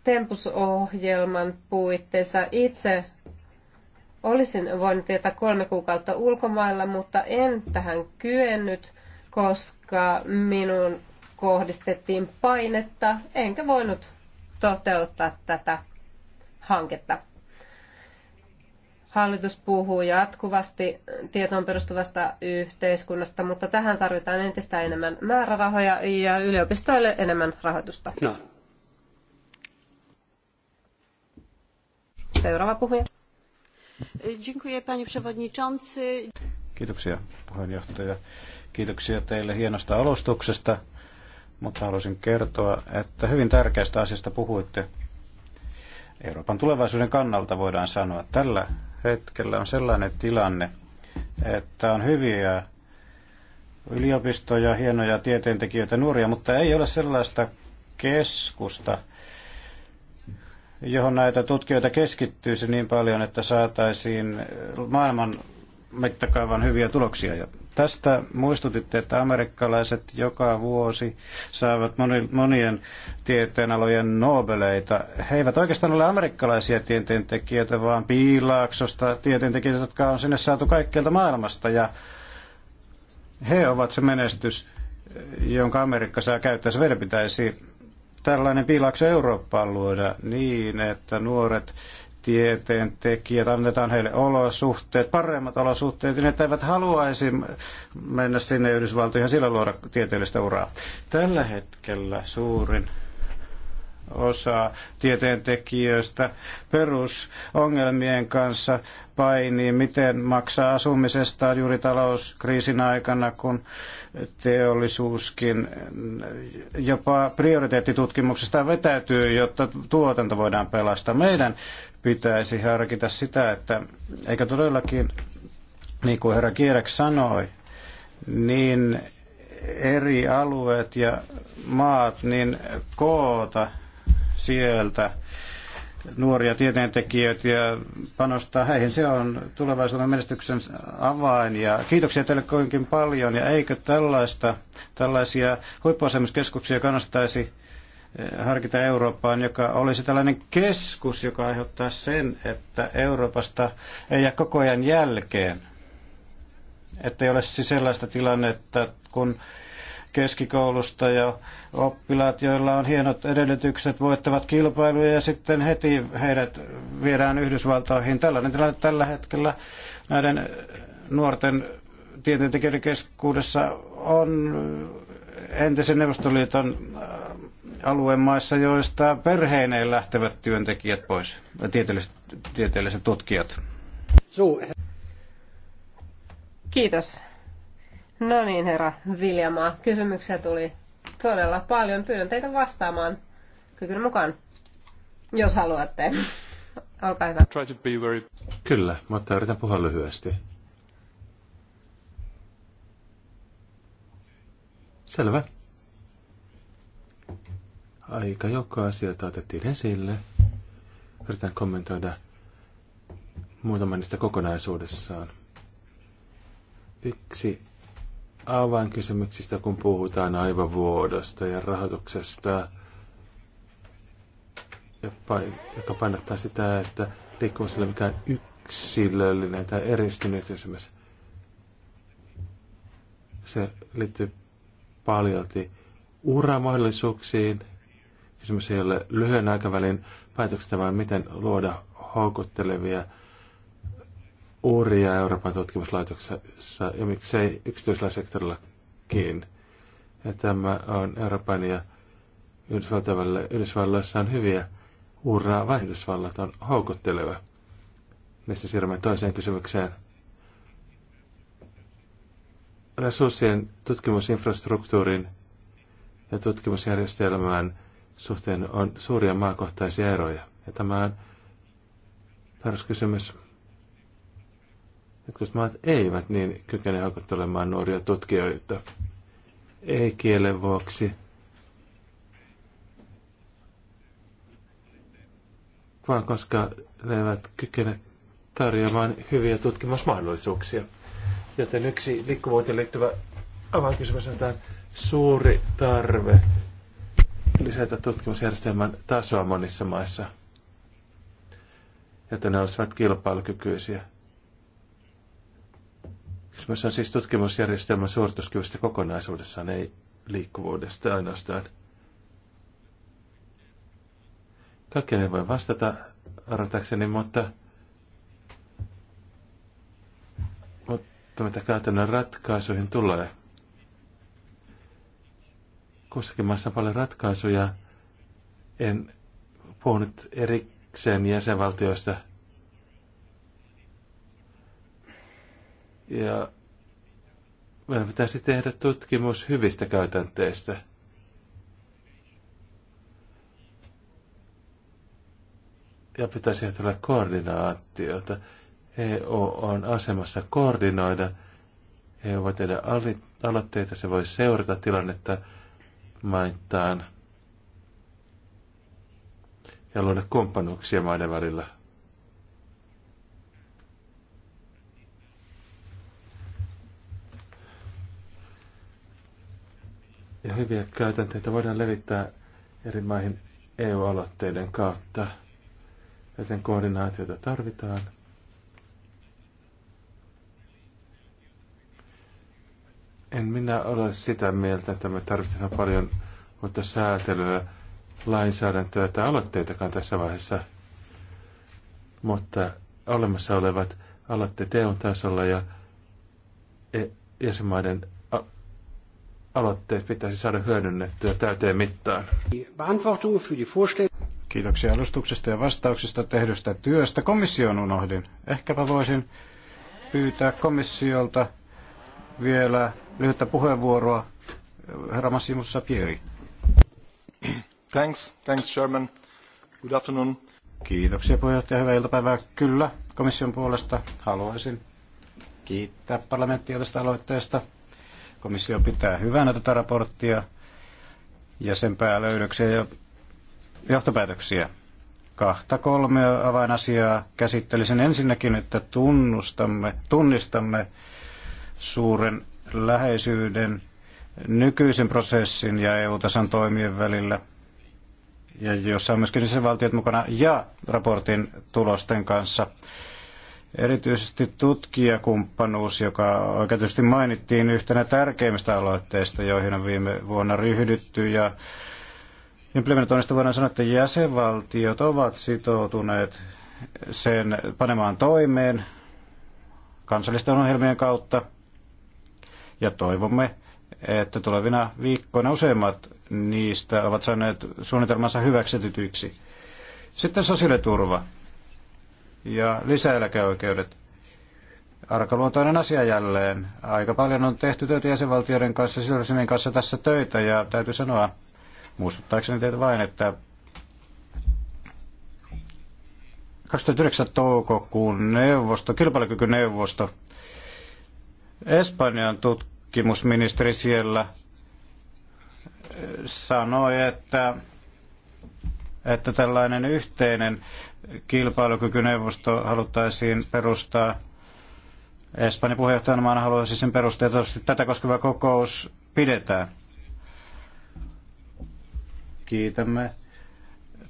tempusohjelman puitteissa itse olisin voinut viettää kolme kuukautta ulkomailla, mutta en tähän kyennyt, koska minun kohdistettiin painetta, enkä voinut toteuttaa tätä hanketta. Hallitus puhuu jatkuvasti tietoon perustuvasta yhteiskunnasta, mutta tähän tarvitaan entistä enemmän määrärahoja ja yliopistoille enemmän rahoitusta. No. Seuraava puhuja. Dziękuję, panie przewodniczący. Kiitoksia puheenjohtaja. Kiitoksia teille hienosta alustuksesta mutta halusin kertoa, että hyvin tärkeästä asiasta puhuitte. Euroopan tulevaisuuden kannalta voidaan sanoa, että tällä hetkellä on sellainen tilanne, että on hyviä yliopistoja, hienoja tieteentekijöitä, nuoria, mutta ei ole sellaista keskusta, johon näitä tutkijoita keskittyisi niin paljon, että saataisiin maailman mittakaavan hyviä tuloksia. Ja tästä muistutitte, että amerikkalaiset joka vuosi saavat monien tieteenalojen nobeleita. He eivät oikeastaan ole amerikkalaisia tieteentekijöitä, vaan piilaaksosta tieteentekijöitä, jotka on sinne saatu kaikkialta maailmasta. Ja he ovat se menestys, jonka Amerikka saa käyttää. Se pitäisi tällainen piilaakso Eurooppaan luoda niin, että nuoret tieteen tekijät, annetaan heille olosuhteet, paremmat olosuhteet, niin että eivät haluaisi mennä sinne Yhdysvaltoihin ja sillä luoda tieteellistä uraa. Tällä hetkellä suurin osa tieteentekijöistä perusongelmien kanssa painii, miten maksaa asumisestaan juuri talouskriisin aikana, kun teollisuuskin jopa prioriteettitutkimuksesta vetäytyy, jotta tuotanto voidaan pelastaa. Meidän pitäisi harkita sitä, että eikä todellakin, niin kuin herra Kierek sanoi, niin eri alueet ja maat, niin koota sieltä nuoria tieteentekijöitä ja panostaa heihin. Se on tulevaisuuden menestyksen avain. Ja kiitoksia teille koinkin paljon. Ja eikö tällaista, tällaisia huippuasemiskeskuksia kannattaisi Eh, harkita Eurooppaan, joka olisi tällainen keskus, joka aiheuttaa sen, että Euroopasta ei jää koko ajan jälkeen. Että ei ole siis sellaista tilannetta, kun keskikoulusta ja oppilaat, joilla on hienot edellytykset, voittavat kilpailuja ja sitten heti heidät viedään Yhdysvaltoihin. Tällainen tilanne tällä hetkellä näiden nuorten tieteentekijöiden keskuudessa on entisen Neuvostoliiton alueen maissa, joista perheineen lähtevät työntekijät pois, äh, tieteelliset, tieteelliset tutkijat. Kiitos. No niin, herra Viljamaa. Kysymyksiä tuli todella paljon. Pyydän teitä vastaamaan kykyn mukaan, jos haluatte. Olkaa hyvä. Try to be very... Kyllä, mutta yritän puhua lyhyesti. Selvä. Aika joka asioita otettiin esille. Yritän kommentoida muutaman niistä kokonaisuudessaan. Yksi avainkysymyksistä, kun puhutaan aivovuodosta ja rahoituksesta, joka painottaa sitä, että liikkuvuus ei ole mikään yksilöllinen tai eristynyt kysymys. Se liittyy paljolti uramahdollisuuksiin, Kysymys ei ole lyhyen aikavälin päätöksestä, vaan miten luoda houkuttelevia uuria Euroopan tutkimuslaitoksessa ja miksei yksityisellä sektorillakin. Ja tämä on Euroopan ja Yhdysvaltain välillä. Yhdysvalloissa on hyviä uraa, vaan Yhdysvallat on houkutteleva. Niistä siirrymme toiseen kysymykseen. Resurssien tutkimusinfrastruktuurin ja tutkimusjärjestelmään – suhteen on suuria maakohtaisia eroja. Ja tämä on peruskysymys. Jotkut maat eivät niin kykene houkuttelemaan nuoria tutkijoita. Ei kielen vuoksi. Vaan koska ne eivät kykene tarjoamaan hyviä tutkimusmahdollisuuksia. Joten yksi liikkuvuuteen liittyvä avainkysymys on tämä suuri tarve lisätä tutkimusjärjestelmän tasoa monissa maissa, jotta ne olisivat kilpailukykyisiä. Kysymys on siis tutkimusjärjestelmän suorituskyvystä kokonaisuudessaan, ei liikkuvuudesta ainoastaan. Kaikkeen ei voi vastata arvotakseni, mutta, mutta mitä käytännön ratkaisuihin tulee – kussakin maassa on paljon ratkaisuja. En puhunut erikseen jäsenvaltioista. Ja meidän pitäisi tehdä tutkimus hyvistä käytänteistä. Ja pitäisi ajatella koordinaatiota. EU on asemassa koordinoida. EU voi tehdä aloitteita, se voi seurata tilannetta maitaan ja luoda kumppanuuksia maiden välillä. Ja hyviä käytänteitä voidaan levittää eri maihin EU-aloitteiden kautta, joten koordinaatiota tarvitaan – En minä ole sitä mieltä, että me tarvitsemme paljon mutta säätelyä, lainsäädäntöä tai aloitteitakaan tässä vaiheessa. Mutta olemassa olevat aloitteet EUn tasolla ja e- jäsenmaiden aloitteet pitäisi saada hyödynnettyä täyteen mittaan. Kiitoksia alustuksesta ja vastauksista tehdystä työstä. Komission unohdin. Ehkäpä voisin pyytää komissiolta vielä lyhyttä puheenvuoroa. Herra Massimus Sapieri. Thanks, thanks Chairman. Good afternoon. Kiitoksia puheenjohtaja, hyvää iltapäivää. Kyllä, komission puolesta haluaisin kiittää parlamenttia tästä aloitteesta. Komissio pitää hyvänä tätä raporttia ja sen päälöydöksiä ja johtopäätöksiä. Kahta kolmea avainasiaa käsittelisin. Ensinnäkin, että tunnustamme, tunnistamme suuren läheisyyden nykyisen prosessin ja EU-tason toimien välillä, ja jossa on myöskin sen valtiot mukana, ja raportin tulosten kanssa. Erityisesti tutkijakumppanuus, joka oikeasti mainittiin yhtenä tärkeimmistä aloitteista, joihin on viime vuonna ryhdytty, ja implementoinnista voidaan sanoa, että jäsenvaltiot ovat sitoutuneet sen panemaan toimeen kansallisten ohjelmien kautta – ja toivomme, että tulevina viikkoina useimmat niistä ovat saaneet suunnitelmansa hyväksytytyiksi. Sitten sosiaaliturva ja lisäeläkeoikeudet. Arkaluontoinen asia jälleen. Aika paljon on tehty töitä jäsenvaltioiden kanssa, sisällisemmin kanssa tässä töitä ja täytyy sanoa, muistuttaakseni teitä vain, että 2009 toukokuun neuvosto, kilpailukykyneuvosto, Espanjan tutkimus tutkimusministeri siellä eh, sanoi, että, että tällainen yhteinen kilpailukykyneuvosto haluttaisiin perustaa. Espanjan puheenjohtajan maana haluaisi sen perustaa ja toivottavasti tätä koskeva kokous pidetään. Kiitämme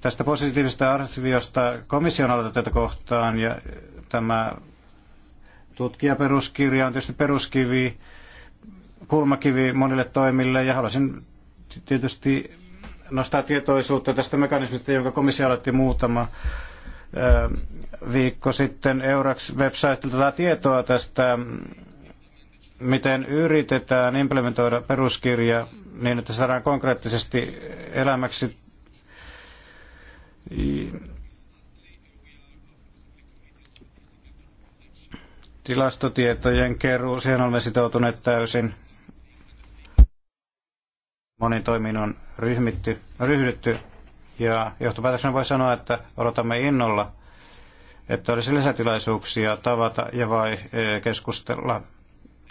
tästä positiivisesta arviosta komission tätä kohtaan ja tämä tutkijaperuskirja on tietysti peruskivi kulmakivi monille toimille ja haluaisin tietysti nostaa tietoisuutta tästä mekanismista, jonka komissio aloitti muutama viikko sitten Eurax websiteilta tietoa tästä, miten yritetään implementoida peruskirja niin, että saadaan konkreettisesti elämäksi tilastotietojen keruu. Siihen olemme sitoutuneet täysin monin toimiin on ryhmitty, ryhdytty ja johtopäätöksenä voi sanoa, että odotamme innolla, että olisi lisätilaisuuksia tavata ja vai e, keskustella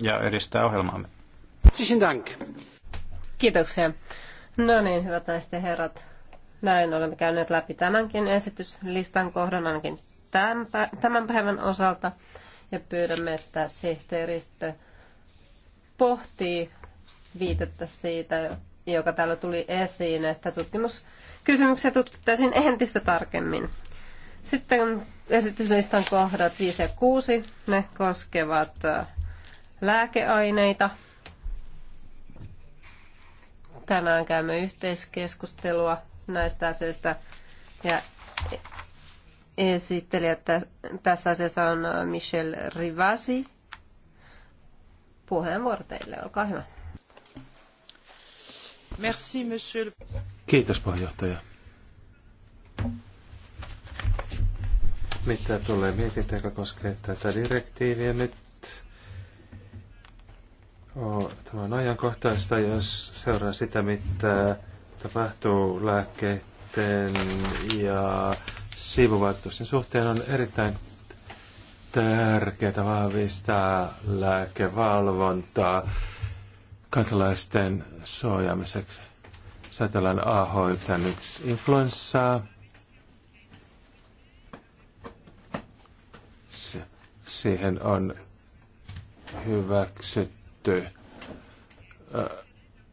ja edistää ohjelmaamme. Kiitoksia. No niin, hyvät naiset ja herrat. Näin olemme käyneet läpi tämänkin esityslistan kohdan ainakin tämän päivän osalta. Ja pyydämme, että sihteeristö pohtii viitettä siitä, joka täällä tuli esiin, että tutkimuskysymyksiä tutkittaisiin entistä tarkemmin. Sitten esityslistan kohdat 5 ja 6, ne koskevat lääkeaineita. Tänään käymme yhteiskeskustelua näistä asioista ja esittelijä tässä asiassa on Michel Rivasi. Puheenvuoro teille, olkaa hyvä. Merci, monsieur. Kiitos, puheenjohtaja. Mitä tulee mietintä, joka koskee tätä direktiiviä nyt? Oh, tämä on ajankohtaista, jos seuraa sitä, mitä tapahtuu lääkkeiden ja sivuvaikutusten suhteen. On erittäin tärkeää vahvistaa lääkevalvontaa kansalaisten suojaamiseksi. Säätellään ah 1 influenssaa, siihen on hyväksytty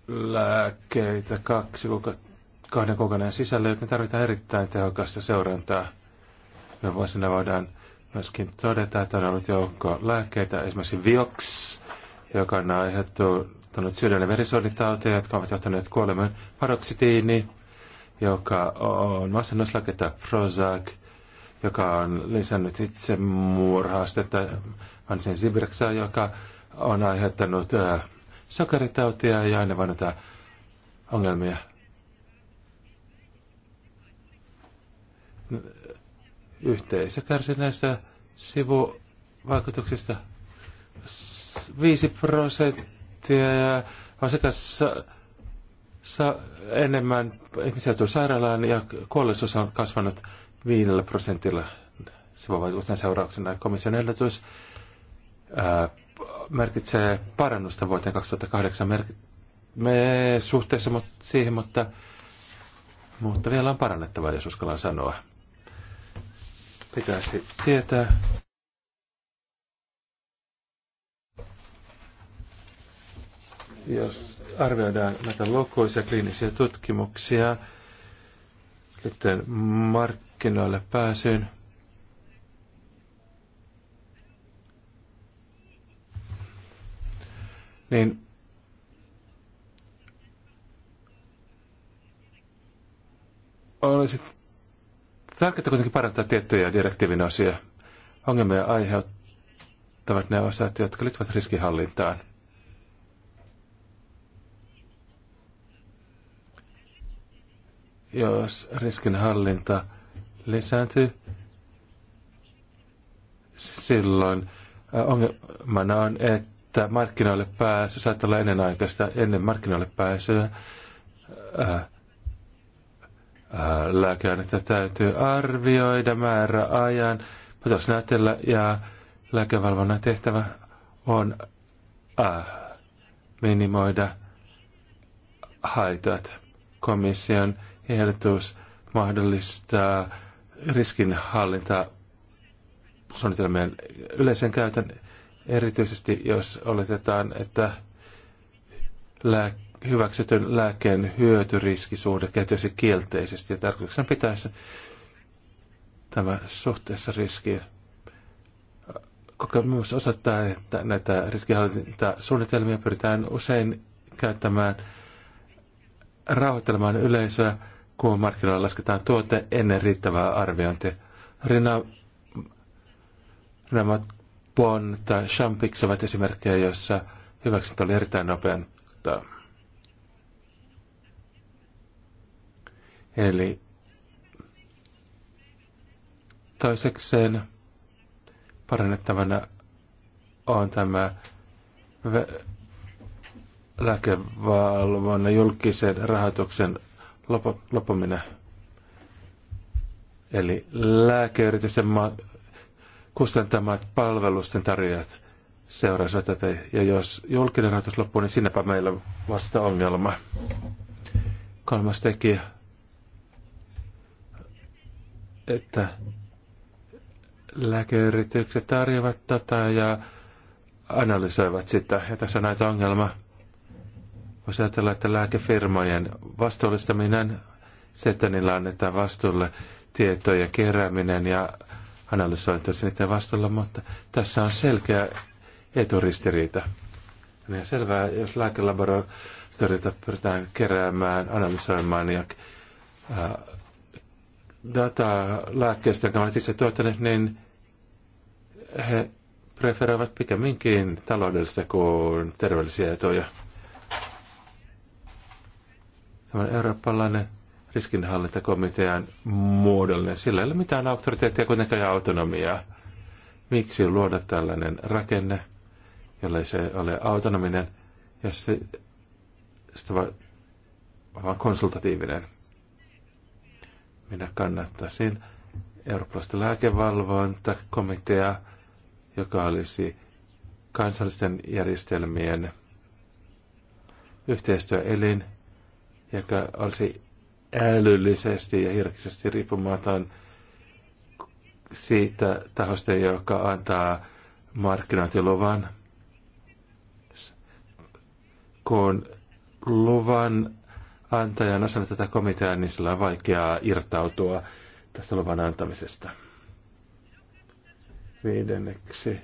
lääkkeitä kaksi kuukautta kahden kokonaan sisällä, joten tarvitaan erittäin tehokasta seurantaa. Me vuosina voidaan myöskin todeta, että on ollut joukko lääkkeitä, esimerkiksi Viox, joka on aiheuttu tarttunut sydän- ja verisuonitauteja, jotka ovat johtaneet kuolemaan paroksitiini, joka on masennuslaketta Prozac, joka on lisännyt itse murhaastetta Hansen Sibirksaa, joka on aiheuttanut ää, äh, sokeritautia ja aina vain ongelmia. Yhteisö kärsii näistä sivuvaikutuksista 5 prosenttia kontaktia ja asiakas saa, enemmän ihmisiä joutuu sairaalaan ja kuolleisuus on kasvanut viidellä prosentilla sivuvaikutusten seurauksena. Komission ehdotus merkitsee parannusta vuoteen 2008 merk, me suhteessa mut, siihen, mutta, mutta vielä on parannettavaa, jos uskallan sanoa. Pitäisi tietää. jos arvioidaan näitä lukuisia kliinisiä tutkimuksia liittyen markkinoille pääsyyn, niin olisi tärkeää kuitenkin parantaa tiettyjä direktiivin osia. Ongelmia aiheuttavat ne osat, jotka liittyvät riskihallintaan – jos riskinhallinta lisääntyy, silloin ongelmana on, että markkinoille pääsy saattaa olla ennenaikaista. Ennen markkinoille pääsyä lääkeainetta täytyy arvioida määräajan, potilasnäytellä ja lääkevalvonnan tehtävä on äh, minimoida haitat. Komission ehdotus mahdollistaa riskinhallinta suunnitelmien yleisen käytön, erityisesti jos oletetaan, että lää- hyväksytyn lääkkeen hyötyriskisuhde kehittyisi kielteisesti ja tarkoituksena pitäisi tämä suhteessa riskiin. Kokemus osoittaa, että näitä riskinhallintasuunnitelmia pyritään usein käyttämään rauhoittelemaan yleisöä kun markkinoilla lasketaan tuote ennen riittävää arviointia. Rina, Rina Bon tai Champix ovat esimerkkejä, joissa hyväksyntä oli erittäin nopeaa. Eli toisekseen parannettavana on tämä lääkevalvonnan julkisen rahoituksen lopu, minä. Eli lääkeyritysten ma- kustantamat palvelusten tarjoajat seurasivat tätä. Ja jos julkinen rahoitus loppuu, niin sinnepä meillä vasta ongelma. Kolmas tekijä, että lääkeyritykset tarjoavat tätä ja analysoivat sitä. Ja tässä on näitä ongelmaa Voisi ajatella, että lääkefirmojen vastuullistaminen, se, että niillä annetaan vastuulle tietojen kerääminen ja analysointi niiden vastuulla, mutta tässä on selkeä eturistiriita. Ja selvää, jos lääkelaboratoriota pyritään keräämään, analysoimaan ja ää, äh, dataa lääkkeistä, jonka ovat itse tuottaneet, niin he preferoivat pikemminkin taloudellista kuin terveellisiä etuja. Tämä on eurooppalainen riskinhallintakomitean muodollinen. Sillä ei ole mitään auktoriteettia kuitenkaan ja autonomiaa. Miksi luoda tällainen rakenne, jollei se ole autonominen ja se, se va, vaan konsultatiivinen? Minä kannattaisin eurooppalaista lääkevalvontakomitea, joka olisi kansallisten järjestelmien yhteistyöelin – joka olisi älyllisesti ja hirkisesti riippumaton siitä tahosta, joka antaa markkinointiluvan, kun luvan on osannut tätä komiteaa, niin sillä on vaikeaa irtautua tästä luvan antamisesta. Viidenneksi.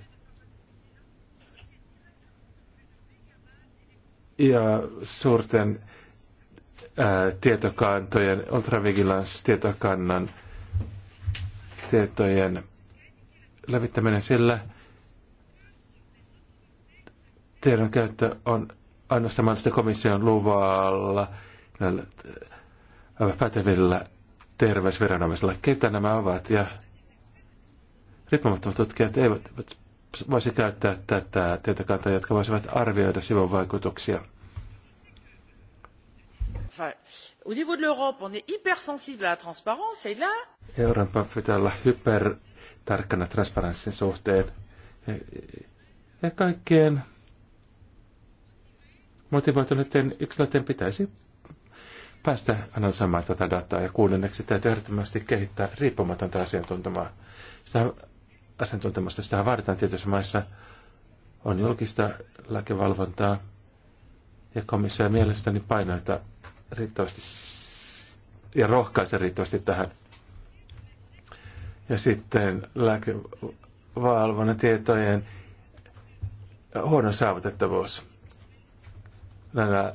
Ja suurten tietokantojen, ultravigilance-tietokannan tietojen levittäminen, sillä tiedon käyttö on ainoastaan mahdollista komission luvalla näillä pätevillä terveysviranomaisilla. Ketä nämä ovat ja riippumattomat tutkijat eivät voisi käyttää tätä tietokantaa, jotka voisivat arvioida sivun vaikutuksia – au niveau de l'Europe, on est hypersensible à la transparence, et là... Euroopan pitää olla hypertarkkana transparenssin suhteen. Ja, ja kaikkien motivoituneiden yksilöiden pitäisi päästä analysoimaan tätä dataa ja kuulenneksi täytyy ehdottomasti kehittää riippumatonta asiantuntemaa. Sitä asiantuntemusta sitä vaaditaan tietyissä maissa. On julkista lääkevalvontaa ja komissio mielestäni painoita riittävästi ja rohkaise riittävästi tähän. Ja sitten lääkevalvonnan tietojen huonon saavutettavuus. Nämä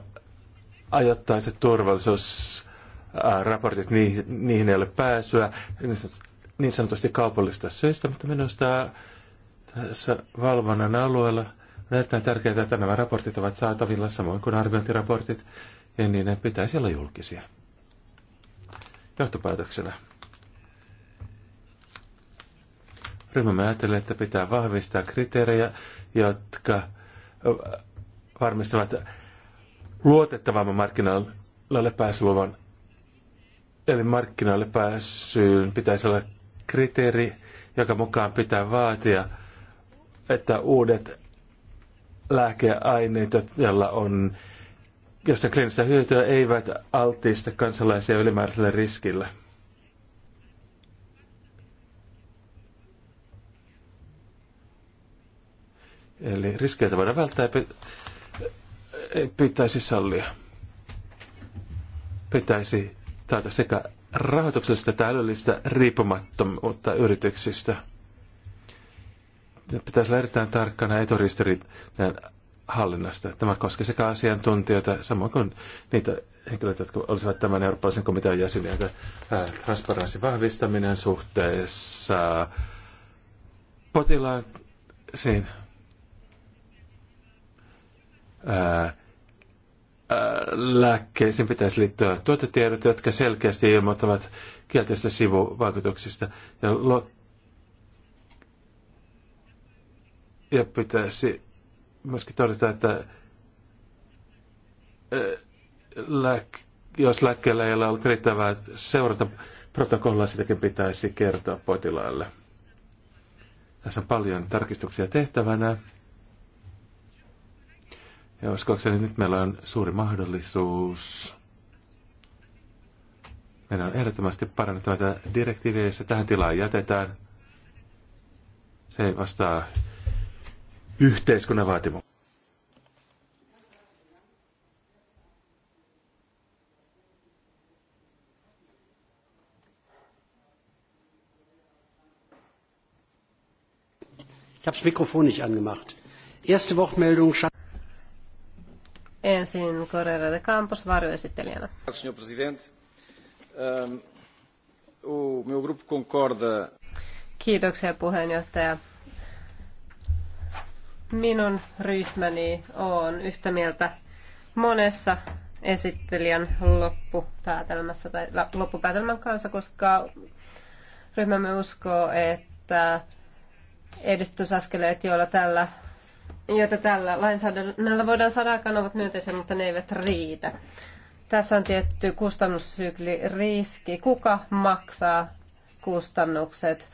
ajoittaiset turvallisuusraportit, niihin ei ole pääsyä niin, niin sanotusti kaupallista syistä, mutta minusta tässä valvonnan alueella on erittäin tärkeää, että nämä raportit ovat saatavilla, samoin kuin arviointiraportit, ja niin niiden pitäisi olla julkisia. Johtopäätöksenä. Ryhmämme ajattelee, että pitää vahvistaa kriteerejä, jotka varmistavat luotettavamman markkinoille pääsyluvan. Eli markkinoille pääsyyn pitäisi olla kriteeri, joka mukaan pitää vaatia, että uudet lääkeaineet, joilla on josta kliinistä hyötyä eivät alttiista kansalaisia ylimääräiselle riskille. Eli riskejä voidaan välttää ja pitäisi sallia. Pitäisi taata sekä rahoituksellista että älyllistä riippumattomuutta yrityksistä. Pitäisi olla erittäin tarkkana eturistiriidan hallinnasta. Tämä koskee sekä asiantuntijoita, samoin kuin niitä henkilöitä, jotka olisivat tämän eurooppalaisen komitean jäseniä. Transparenssin vahvistaminen suhteessa potilaisiin, lääkkeisiin pitäisi liittyä tuotetiedot, jotka selkeästi ilmoittavat kielteistä sivuvaikutuksista. Ja, lo- ja pitäisi myöskin todeta, että lääk- jos lääkkeellä ei ole ollut riittävää seurata protokollaa, sitäkin pitäisi kertoa potilaalle. Tässä on paljon tarkistuksia tehtävänä. Ja uskoakseni nyt meillä on suuri mahdollisuus. Meidän on ehdottomasti parannettava tätä direktiiviä, jos se tähän tilaan jätetään. Se ei vastaa yhteiskunnan vaatimus. Ich habe das Mikrofon nicht angemacht. Erste Wortmeldung. Ensin Correra de Campos varjoesittelijänä. Senhor Presidente, um, o meu grupo concorda. Kiitoksia puheenjohtaja. Minun ryhmäni on yhtä mieltä monessa esittelijän loppupäätelmässä tai loppupäätelmän kanssa, koska ryhmämme uskoo, että edistysaskeleet, joilla tällä, joita tällä lainsäädännöllä voidaan saada aikaan, ovat myönteisiä, mutta ne eivät riitä. Tässä on tietty kustannussykli-riski. Kuka maksaa kustannukset?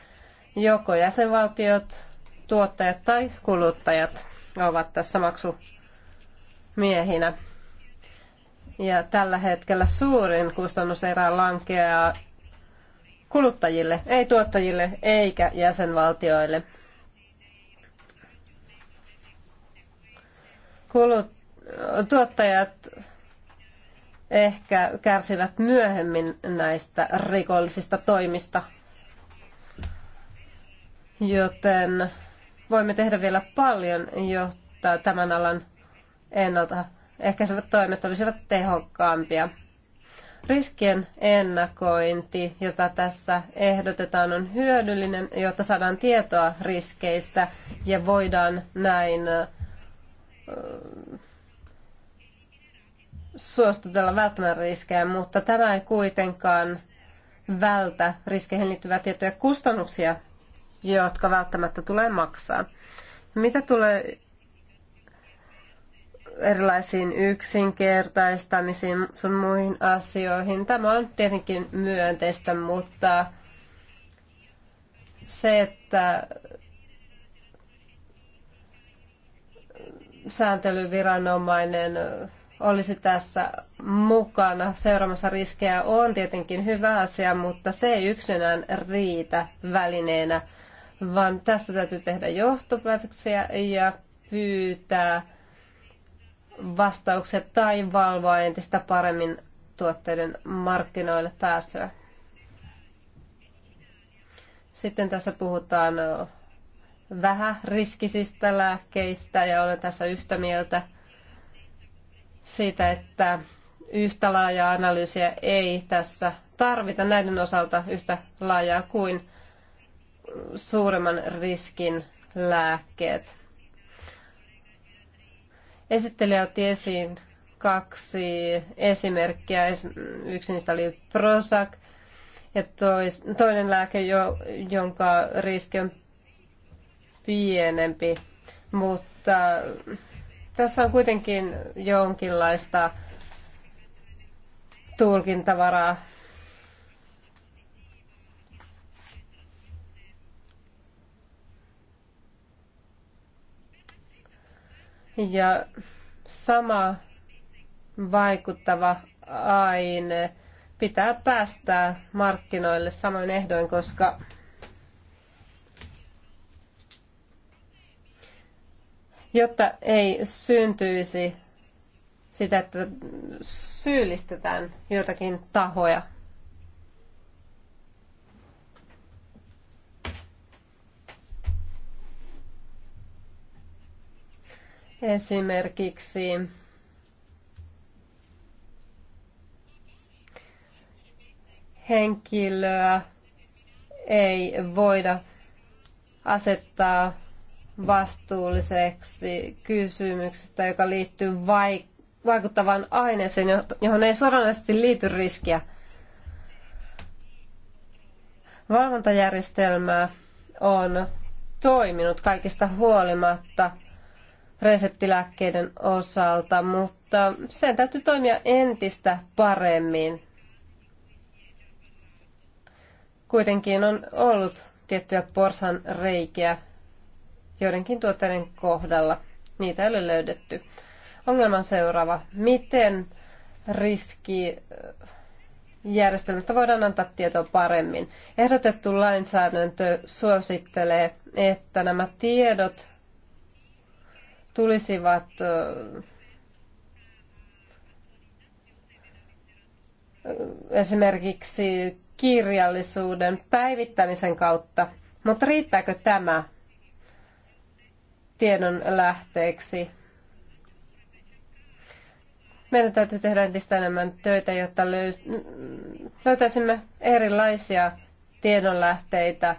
Joko jäsenvaltiot tuottajat tai kuluttajat ovat tässä maksumiehinä. Ja tällä hetkellä suurin kustannuserä lankeaa kuluttajille, ei tuottajille eikä jäsenvaltioille. Kulut, tuottajat ehkä kärsivät myöhemmin näistä rikollisista toimista, joten voimme tehdä vielä paljon, jotta tämän alan ennalta ehkäisevät toimet olisivat tehokkaampia. Riskien ennakointi, jota tässä ehdotetaan, on hyödyllinen, jotta saadaan tietoa riskeistä ja voidaan näin suostutella välttämään riskejä, mutta tämä ei kuitenkaan vältä riskeihin liittyviä tiettyjä kustannuksia, jotka välttämättä tulee maksaa. Mitä tulee erilaisiin yksinkertaistamisiin sun muihin asioihin, tämä on tietenkin myönteistä, mutta se, että sääntelyviranomainen olisi tässä mukana seuraamassa riskejä on tietenkin hyvä asia, mutta se ei yksinään riitä välineenä vaan tästä täytyy tehdä johtopäätöksiä ja pyytää vastaukset tai valvoa entistä paremmin tuotteiden markkinoille pääsyä. Sitten tässä puhutaan vähän riskisistä lääkkeistä ja olen tässä yhtä mieltä siitä, että yhtä laajaa analyysiä ei tässä tarvita näiden osalta yhtä laajaa kuin suuremman riskin lääkkeet. Esittelijä otti esiin kaksi esimerkkiä. Yksi niistä oli Prozac ja tois, toinen lääke, jo, jonka riski on pienempi. Mutta tässä on kuitenkin jonkinlaista tulkintavaraa Ja sama vaikuttava aine pitää päästää markkinoille samoin ehdoin, koska jotta ei syntyisi sitä, että syyllistetään jotakin tahoja Esimerkiksi henkilöä ei voida asettaa vastuulliseksi kysymyksestä, joka liittyy vaikuttavaan aineeseen, johon ei suoranaisesti liity riskiä. Valvontajärjestelmää on toiminut kaikista huolimatta – reseptilääkkeiden osalta, mutta sen täytyy toimia entistä paremmin. Kuitenkin on ollut tiettyjä porsan reikiä joidenkin tuotteiden kohdalla. Niitä ei ole löydetty. Ongelma on seuraava. Miten riski äh, järjestelmästä voidaan antaa tietoa paremmin. Ehdotettu lainsäädäntö suosittelee, että nämä tiedot tulisivat esimerkiksi kirjallisuuden päivittämisen kautta, mutta riittääkö tämä tiedon lähteeksi? Meidän täytyy tehdä entistä enemmän töitä, jotta löytäisimme erilaisia tiedonlähteitä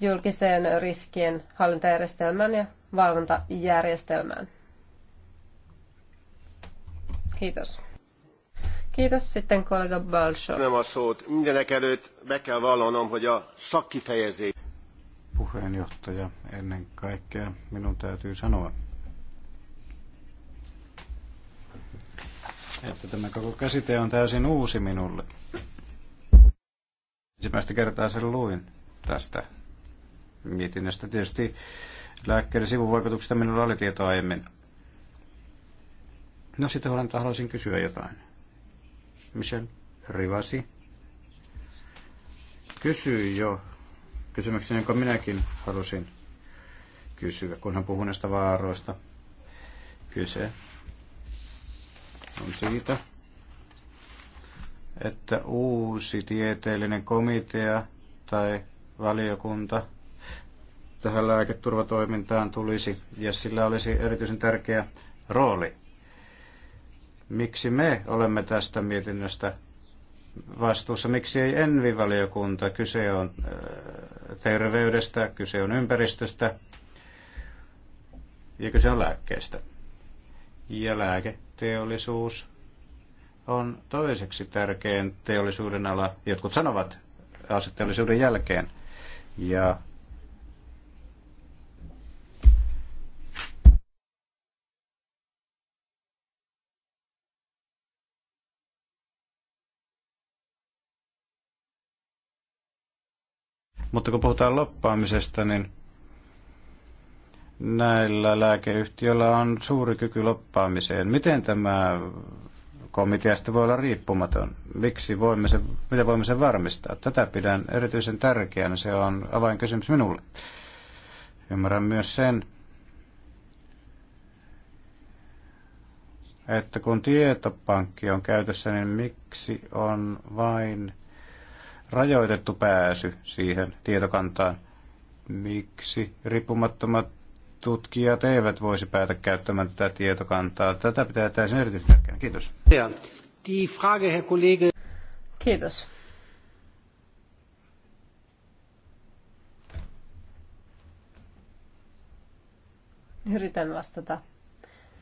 julkiseen riskien hallintajärjestelmään ja valvontajärjestelmään. Kiitos. Kiitos sitten kollega Balsho. Nem a szót. Mindenek előtt be kell vallanom, hogy a szakkifejezés. Puheenjohtaja, ennen kaikkea minun täytyy sanoa, että tämä koko käsite on täysin uusi minulle. Ensimmäistä kertaa sen luin tästä mietinnöstä. Tietysti Lääkkeiden sivuvaikutuksista minulla oli tietoa aiemmin. No sitten olen, haluaisin kysyä jotain. Michel Rivasi kysyi jo kysymyksen, jonka minäkin halusin kysyä, kun hän puhui näistä vaaroista. Kyse on siitä, että uusi tieteellinen komitea tai valiokunta – tähän lääketurvatoimintaan tulisi, ja sillä olisi erityisen tärkeä rooli. Miksi me olemme tästä mietinnöstä vastuussa? Miksi ei Envi-valiokunta? Kyse on äh, terveydestä, kyse on ympäristöstä ja kyse on lääkkeestä. Ja lääketeollisuus on toiseksi tärkein teollisuuden ala, jotkut sanovat aseteollisuuden jälkeen. Ja Mutta kun puhutaan loppaamisesta, niin näillä lääkeyhtiöillä on suuri kyky loppaamiseen. Miten tämä komiteasta voi olla riippumaton? Miksi voimme sen, mitä voimme sen varmistaa? Tätä pidän erityisen tärkeänä. Se on avainkysymys minulle. Ymmärrän myös sen, että kun tietopankki on käytössä, niin miksi on vain rajoitettu pääsy siihen tietokantaan. Miksi riippumattomat tutkijat eivät voisi päätä käyttämään tätä tietokantaa? Tätä pitää täysin erityistärkeänä. Kiitos. Die Frage, Herr Kollege. Kiitos. Yritän vastata.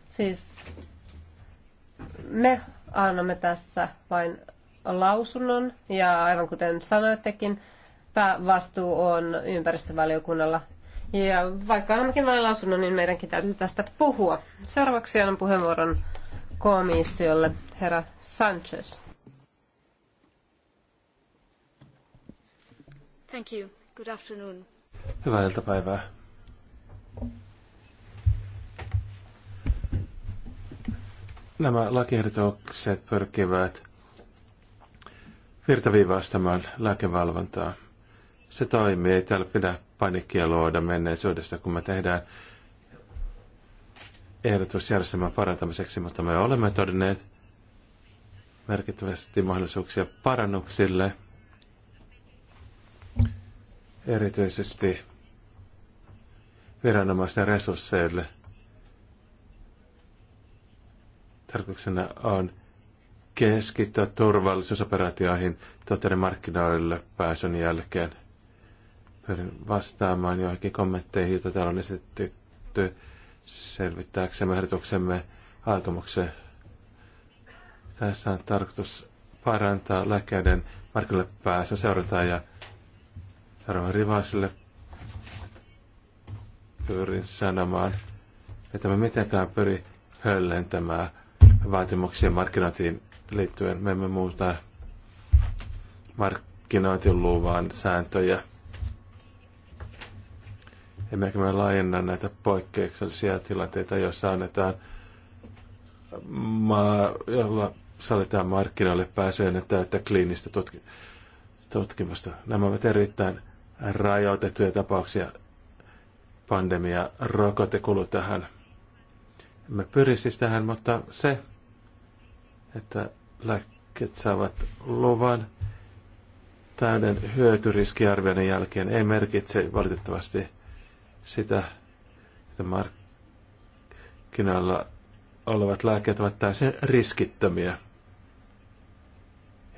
Siis me annamme tässä vain lausunnon ja aivan kuten sanoittekin, päävastuu on ympäristövaliokunnalla. Ja vaikka onkin vain lausunnon, niin meidänkin täytyy tästä puhua. Seuraavaksi annan puheenvuoron komissiolle, herra Sanchez. Thank you. Good afternoon. Hyvää iltapäivää. Nämä lakiehdotukset pyrkivät virtaviivaistamaan lääkevalvontaa. Se toimii, ei täällä pidä panikkia luoda menneisyydestä, kun me tehdään ehdotusjärjestelmän parantamiseksi, mutta me olemme todenneet merkittävästi mahdollisuuksia parannuksille, erityisesti viranomaisten resursseille. Tarkoituksena on keskittyä turvallisuusoperaatioihin tuotteiden markkinoille pääsyn jälkeen. Pyrin vastaamaan joihinkin kommentteihin, joita täällä on esitetty selvittääksemme ehdotuksemme aikomuksen. Tässä on tarkoitus parantaa lääkkeiden markkinoille pääsyn seurantaa ja seuraavan rivaisille pyrin sanomaan, että me mitenkään pyri höllentämään vaatimuksia markkinointiin liittyen me emme muuta markkinointiluvan sääntöjä. Emmekä me laajenna näitä poikkeuksellisia tilanteita, joissa annetaan maa, jolla salitaan markkinoille pääsyä, ennen täyttä kliinistä tutki- tutkimusta. Nämä ovat erittäin rajoitettuja tapauksia. Pandemia, rokote kulu tähän. Me pyrisimme siis tähän, mutta se, että lääkkeet saavat luvan täyden hyötyriskiarvioinnin jälkeen. Ei merkitse valitettavasti sitä, että markkinoilla olevat lääkkeet ovat täysin riskittömiä.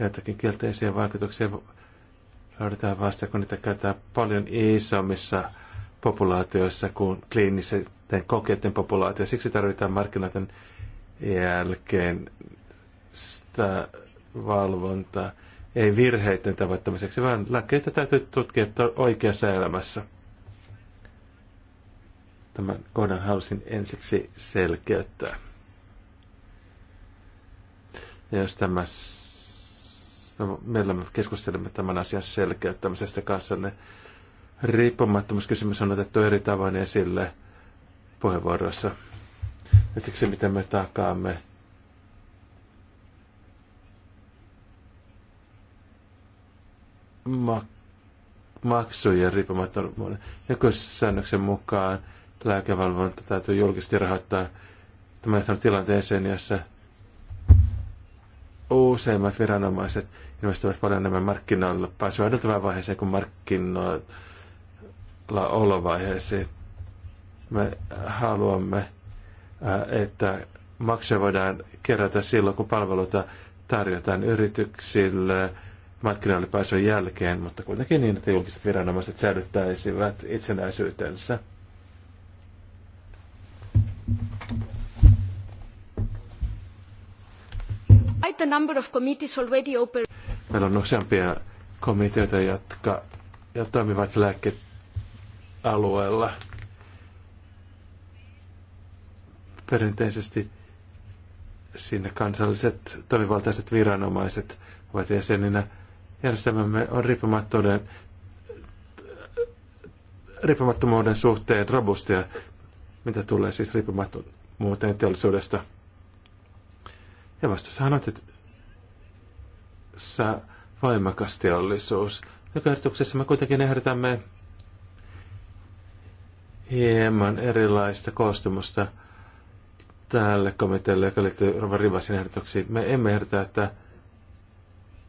Joitakin kielteisiä vaikutuksia löydetään vasta, kun niitä käytetään paljon isommissa populaatioissa kuin kliinisten kokeiden populaatio. Siksi tarvitaan markkinoiden jälkeen sitä valvontaa, ei virheiden tavoittamiseksi, vaan lääkkeitä täytyy tutkia oikeassa elämässä. Tämän kohdan halusin ensiksi selkeyttää. Ja jos tämä, no, meillä me keskustelemme tämän asian selkeyttämisestä kanssa, niin riippumattomuuskysymys on otettu eri tavoin esille puheenvuoroissa. Ja siksi, miten me takaamme ma- maksujen riippumattomuuden. säännöksen mukaan lääkevalvonta täytyy julkisesti rahoittaa. tämän johtanut tilanteeseen, jossa useimmat viranomaiset investoivat paljon enemmän markkinoilla pääsyä edeltävään vaiheeseen kuin markkinoilla olovaiheeseen. Me haluamme, äh, että maksuja voidaan kerätä silloin, kun palveluita tarjotaan yrityksille, markkinoille pääsyn jälkeen, mutta kuitenkin niin, että julkiset viranomaiset säilyttäisivät itsenäisyytensä. Quite number of committees already open. Meillä on useampia komiteoita, jotka ja toimivat lääkealueella. Perinteisesti sinne kansalliset toimivaltaiset viranomaiset ovat jäseninä järjestelmämme on riippumattomuuden, riippumattomuuden suhteen robustia, mitä tulee siis riippumattomuuteen teollisuudesta. Ja vasta sanoit, että voimakas teollisuus. Nykyehdotuksessa me kuitenkin ehdotamme hieman erilaista koostumusta tälle komitealle, joka liittyy Rovan Rivasin ehdotuksiin. Me emme ehdota, että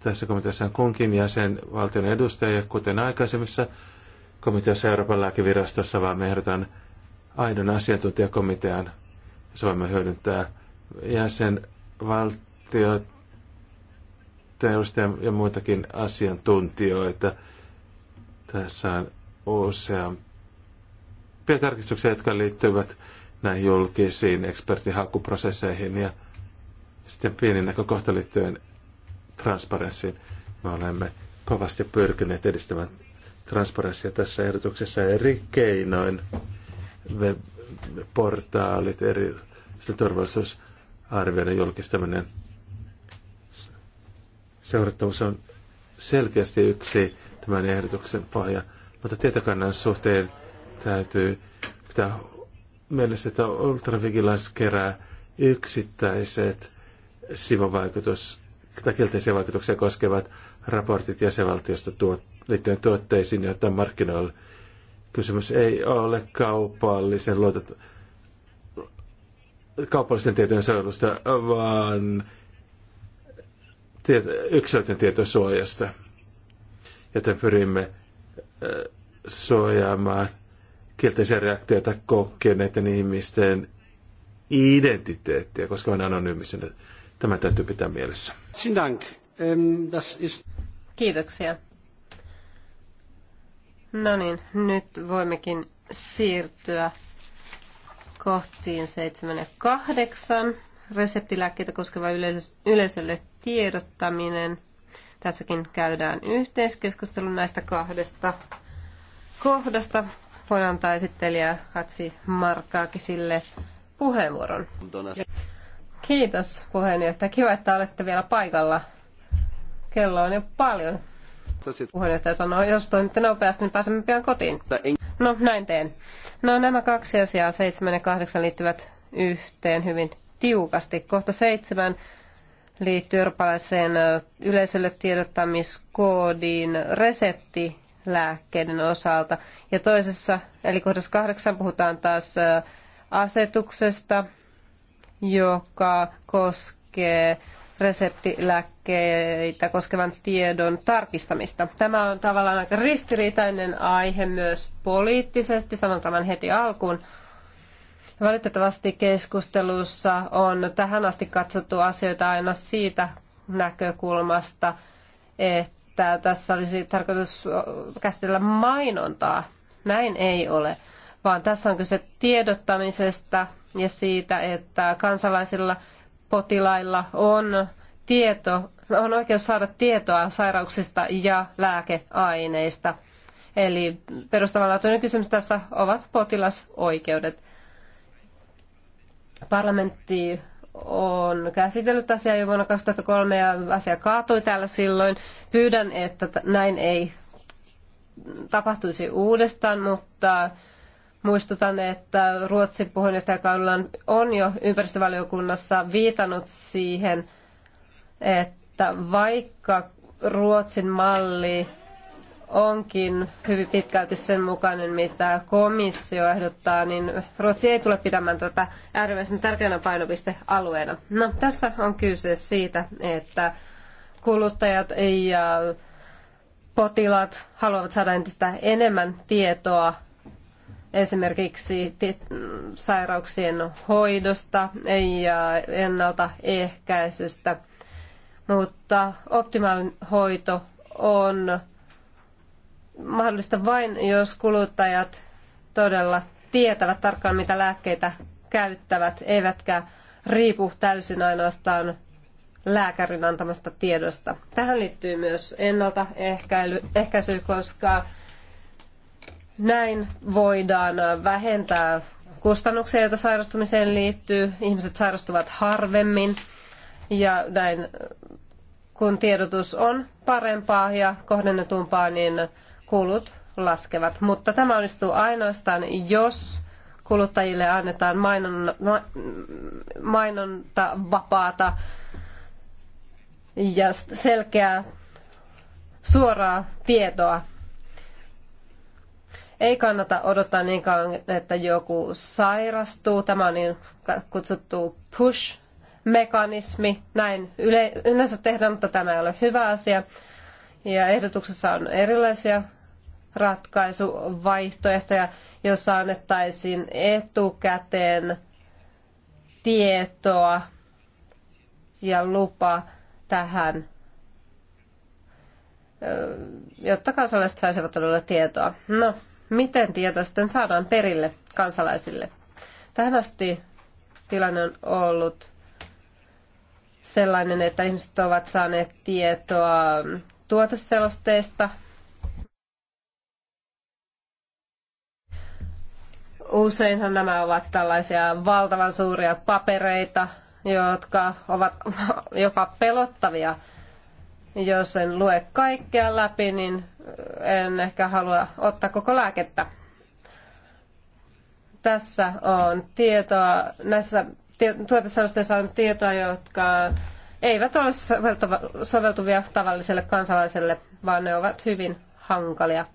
tässä komiteassa on kunkin jäsenvaltion edustajia edustaja, kuten aikaisemmissa komiteassa Euroopan lääkevirastossa, vaan me ehdotan aidon asiantuntijakomitean, jossa voimme hyödyntää jäsenvaltioita edustajia ja muitakin asiantuntijoita. Tässä on useampia tarkistuksia, jotka liittyvät näihin julkisiin eksperttihakuprosesseihin ja sitten pieni näkökohta liittyen transparenssiin. Me olemme kovasti pyrkineet edistämään transparenssia tässä ehdotuksessa eri keinoin. Web-portaalit, eri turvallisuusarvioiden julkistaminen. Seurattavuus on selkeästi yksi tämän ehdotuksen pohja, mutta tietokannan suhteen täytyy pitää mielessä, että Ultravigilance kerää yksittäiset sivuvaikutus tai kielteisiä vaikutuksia koskevat raportit jäsenvaltiosta tuot, liittyen tuotteisiin, joita markkinoilla. Kysymys ei ole kaupallisen luotet, kaupallisten tietojen suojelusta, vaan tiet, yksilöiden tietosuojasta. Joten pyrimme suojaamaan kielteisiä reaktioita kokeneiden ihmisten identiteettiä koska on anonyymisenä Tämä täytyy pitää mielessä. Ähm, Kiitoksia. No niin, nyt voimmekin siirtyä kohtiin 7 ja 8. Reseptilääkkeitä koskeva yleis- yleisölle tiedottaminen. Tässäkin käydään yhteiskeskustelu näistä kahdesta kohdasta. Voin antaa esittelijä Hatsi Markaakisille puheenvuoron. Kiitos puheenjohtaja. Kiva, että olette vielä paikalla. Kello on jo paljon. Puheenjohtaja sanoo, jos toimitte nopeasti, niin pääsemme pian kotiin. No, näin teen. No, nämä kaksi asiaa, seitsemän ja kahdeksan, liittyvät yhteen hyvin tiukasti. Kohta seitsemän liittyy eurooppalaiseen yleisölle tiedottamiskoodiin reseptilääkkeiden osalta. Ja toisessa, eli kohdassa kahdeksan, puhutaan taas asetuksesta, joka koskee reseptilääkkeitä koskevan tiedon tarkistamista. Tämä on tavallaan aika ristiriitainen aihe myös poliittisesti, sanon tämän heti alkuun. Valitettavasti keskustelussa on tähän asti katsottu asioita aina siitä näkökulmasta, että tässä olisi tarkoitus käsitellä mainontaa. Näin ei ole, vaan tässä on kyse tiedottamisesta ja siitä, että kansalaisilla potilailla on tieto, on oikeus saada tietoa sairauksista ja lääkeaineista. Eli perustavanlaatuinen kysymys tässä ovat potilasoikeudet. Parlamentti on käsitellyt asiaa jo vuonna 2003 ja asia kaatui täällä silloin. Pyydän, että näin ei tapahtuisi uudestaan, mutta Muistutan, että Ruotsin puheenjohtajakaudella on jo ympäristövaliokunnassa viitannut siihen, että vaikka Ruotsin malli onkin hyvin pitkälti sen mukainen, mitä komissio ehdottaa, niin Ruotsi ei tule pitämään tätä äärimmäisen tärkeänä painopistealueena. No, tässä on kyse siitä, että kuluttajat ja potilaat haluavat saada entistä enemmän tietoa esimerkiksi sairauksien hoidosta ja ennaltaehkäisystä. Mutta optimaalinen hoito on mahdollista vain, jos kuluttajat todella tietävät tarkkaan, mitä lääkkeitä käyttävät, eivätkä riipu täysin ainoastaan lääkärin antamasta tiedosta. Tähän liittyy myös ennaltaehkäisy, koska näin voidaan vähentää kustannuksia, joita sairastumiseen liittyy. Ihmiset sairastuvat harvemmin ja näin kun tiedotus on parempaa ja kohdennetumpaa, niin kulut laskevat. Mutta tämä onnistuu ainoastaan, jos kuluttajille annetaan mainon, mainonta vapaata ja selkeää suoraa tietoa ei kannata odottaa niin kauan, että joku sairastuu. Tämä on niin kutsuttu push-mekanismi. Näin yleensä tehdään, mutta tämä ei ole hyvä asia. Ja ehdotuksessa on erilaisia ratkaisuvaihtoehtoja, joissa annettaisiin etukäteen tietoa ja lupa tähän, jotta kansalaiset saisivat todella tietoa. No, miten tieto sitten saadaan perille kansalaisille. Tähän asti tilanne on ollut sellainen, että ihmiset ovat saaneet tietoa tuoteselosteista. Useinhan nämä ovat tällaisia valtavan suuria papereita, jotka ovat jopa pelottavia jos en lue kaikkea läpi, niin en ehkä halua ottaa koko lääkettä. Tässä on tietoa, näissä tuotesanosteissa on tietoa, jotka eivät ole soveltuvia tavalliselle kansalaiselle, vaan ne ovat hyvin hankalia.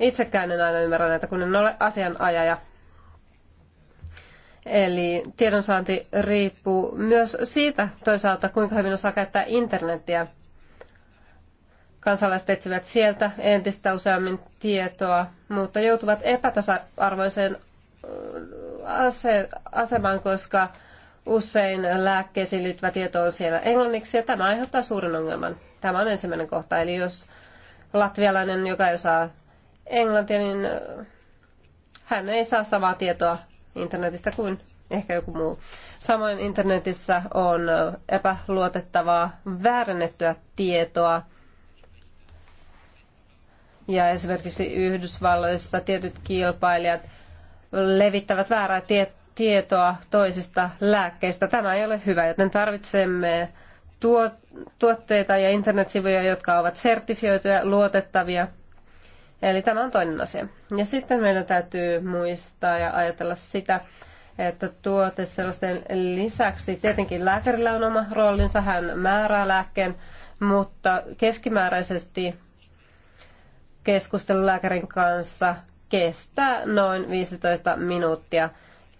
Itsekään en aina ymmärrä näitä, kun en ole asianajaja. Eli tiedonsaanti riippuu myös siitä toisaalta, kuinka hyvin osaa käyttää internetiä – Kansalaiset etsivät sieltä entistä useammin tietoa, mutta joutuvat epätasa-arvoiseen äh, asemaan, koska usein lääkkeisiin liittyvä tieto on siellä englanniksi ja tämä aiheuttaa suuren ongelman. Tämä on ensimmäinen kohta. Eli jos latvialainen, joka ei osaa englantia, niin äh, hän ei saa samaa tietoa internetistä kuin ehkä joku muu. Samoin internetissä on äh, epäluotettavaa väärennettyä tietoa, ja esimerkiksi Yhdysvalloissa tietyt kilpailijat levittävät väärää tie- tietoa toisista lääkkeistä. Tämä ei ole hyvä, joten tarvitsemme tuotteita ja internetsivuja, jotka ovat sertifioituja, luotettavia. Eli tämä on toinen asia. Ja sitten meidän täytyy muistaa ja ajatella sitä, että tuote sellaisten lisäksi, tietenkin lääkärillä on oma roolinsa, hän määrää lääkkeen, mutta keskimääräisesti keskustelu lääkärin kanssa kestää noin 15 minuuttia.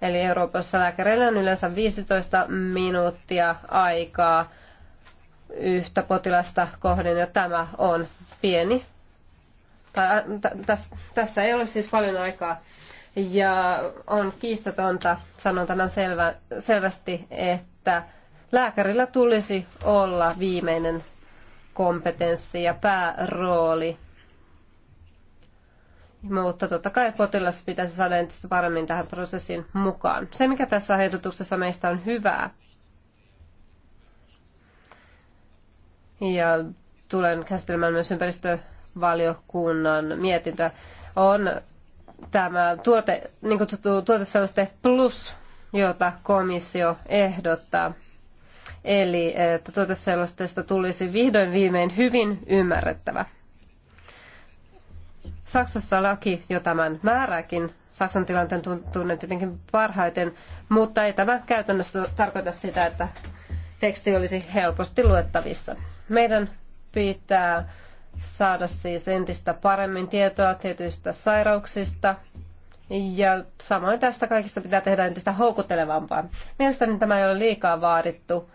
Eli Euroopassa lääkäreillä on yleensä 15 minuuttia aikaa yhtä potilasta kohden, ja tämä on pieni. Tai, äh, tässä ei ole siis paljon aikaa. Ja on kiistatonta, sanon tämän selvä, selvästi, että lääkärillä tulisi olla viimeinen kompetenssi ja päärooli mutta totta kai potilas pitäisi saada entistä paremmin tähän prosessiin mukaan. Se, mikä tässä ehdotuksessa meistä on hyvää, ja tulen käsittelemään myös ympäristövaliokunnan mietintöä, on tämä tuote, niin kutsuttu tuoteseloste plus, jota komissio ehdottaa. Eli että tuoteselosteesta tulisi vihdoin viimein hyvin ymmärrettävä. Saksassa laki jo tämän määrääkin. Saksan tilanteen tunnen tietenkin parhaiten, mutta ei tämä käytännössä tarkoita sitä, että teksti olisi helposti luettavissa. Meidän pitää saada siis entistä paremmin tietoa tietyistä sairauksista ja samoin tästä kaikista pitää tehdä entistä houkuttelevampaa. Mielestäni tämä ei ole liikaa vaadittu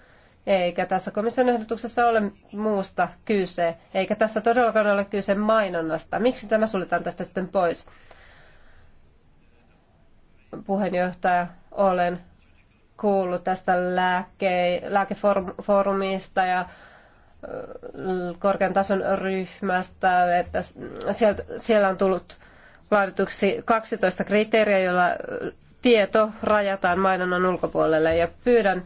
eikä tässä komission ehdotuksessa ole muusta kyse, eikä tässä todellakaan ole kyse mainonnasta. Miksi tämä suljetaan tästä sitten pois? Puheenjohtaja, olen kuullut tästä lääke, lääkeforumista ja äh, korkean tason ryhmästä, että sieltä, siellä on tullut laadituksi 12 kriteeriä, joilla tieto rajataan mainonnan ulkopuolelle ja pyydän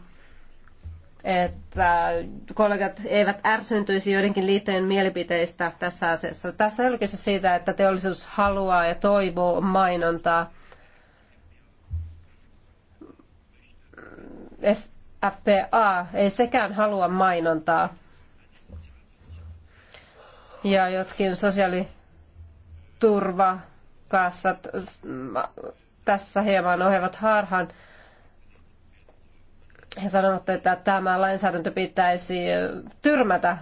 että kollegat eivät ärsyntyisi joidenkin liittojen mielipiteistä tässä asiassa. Tässä on kyse siitä, että teollisuus haluaa ja toivoo mainontaa. FPA ei sekään halua mainontaa. Ja jotkin sosiaaliturvakassat mm, tässä hieman ohjaavat harhan he sanovat, että tämä lainsäädäntö pitäisi tyrmätä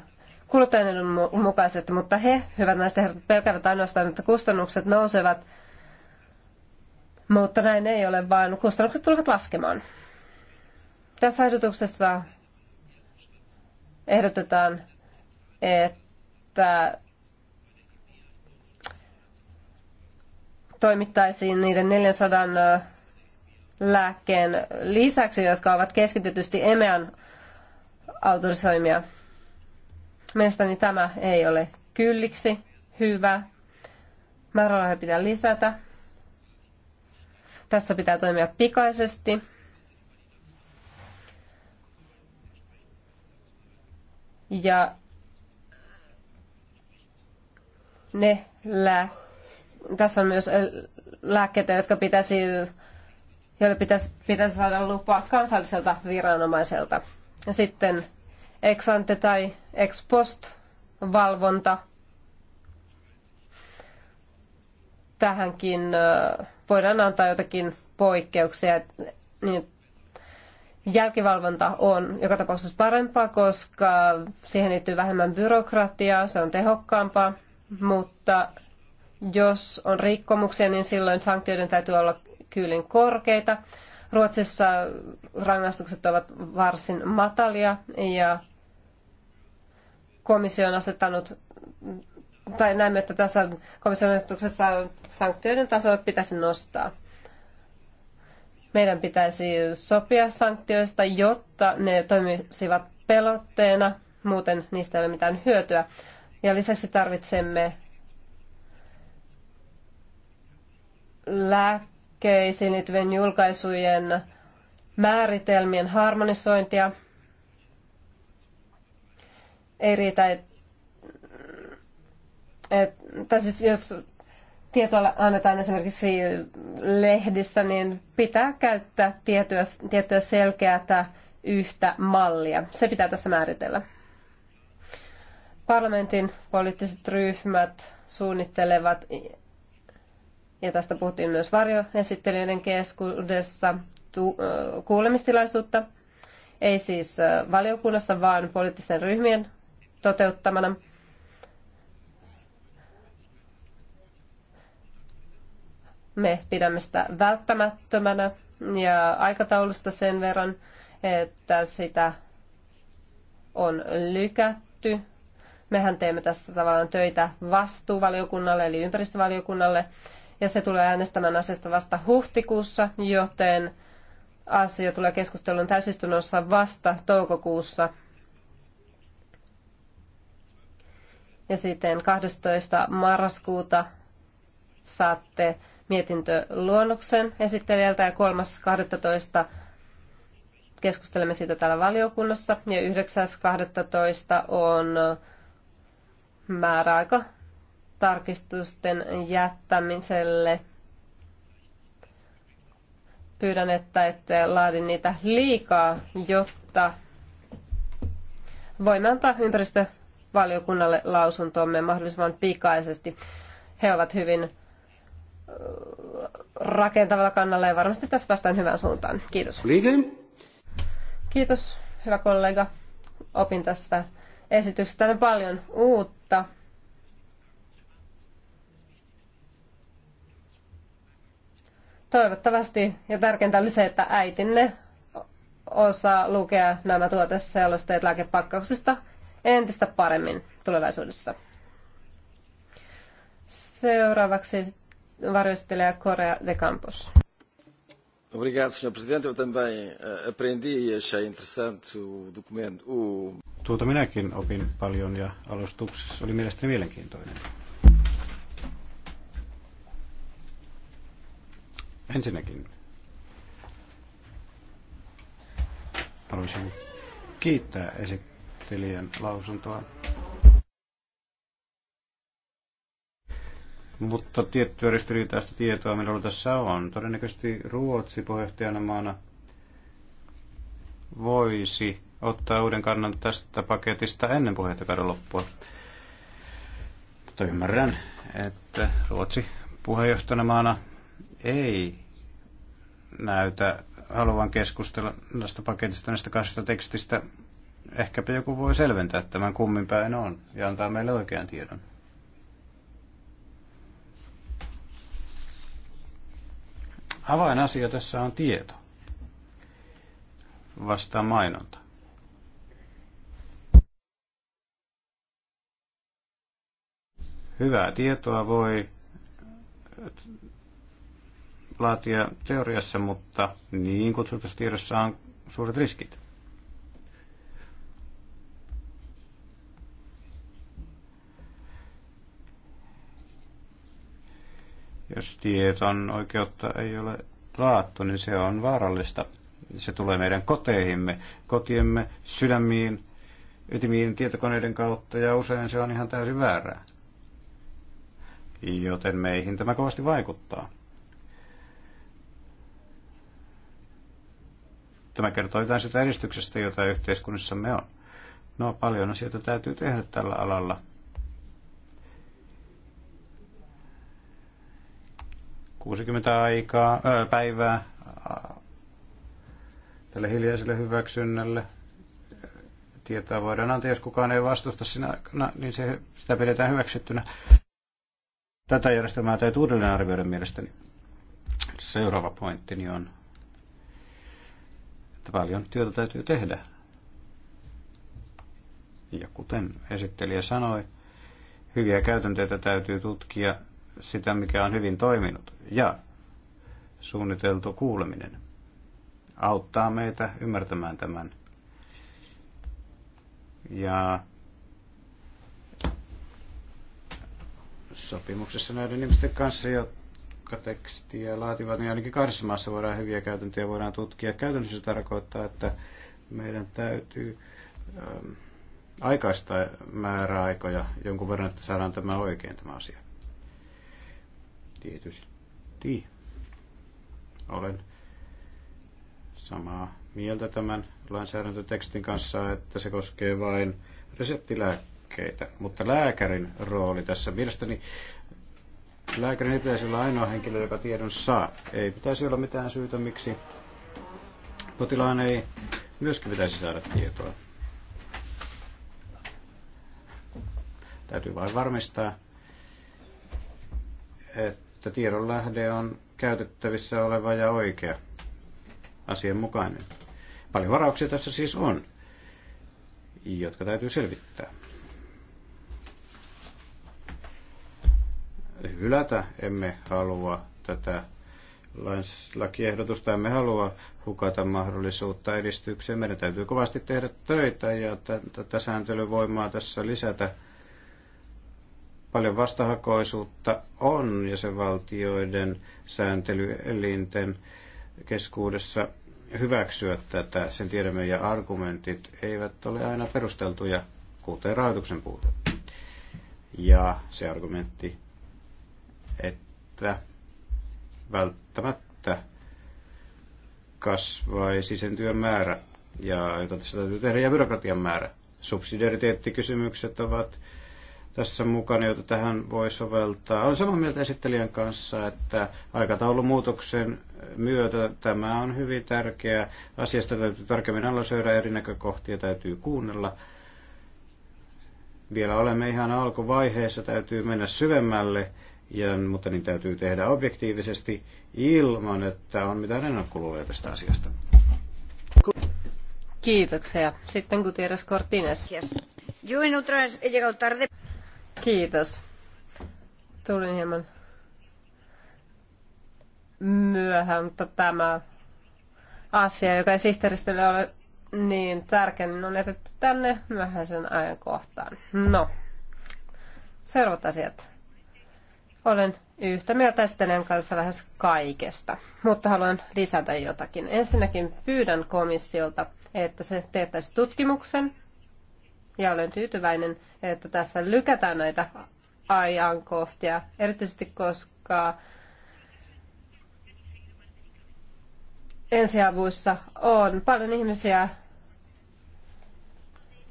kuluttajien mukaisesti, mutta he, hyvät naiset ja herrat, pelkäävät ainoastaan, että kustannukset nousevat, mutta näin ei ole, vaan kustannukset tulevat laskemaan. Tässä ehdotuksessa ehdotetaan, että toimittaisiin niiden 400 lääkkeen lisäksi, jotka ovat keskitetysti EMEAn autorisoimia. Mielestäni tämä ei ole kylliksi hyvä. Määrärahoja pitää lisätä. Tässä pitää toimia pikaisesti. Ja ne lää... tässä on myös lääkkeitä, jotka pitäisi jolle pitäisi, pitäisi saada lupa kansalliselta viranomaiselta. Ja sitten ex ante tai ex post valvonta. Tähänkin voidaan antaa jotakin poikkeuksia. Niin jälkivalvonta on joka tapauksessa parempaa, koska siihen liittyy vähemmän byrokratiaa, se on tehokkaampaa, mutta jos on rikkomuksia, niin silloin sanktioiden täytyy olla kyllin korkeita. Ruotsissa rangaistukset ovat varsin matalia ja komissio on asettanut, tai näemme, että tässä komission asetuksessa sanktioiden tasoa pitäisi nostaa. Meidän pitäisi sopia sanktioista, jotta ne toimisivat pelotteena, muuten niistä ei ole mitään hyötyä. Ja lisäksi tarvitsemme lääkkeitä lääkkeisiin julkaisujen määritelmien harmonisointia. Ei riitä, että et, siis jos tietoa annetaan esimerkiksi lehdissä, niin pitää käyttää tietyä, tiettyä selkeää yhtä mallia. Se pitää tässä määritellä. Parlamentin poliittiset ryhmät suunnittelevat ja tästä puhuttiin myös varjoesittelijöiden keskuudessa kuulemistilaisuutta, ei siis valiokunnassa, vaan poliittisten ryhmien toteuttamana. Me pidämme sitä välttämättömänä ja aikataulusta sen verran, että sitä on lykätty. Mehän teemme tässä tavallaan töitä vastuuvaliokunnalle eli ympäristövaliokunnalle ja se tulee äänestämään asiasta vasta huhtikuussa, joten asia tulee keskustelun täysistunnossa vasta toukokuussa. Ja sitten 12. marraskuuta saatte mietintöluonnoksen esittelijältä ja 3.12. keskustelemme siitä täällä valiokunnassa ja 9.12. on määräaika tarkistusten jättämiselle. Pyydän, että ette laadi niitä liikaa, jotta voimme antaa ympäristövaliokunnalle lausuntomme mahdollisimman pikaisesti. He ovat hyvin rakentavalla kannalla ja varmasti tässä päästään hyvään suuntaan. Kiitos. Kiitos, hyvä kollega. Opin tästä esityksestä paljon uutta. toivottavasti, ja tärkeintä oli se, että äitinne osaa lukea nämä tuoteselosteet lääkepakkauksista entistä paremmin tulevaisuudessa. Seuraavaksi varjostelija Korea de Campos. Obrigado, Sr. Presidente. Eu também eh, aprendi e achei interessante o documento. O... Tuota minäkin opin paljon ja alustuksessa oli mielestäni mielenkiintoinen. Ensinnäkin haluaisin kiittää esittelijän lausuntoa. Mutta tiettyä ristiriitaista tietoa minulla tässä on. Todennäköisesti Ruotsi puheenjohtajana voisi ottaa uuden kannan tästä paketista ennen puheenjohtajakauden loppua. Mutta ymmärrän, että Ruotsi puheenjohtajana ei näytä haluan keskustella näistä paketista, näistä kahdesta tekstistä. Ehkäpä joku voi selventää tämän kummin päin on ja antaa meille oikean tiedon. Avainasia tässä on tieto Vastaa mainonta. Hyvää tietoa voi laatia teoriassa, mutta niin kutsutussa tiedossa on suuret riskit. Jos tieton oikeutta ei ole laattu, niin se on vaarallista. Se tulee meidän koteihimme, kotiemme, sydämiin, ytimiin tietokoneiden kautta ja usein se on ihan täysin väärää. Joten meihin tämä kovasti vaikuttaa. Tämä kertoo jotain sitä edistyksestä, jota yhteiskunnassamme on. No, paljon asioita täytyy tehdä tällä alalla. Kuusikymmentä aikaa, ö, päivää tälle hiljaiselle hyväksynnälle. Tietoa voidaan antaa, jos kukaan ei vastusta sinä aikana, niin se, sitä pidetään hyväksyttynä. Tätä järjestelmää täytyy uudelleen arvioida mielestäni. Seuraava pointti on että paljon työtä täytyy tehdä. Ja kuten esittelijä sanoi, hyviä käytänteitä täytyy tutkia sitä, mikä on hyvin toiminut. Ja suunniteltu kuuleminen auttaa meitä ymmärtämään tämän. Ja sopimuksessa näiden ihmisten kanssa, tekstiä laativat, niin ainakin kahdessa maassa voidaan hyviä käytäntöjä voidaan tutkia. Käytännössä se tarkoittaa, että meidän täytyy ähm, aikaista määräaikoja jonkun verran, että saadaan tämä oikein tämä asia. Tietysti olen samaa mieltä tämän lainsäädäntötekstin kanssa, että se koskee vain reseptilääkkeitä, mutta lääkärin rooli tässä mielestäni Lääkärin pitäisi olla ainoa henkilö, joka tiedon saa. Ei pitäisi olla mitään syytä, miksi potilaan ei myöskin pitäisi saada tietoa. Täytyy vain varmistaa, että tiedon lähde on käytettävissä oleva ja oikea asianmukainen. Paljon varauksia tässä siis on, jotka täytyy selvittää. hylätä, emme halua tätä lakiehdotusta, emme halua hukata mahdollisuutta edistykseen. Meidän täytyy kovasti tehdä töitä ja tätä sääntelyvoimaa tässä lisätä. Paljon vastahakoisuutta on ja se valtioiden sääntelyelinten keskuudessa hyväksyä tätä. Sen tiedämme ja argumentit eivät ole aina perusteltuja, kuten rahoituksen puute. Ja se argumentti että välttämättä kasvaisi sen työn määrä, ja jota tässä täytyy tehdä, ja byrokratian määrä. Subsidiariteettikysymykset ovat tässä mukana, joita tähän voi soveltaa. Olen samaa mieltä esittelijän kanssa, että aikataulumuutoksen myötä tämä on hyvin tärkeä. Asiasta täytyy tarkemmin analysoida, eri näkökohtia täytyy kuunnella. Vielä olemme ihan alkuvaiheessa, täytyy mennä syvemmälle ja, mutta niin täytyy tehdä objektiivisesti ilman, että on mitään ennakkoluuloja tästä asiasta. Kiitoksia. Sitten Gutierrez Cortines. Kiitos. Tulin hieman myöhään, mutta tämä asia, joka ei sihteeristölle ole niin tärkeä, niin on jätetty tänne myöhäisen ajankohtaan. No, seuraavat asiat. Olen yhtä mieltä Estelen kanssa lähes kaikesta, mutta haluan lisätä jotakin. Ensinnäkin pyydän komissiolta, että se teettäisi tutkimuksen, ja olen tyytyväinen, että tässä lykätään näitä ajankohtia, erityisesti koska ensiavuissa on paljon ihmisiä,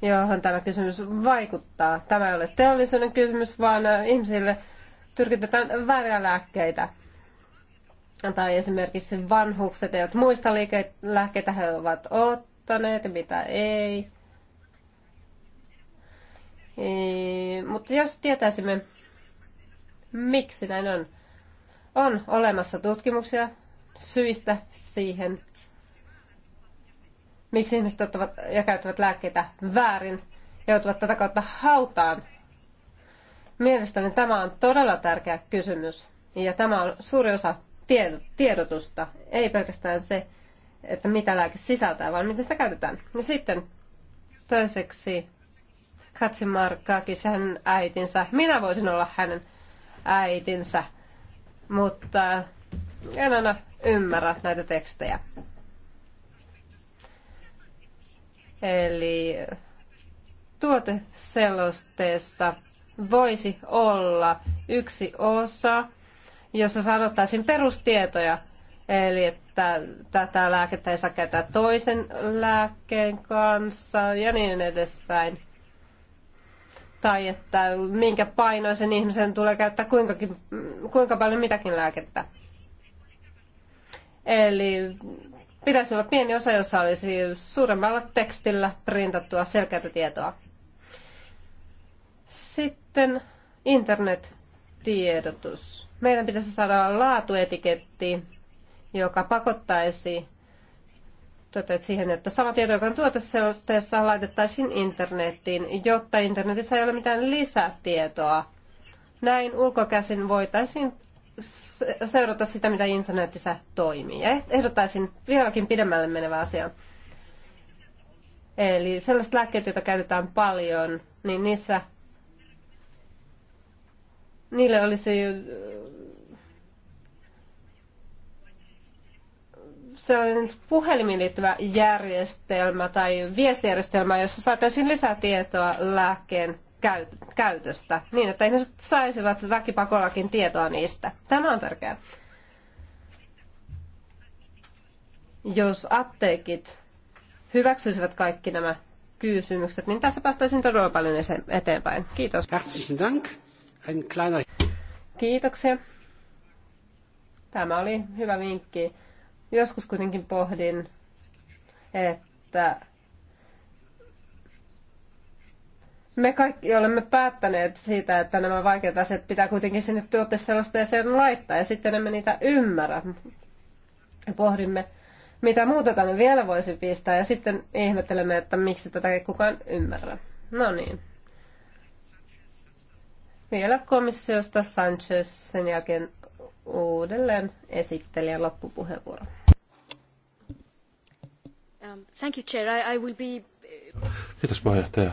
johon tämä kysymys vaikuttaa. Tämä ei ole teollisuuden kysymys, vaan ihmisille tyrkytetään lääkkeitä, Tai esimerkiksi vanhukset eivät muista lääkkeitä he ovat ottaneet ja mitä ei. E- mutta jos tietäisimme, miksi näin on, on olemassa tutkimuksia syistä siihen, miksi ihmiset ottavat ja käyttävät lääkkeitä väärin, joutuvat tätä kautta hautaan Mielestäni tämä on todella tärkeä kysymys ja tämä on suuri osa tiedotusta, ei pelkästään se, että mitä lääke sisältää, vaan miten sitä käytetään. Ja sitten toiseksi Katsimarkkaakin hänen äitinsä. Minä voisin olla hänen äitinsä, mutta en aina ymmärrä näitä tekstejä. Eli tuoteselosteessa voisi olla yksi osa, jossa sanottaisiin perustietoja, eli että tätä lääkettä ei saa käyttää toisen lääkkeen kanssa ja niin edespäin. Tai että minkä painoisen ihmisen tulee käyttää kuinkakin, kuinka paljon mitäkin lääkettä. Eli pitäisi olla pieni osa, jossa olisi suuremmalla tekstillä printattua selkeää tietoa. Sitten sitten internet-tiedotus. Meidän pitäisi saada laatuetiketti, joka pakottaisi tuotteet siihen, että sama tieto, joka on tuoteseosteessa, laitettaisiin internettiin, jotta internetissä ei ole mitään lisätietoa. Näin ulkokäsin voitaisiin seurata sitä, mitä internetissä toimii. Ja eh-, ehdottaisin vieläkin pidemmälle menevä asia. Eli sellaiset lääkkeet, joita käytetään paljon, niin niissä niille jo äh, sellainen puhelimiin liittyvä järjestelmä tai viestijärjestelmä, jossa saataisiin tietoa lääkkeen käytöstä, niin että ihmiset saisivat väkipakollakin tietoa niistä. Tämä on tärkeää. Jos apteekit hyväksyisivät kaikki nämä kysymykset, niin tässä päästäisiin todella paljon eteenpäin. Kiitos. Herzlichen Dank ein kleiner... Kiitoksia. Tämä oli hyvä vinkki. Joskus kuitenkin pohdin, että me kaikki olemme päättäneet siitä, että nämä vaikeat asiat pitää kuitenkin sinne tuotteselosteeseen laittaa ja sitten emme niitä ymmärrä. Pohdimme, mitä muuta tänne vielä voisi pistää ja sitten ihmettelemme, että miksi tätä ei kukaan ymmärrä. No niin vielä komissiosta Sanchez, sen jälkeen uudelleen esittelijän loppupuheenvuoro. Um, thank you, Chair. I, I will be... Kiitos puheenjohtaja.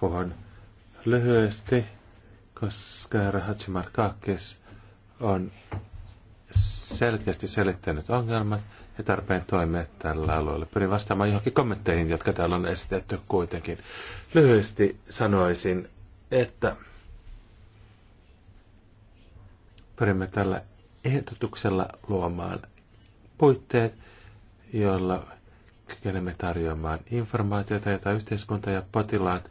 Puhun lyhyesti, koska Rahatsimarkakis on selkeästi selittänyt ongelmat ja tarpeen toimia tällä alueella. Pyrin vastaamaan johonkin kommentteihin, jotka täällä on esitetty kuitenkin. Lyhyesti sanoisin, että Pyrimme tällä ehdotuksella luomaan puitteet, joilla kykenemme tarjoamaan informaatiota, jota yhteiskunta ja potilaat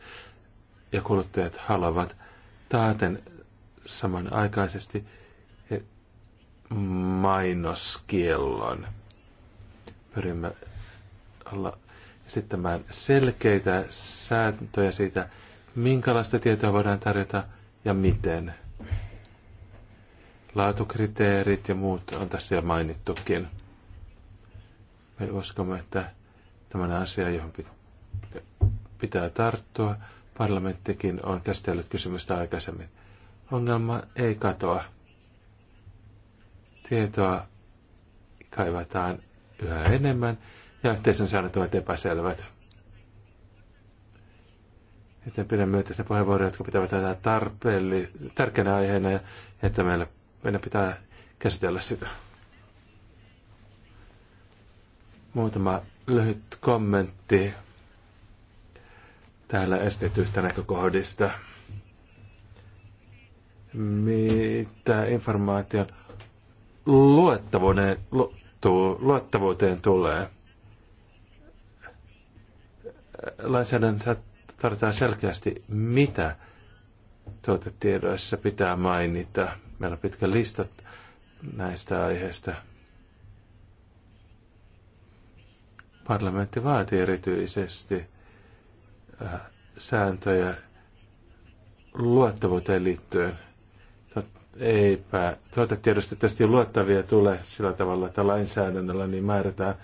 ja kuluttajat haluavat taaten samanaikaisesti mainoskiellon. Pyrimme olla esittämään selkeitä sääntöjä siitä, minkälaista tietoa voidaan tarjota ja miten. Laatukriteerit ja muut on tässä jo mainittukin. Me uskomme, että tämän asia, johon pitää tarttua, parlamenttikin on käsitellyt kysymystä aikaisemmin. Ongelma ei katoa. Tietoa kaivataan yhä enemmän ja yhteisön säännöt ovat epäselvät. Sitten pidän myönteistä puheenvuoroja, jotka pitävät tätä tarpeelli- tärkeänä aiheena, että meillä meidän pitää käsitellä sitä. Muutama lyhyt kommentti täällä esitetyistä näkökohdista. Mitä informaation luettavuuteen, lu, luettavuuteen tulee? Lainsäädännössä tarvitaan selkeästi, mitä tuotetiedoissa pitää mainita. Meillä on pitkä lista näistä aiheista. Parlamentti vaatii erityisesti äh, sääntöjä luottavuuteen liittyen. Eipä. Tuotetiedosta tietysti luottavia tulee sillä tavalla, että lainsäädännöllä niin määrätään.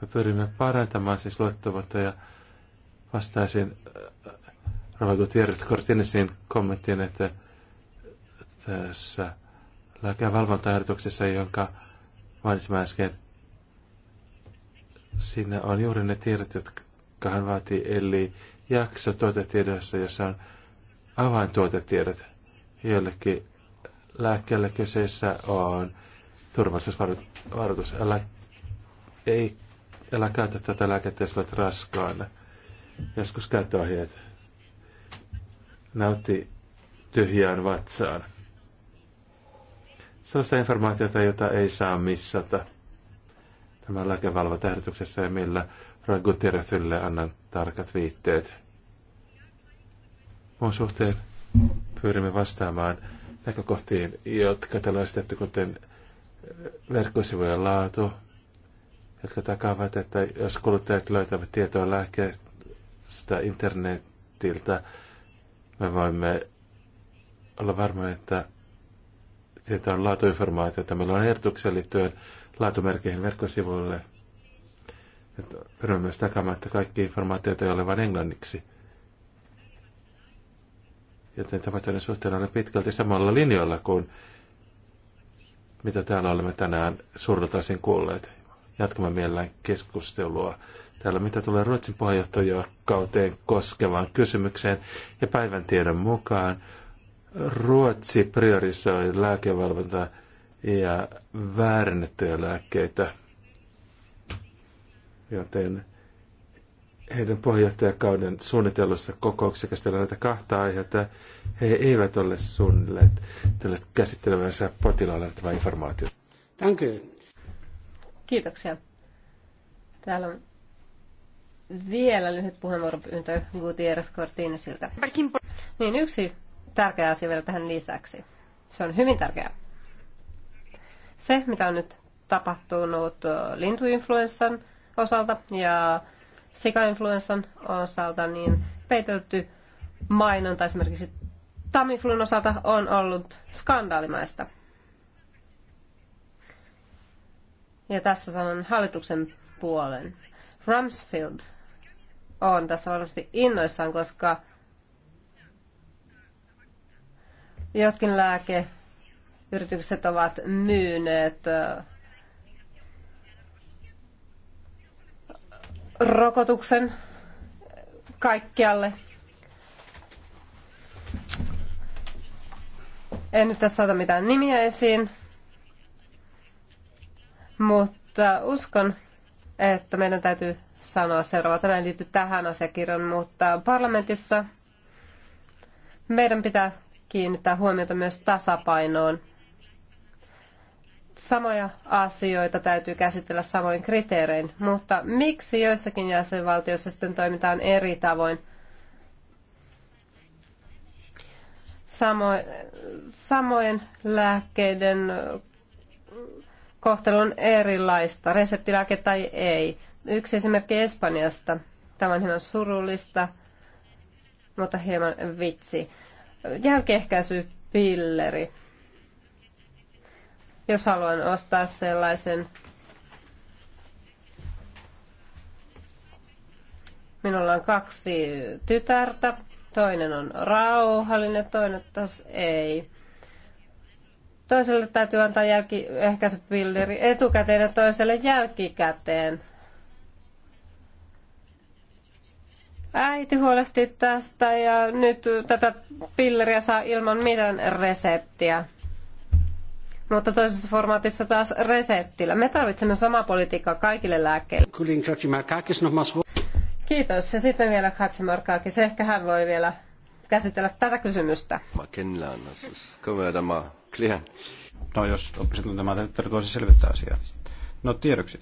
Me pyrimme parantamaan siis luottavuutta ja vastaisin äh, Ravago Tiedot ensin kommenttiin, että tässä lääkevalvontaehdotuksessa, jonka mainitsin äsken, siinä on juuri ne tiedot, jotka hän vaatii, eli jakso tuotetiedossa, jossa on avaintuotetiedot. joillekin lääkkeelle kyseessä on turvallisuusvaroitus. Älä, ei, älä käytä tätä lääkettä, jos olet raskaana. Joskus käyttöohjeet nautti tyhjään vatsaan. Sellaista informaatiota, jota ei saa missata. Tämä lääkevalvontaehdotuksessa ja millä Roy annan tarkat viitteet. Muun suhteen pyrimme vastaamaan näkökohtiin, jotka täällä on esitetty, kuten eh, verkkosivujen laatu, jotka takaavat, että jos kuluttajat löytävät tietoa lääkkeestä internetiltä, me voimme olla varmoja, että tietää on että Meillä on ehdotuksia liittyen laatumerkkeihin verkkosivuille. Että pyrimme myös takamaan, että kaikki informaatiot ei ole vain englanniksi. Joten tavoitteiden suhteen on pitkälti samalla linjoilla kuin mitä täällä olemme tänään suurelta osin kuulleet. Jatkamme mielellään keskustelua täällä, mitä tulee Ruotsin puheenjohtajakauteen koskevaan kysymykseen. Ja päivän tiedon mukaan Ruotsi priorisoi lääkevalvontaa ja väärennettyjä lääkkeitä, joten heidän puheenjohtajakauden suunnitellussa kokouksessa käsitellään näitä kahta aihetta. He eivät ole suunnilleen käsittelevänsä potilaalle annettavaa informaatiota. Kiitoksia. Täällä on vielä lyhyt puheenvuoropyyntö Gutierrez Cortinesilta. Niin yksi tärkeä asia vielä tähän lisäksi. Se on hyvin tärkeää. Se, mitä on nyt tapahtunut lintuinfluenssan osalta ja sikainfluenssan osalta, niin peitelty mainonta esimerkiksi Tamiflun osalta on ollut skandaalimaista. Ja tässä sanon hallituksen puolen. Rumsfeld on tässä varmasti innoissaan, koska jotkin lääkeyritykset ovat myyneet rokotuksen kaikkialle. En nyt tässä ota mitään nimiä esiin, mutta uskon, että meidän täytyy sanoa seuraava. Tämä ei liity tähän asiakirjan, mutta parlamentissa meidän pitää kiinnittää huomiota myös tasapainoon. Samoja asioita täytyy käsitellä samoin kriteerein, mutta miksi joissakin jäsenvaltioissa sitten toimitaan eri tavoin? Samo, samojen lääkkeiden kohtelu on erilaista, reseptilääke tai ei. Yksi esimerkki Espanjasta. Tämä on hieman surullista, mutta hieman vitsi. pilleri. Jos haluan ostaa sellaisen, minulla on kaksi tytärtä, toinen on rauhallinen, toinen taas ei Toiselle täytyy antaa jälki, pilleri etukäteen ja toiselle jälkikäteen. Äiti huolehti tästä ja nyt tätä pilleriä saa ilman mitään reseptiä. Mutta toisessa formaatissa taas reseptillä. Me tarvitsemme samaa politiikkaa kaikille lääkkeille. No, Kiitos. Ja sitten vielä Katsimarkaakin. Se ehkä hän voi vielä käsitellä tätä kysymystä. Mä kenellään. Siis, clear. No jos oppisit tuntemaan, että tarkoitus selvittää asiaa. No tiedoksi.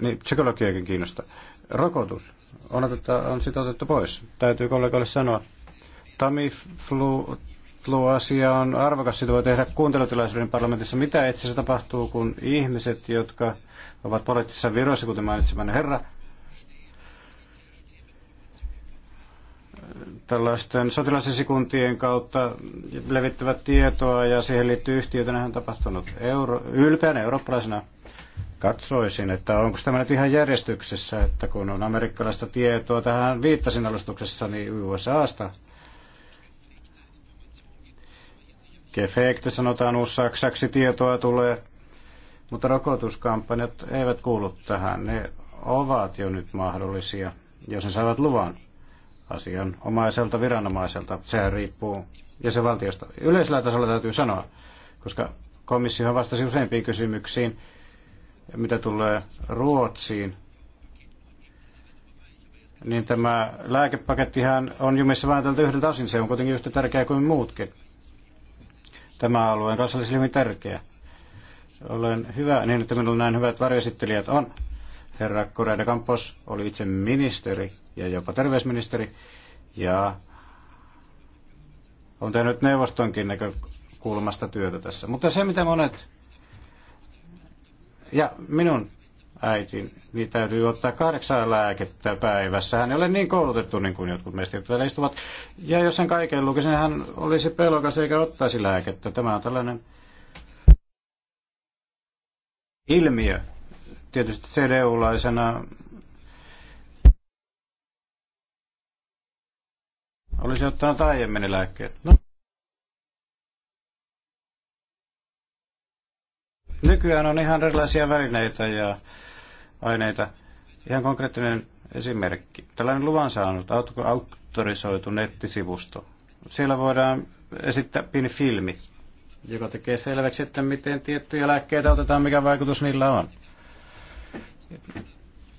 Niin, psykologiakin kiinnostaa. Rokotus on, otettu, on sitä otettu pois. Täytyy kollegoille sanoa. Tamiflu asia on arvokas, sitä voi tehdä kuuntelutilaisuuden parlamentissa. Mitä itse asiassa tapahtuu, kun ihmiset, jotka ovat poliittisissa viroissa, kuten mainitsemanne herra, tällaisten sotilasesikuntien kautta levittävät tietoa ja siihen liittyy yhtiöitä, nehän on tapahtunut. Euro, ylpeänä eurooppalaisena katsoisin, että onko tämä nyt ihan järjestyksessä, että kun on amerikkalaista tietoa, tähän viittasin niin USAsta, Gefekte sanotaan uusaksaksi, tietoa tulee, mutta rokotuskampanjat eivät kuulu tähän. Ne ovat jo nyt mahdollisia, jos ne saavat luvan asianomaiselta viranomaiselta. Sehän riippuu jäsenvaltiosta. Yleisellä tasolla täytyy sanoa, koska komissio vastasi useimpiin kysymyksiin, mitä tulee Ruotsiin, niin tämä lääkepakettihan on jumissa vain tältä yhdeltä osin. Se on kuitenkin yhtä tärkeä kuin muutkin. Tämä alue on kansallisille hyvin tärkeä. Olen hyvä, niin että minulla näin hyvät varjoesittelijät on. Herra Koreida Kampos oli itse ministeri ja jopa terveysministeri. Ja on tehnyt neuvostonkin näkökulmasta työtä tässä. Mutta se, mitä monet ja minun äitin, niin täytyy ottaa kahdeksan lääkettä päivässä. Hän ei ole niin koulutettu niin kuin jotkut meistä, jotka istuvat. Ja jos sen kaiken lukisi, niin hän olisi pelokas eikä ottaisi lääkettä. Tämä on tällainen ilmiö. Tietysti CDU-laisena Olisi ottanut aiemmin lääkkeet. No. Nykyään on ihan erilaisia välineitä ja aineita. Ihan konkreettinen esimerkki. Tällainen luvan saanut autorisoitu nettisivusto. Siellä voidaan esittää pieni filmi, joka tekee selväksi, että miten tiettyjä lääkkeitä otetaan, mikä vaikutus niillä on.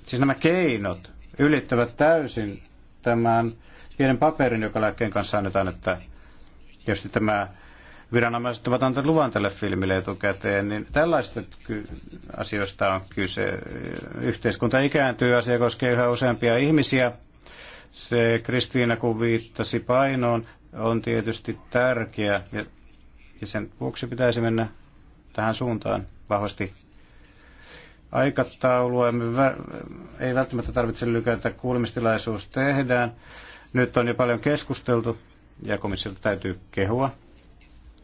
Siis nämä keinot ylittävät täysin tämän pienen paperin, joka lääkkeen kanssa annetaan, että jos tämä viranomaiset ovat antaneet luvan tälle filmille etukäteen, niin tällaista asioista on kyse. Yhteiskunta ikääntyy, asia koskee yhä useampia ihmisiä. Se Kristiina, kun viittasi painoon, on tietysti tärkeä ja, ja sen vuoksi pitäisi mennä tähän suuntaan vahvasti aikataulua. ei välttämättä tarvitse lykätä, kuulemistilaisuus tehdään nyt on jo paljon keskusteltu ja komissiolta täytyy kehua,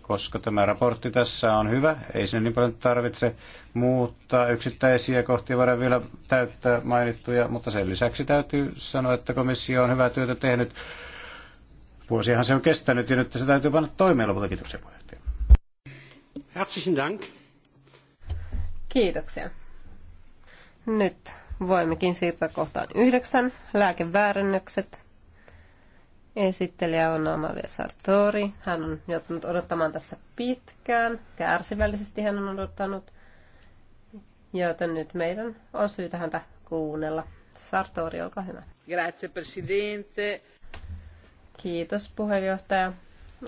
koska tämä raportti tässä on hyvä. Ei sinne niin paljon tarvitse muuttaa yksittäisiä kohtia, voidaan vielä täyttää mainittuja, mutta sen lisäksi täytyy sanoa, että komissio on hyvää työtä tehnyt. Vuosiahan se on kestänyt ja nyt se täytyy panna toimeen lopulta. Kiitoksia puheenjohtaja. Herzlichen Dank. Kiitoksia. Nyt voimmekin siirtyä kohtaan yhdeksän, Lääkeväärännökset. Esittelijä on Amalia Sartori. Hän on joutunut odottamaan tässä pitkään. Kärsivällisesti hän on odottanut. Joten nyt meidän on syytä häntä kuunnella. Sartori, olkaa hyvä. Grazie, presidente. Kiitos puheenjohtaja.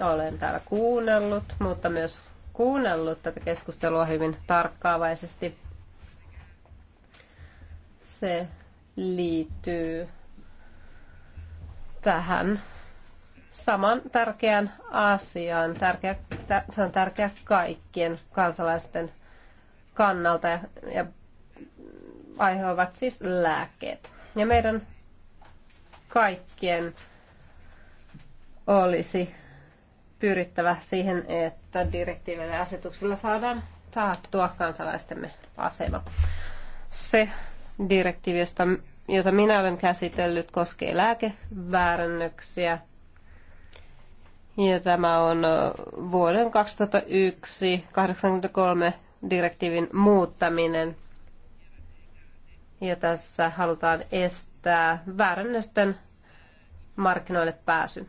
Olen täällä kuunnellut, mutta myös kuunnellut tätä keskustelua hyvin tarkkaavaisesti. Se liittyy tähän saman tärkeän asian. Tärkeä, se on tärkeä kaikkien kansalaisten kannalta ja, ja aiheuvat siis lääkkeet. Ja meidän kaikkien olisi pyrittävä siihen, että direktiivillä ja asetuksilla saadaan taattua kansalaistemme asema. Se direktiivi, jota minä olen käsitellyt, koskee lääkeväärännöksiä ja tämä on vuoden 2001 83 direktiivin muuttaminen. Ja tässä halutaan estää väärännösten markkinoille pääsy.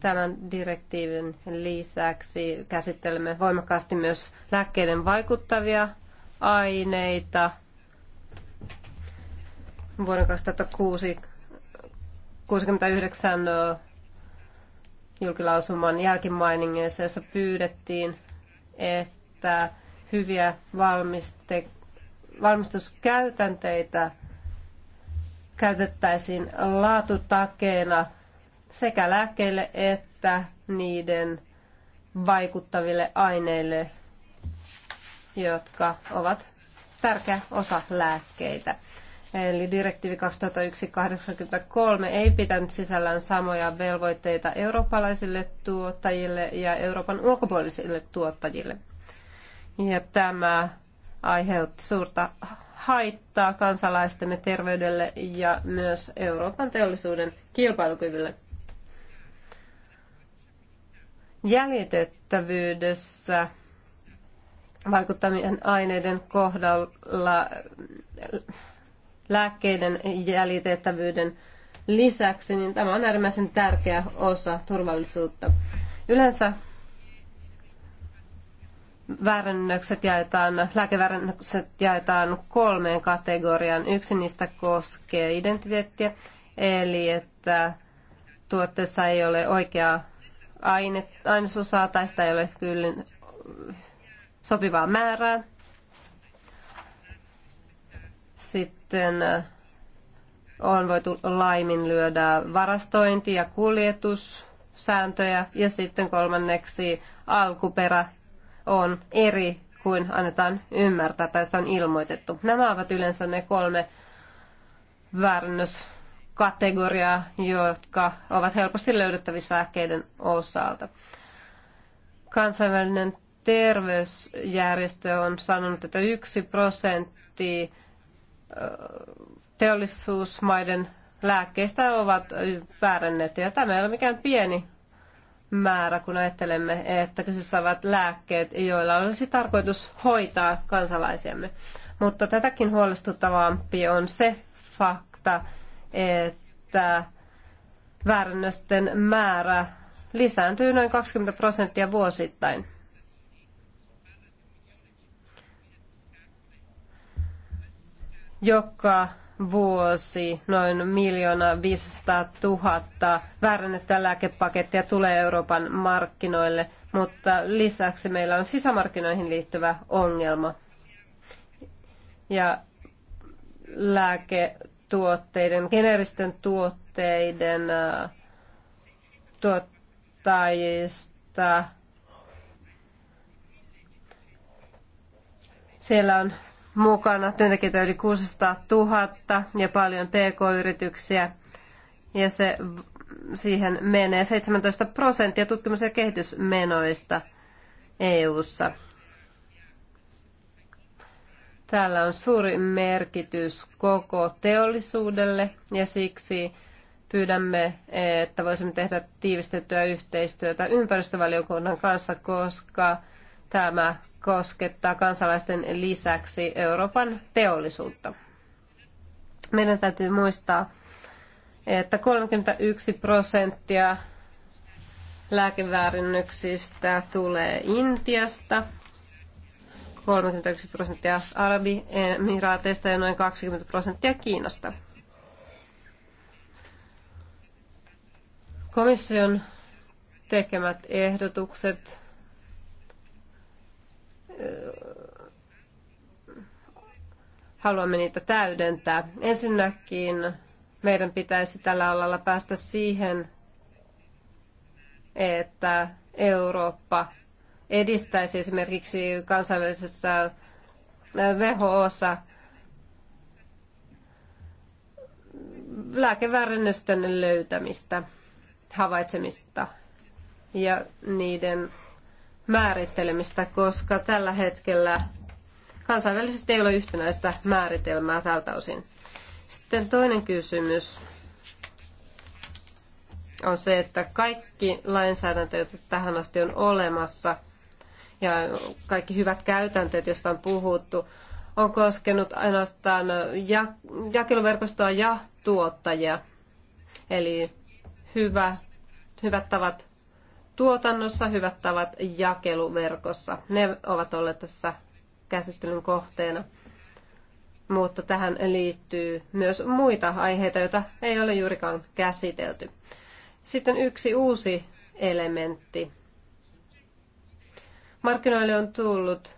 Tämän direktiivin lisäksi käsittelemme voimakkaasti myös lääkkeiden vaikuttavia aineita. Vuoden 2006 69 julkilausuman jälkimainingeissa, jossa pyydettiin, että hyviä valmiste, valmistuskäytänteitä käytettäisiin laatutakeena sekä lääkkeille että niiden vaikuttaville aineille, jotka ovat tärkeä osa lääkkeitä. Eli direktiivi 2001-83 ei pitänyt sisällään samoja velvoitteita eurooppalaisille tuottajille ja Euroopan ulkopuolisille tuottajille. Ja tämä aiheutti suurta haittaa kansalaistemme terveydelle ja myös Euroopan teollisuuden kilpailukyvylle. Jäljitettävyydessä vaikuttamien aineiden kohdalla lääkkeiden jäljitettävyyden lisäksi, niin tämä on äärimmäisen tärkeä osa turvallisuutta. Yleensä väärännökset jaetaan, lääkeväärännökset jaetaan kolmeen kategoriaan. Yksi niistä koskee identiteettiä, eli että tuotteessa ei ole oikeaa aine, ainesosaa tai sitä ei ole kyllä sopivaa määrää. sitten äh, on voitu laiminlyödä varastointi- ja kuljetussääntöjä. Ja sitten kolmanneksi alkuperä on eri kuin annetaan ymmärtää tai sitä on ilmoitettu. Nämä ovat yleensä ne kolme väärännöskategoriaa, jotka ovat helposti löydettävissä lääkkeiden osalta. Kansainvälinen terveysjärjestö on sanonut, että yksi prosentti teollisuusmaiden lääkkeistä ovat väärennettyjä. Tämä ei ole mikään pieni määrä, kun ajattelemme, että kyseessä ovat lääkkeet, joilla olisi tarkoitus hoitaa kansalaisiamme. Mutta tätäkin huolestuttavampi on se fakta, että väärännösten määrä lisääntyy noin 20 prosenttia vuosittain. joka vuosi noin miljoona 500 000 väärennettä lääkepakettia tulee Euroopan markkinoille, mutta lisäksi meillä on sisämarkkinoihin liittyvä ongelma. Ja lääketuotteiden, geneeristen tuotteiden äh, tuottajista siellä on mukana. Työntekijöitä yli 600 000 ja paljon pk-yrityksiä. Ja se, siihen menee 17 prosenttia tutkimus- ja kehitysmenoista EU-ssa. Tällä on suuri merkitys koko teollisuudelle ja siksi pyydämme, että voisimme tehdä tiivistettyä yhteistyötä ympäristövaliokunnan kanssa, koska tämä koskettaa kansalaisten lisäksi Euroopan teollisuutta. Meidän täytyy muistaa, että 31 prosenttia lääkeväärinnyksistä tulee Intiasta, 31 prosenttia Arabiemiraateista ja noin 20 prosenttia Kiinasta. Komission tekemät ehdotukset haluamme niitä täydentää. Ensinnäkin meidän pitäisi tällä alalla päästä siihen, että Eurooppa edistäisi esimerkiksi kansainvälisessä WHOssa lääkeväärennösten löytämistä, havaitsemista ja niiden määrittelemistä, koska tällä hetkellä kansainvälisesti ei ole yhtenäistä määritelmää tältä osin. Sitten toinen kysymys on se, että kaikki lainsäädäntö, jota tähän asti on olemassa, ja kaikki hyvät käytänteet, joista on puhuttu, on koskenut ainoastaan jakeluverkostoa ja tuottajia. Eli hyvä, hyvät tavat tuotannossa, hyvät tavat jakeluverkossa. Ne ovat olleet tässä käsittelyn kohteena. Mutta tähän liittyy myös muita aiheita, joita ei ole juurikaan käsitelty. Sitten yksi uusi elementti. Markkinoille on tullut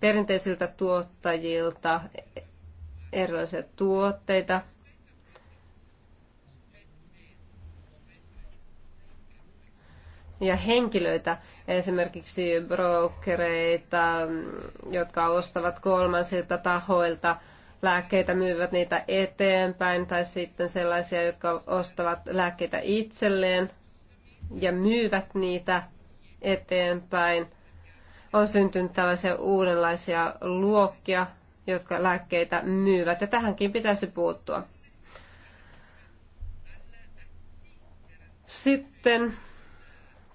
perinteisiltä tuottajilta erilaisia tuotteita, ja henkilöitä, esimerkiksi brokereita, jotka ostavat kolmansilta tahoilta lääkkeitä, myyvät niitä eteenpäin, tai sitten sellaisia, jotka ostavat lääkkeitä itselleen ja myyvät niitä eteenpäin. On syntynyt tällaisia uudenlaisia luokkia, jotka lääkkeitä myyvät, ja tähänkin pitäisi puuttua. Sitten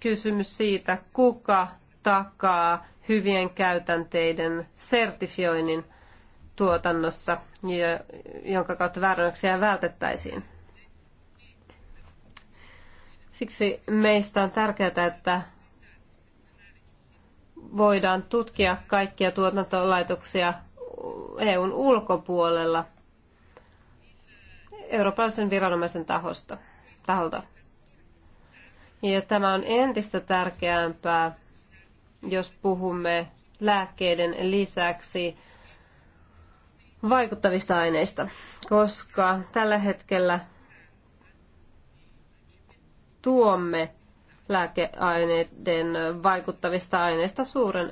kysymys siitä, kuka takaa hyvien käytänteiden sertifioinnin tuotannossa, jonka kautta väärännöksiä vältettäisiin. Siksi meistä on tärkeää, että voidaan tutkia kaikkia tuotantolaitoksia EUn ulkopuolella eurooppalaisen viranomaisen tahosta, taholta. Ja tämä on entistä tärkeämpää, jos puhumme lääkkeiden lisäksi vaikuttavista aineista, koska tällä hetkellä tuomme lääkeaineiden vaikuttavista aineista suuren,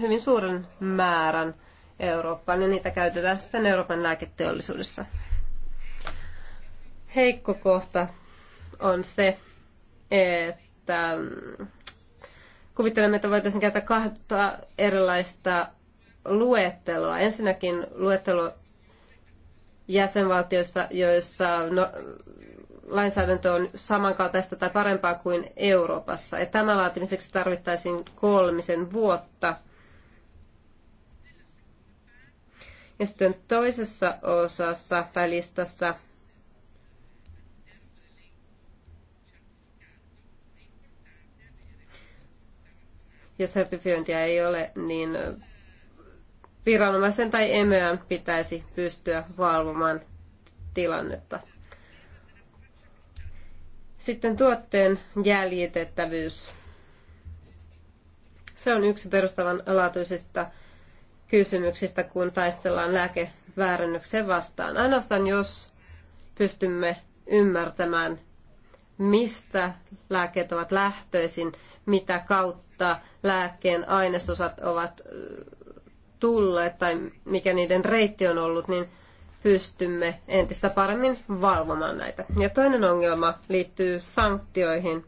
hyvin suuren määrän Eurooppaan ja niitä käytetään sitten Euroopan lääketeollisuudessa. Heikko kohta on se, että mm, kuvittelemme, että voitaisiin käyttää kahta erilaista luetteloa. Ensinnäkin luettelo jäsenvaltioissa, joissa no, lainsäädäntö on samankaltaista tai parempaa kuin Euroopassa. Ja tämän laatimiseksi tarvittaisiin kolmisen vuotta. Ja sitten toisessa osassa tai listassa Jos sertifiointia ei ole, niin viranomaisen tai emeän pitäisi pystyä valvomaan tilannetta. Sitten tuotteen jäljitettävyys. Se on yksi perustavanlaatuisista kysymyksistä, kun taistellaan lääkeväärennyksen vastaan. Ainoastaan jos pystymme ymmärtämään mistä lääkkeet ovat lähtöisin, mitä kautta lääkkeen ainesosat ovat tulleet tai mikä niiden reitti on ollut, niin pystymme entistä paremmin valvomaan näitä. Ja toinen ongelma liittyy sanktioihin.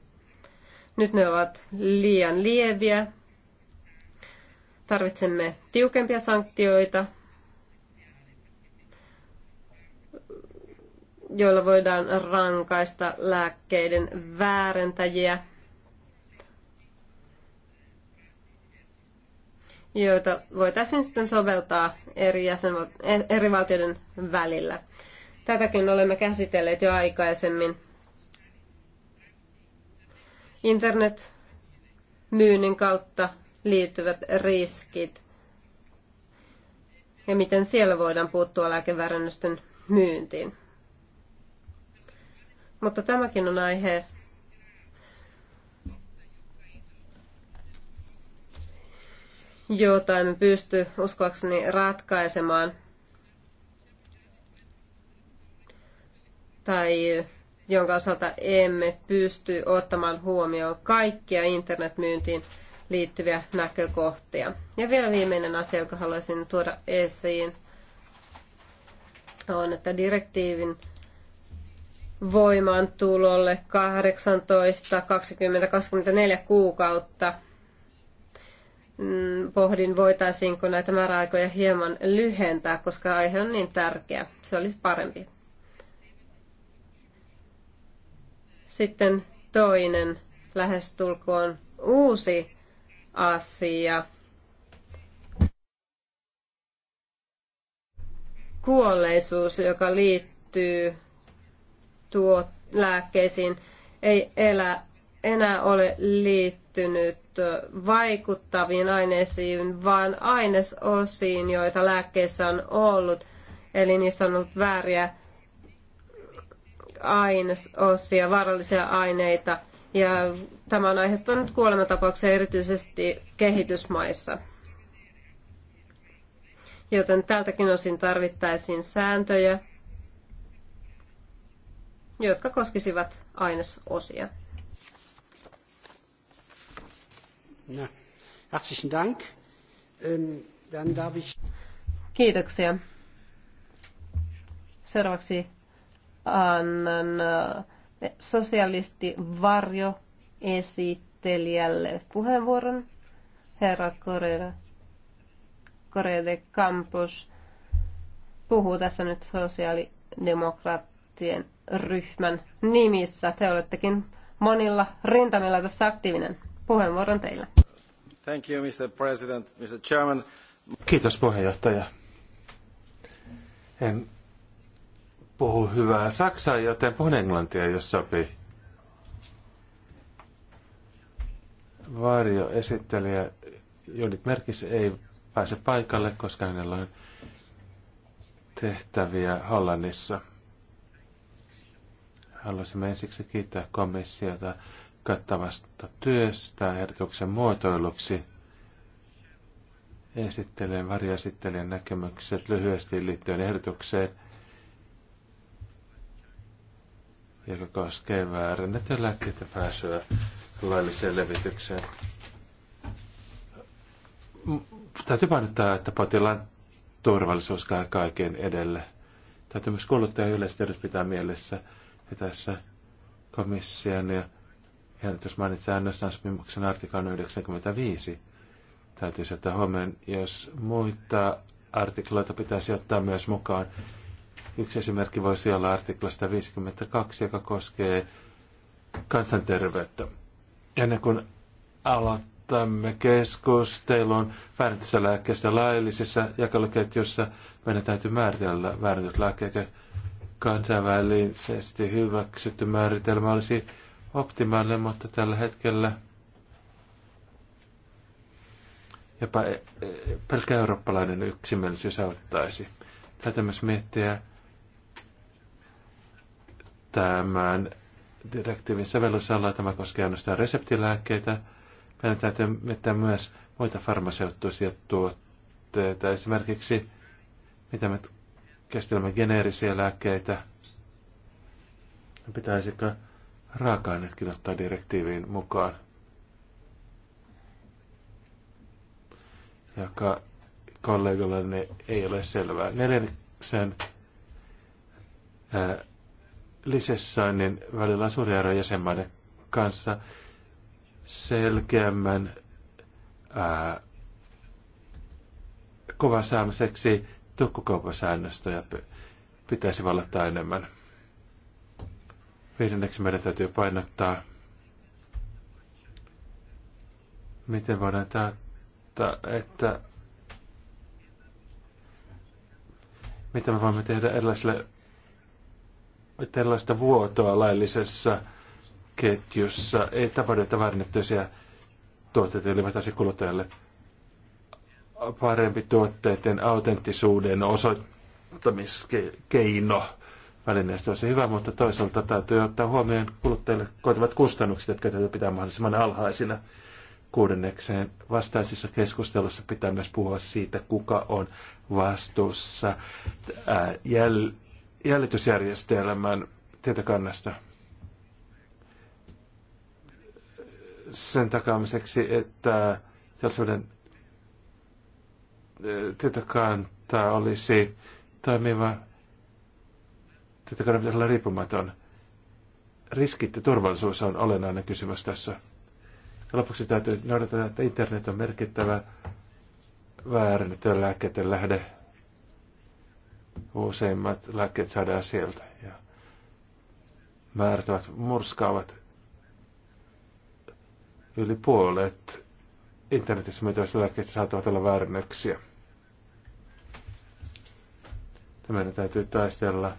Nyt ne ovat liian lieviä. Tarvitsemme tiukempia sanktioita, joilla voidaan rankaista lääkkeiden väärentäjiä, joita voitaisiin sitten soveltaa eri, jäsenval- e- eri valtioiden välillä. Tätäkin olemme käsitelleet jo aikaisemmin. Internet-myynnin kautta liittyvät riskit ja miten siellä voidaan puuttua lääkevärännösten myyntiin. Mutta tämäkin on aihe, jota emme pysty uskoakseni ratkaisemaan tai jonka osalta emme pysty ottamaan huomioon kaikkia internetmyyntiin liittyviä näkökohtia. Ja vielä viimeinen asia, jonka haluaisin tuoda esiin, on, että direktiivin voimaantulolle 18, 20, 24 kuukautta. Mm, pohdin, voitaisiinko näitä määräaikoja hieman lyhentää, koska aihe on niin tärkeä. Se olisi parempi. Sitten toinen lähestulkoon uusi asia. Kuolleisuus, joka liittyy tuo lääkkeisiin ei elä, enää ole liittynyt vaikuttaviin aineisiin, vaan ainesosiin, joita lääkkeissä on ollut. Eli niissä on ollut vääriä ainesosia, vaarallisia aineita. Ja tämä on aiheuttanut kuolematapauksia erityisesti kehitysmaissa. Joten tältäkin osin tarvittaisiin sääntöjä, jotka koskisivat ainesosia. No, herzlichen Dank. Ähm, dann darf ich... Kiitoksia. Seuraavaksi annan äh, sosialisti varjo esittelijälle puheenvuoron. Herra Correa, Correa de Campos puhuu tässä nyt sosiaalidemokraattien ryhmän nimissä. Te olettekin monilla rintamilla tässä aktiivinen. Puheenvuoron teillä. Thank you, Mr. President, Mr. Chairman. Kiitos puheenjohtaja. En puhu hyvää saksaa, joten puhun englantia, jos sopii. esittelijä Judith Merkis ei pääse paikalle, koska hänellä on tehtäviä Hollannissa – Haluaisimme ensiksi kiittää komissiota kattavasta työstä ehdotuksen muotoiluksi. Esittelen varjoesittelijän näkemykset lyhyesti liittyen ehdotukseen, joka koskee väärennettyä lääkkeitä pääsyä lailliseen levitykseen. Täytyy painottaa, että potilaan turvallisuus kaiken edelle. Täytyy myös kuluttaja yleisesti pitää mielessä – ja tässä komission ja ehdotus mainitsee ainoastaan sopimuksen artiklan 95. täytyy ottaa huomioon, jos muita artikloita pitäisi ottaa myös mukaan. Yksi esimerkki voisi olla artiklasta 52 joka koskee kansanterveyttä. Ennen kuin aloittamme keskustelun väärätystä lääkkeestä laillisessa jakeluketjussa, meidän täytyy määritellä väärätyt lääkkeet ja kansainvälisesti hyväksytty määritelmä olisi optimaalinen, mutta tällä hetkellä jopa e- e- pelkkä eurooppalainen yksimielisyys auttaisi. Täytyy myös miettiä tämän direktiivin sovellusalaa. Tämä koskee ainoastaan reseptilääkkeitä. Meidän täytyy miettiä myös muita farmaseuttuisia tuotteita. Esimerkiksi mitä me kestelemme geneerisiä lääkkeitä. Pitäisikö raaka-ainetkin ottaa direktiiviin mukaan? joka kollegalle ei ole selvää. Neljänneksen lisessäinnin välillä on suuri ero jäsenmaiden kanssa selkeämmän ää, kuvan saamiseksi ja pitäisi vallata enemmän. Viidenneksi meidän täytyy painottaa, miten voidaan taata, että mitä me voimme tehdä erilaisille, tällaista vuotoa laillisessa ketjussa. Ei tapahdu, että väärennettyisiä tuotteita ylivätäisi kuluttajalle parempi tuotteiden autenttisuuden osoittamiskeino välineistö olisi hyvä, mutta toisaalta täytyy ottaa huomioon kuluttajille koituvat kustannukset, jotka täytyy pitää mahdollisimman alhaisina. Kuudennekseen vastaisissa keskustelussa pitää myös puhua siitä, kuka on vastuussa äh, jäl- jäljitysjärjestelmän tietokannasta sen takaamiseksi, että teollisuuden tämä olisi toimiva, tietokannan pitäisi olla riippumaton. Riskit ja turvallisuus on olennainen kysymys tässä. Ja lopuksi täytyy noudattaa, että internet on merkittävä väärennetön lääkkeiden lähde. Useimmat lääkkeet saadaan sieltä ja määrtävät, murskaavat yli puolet internetissä myytävistä lääkkeistä saattavat olla väärennöksiä. Ja meidän täytyy taistella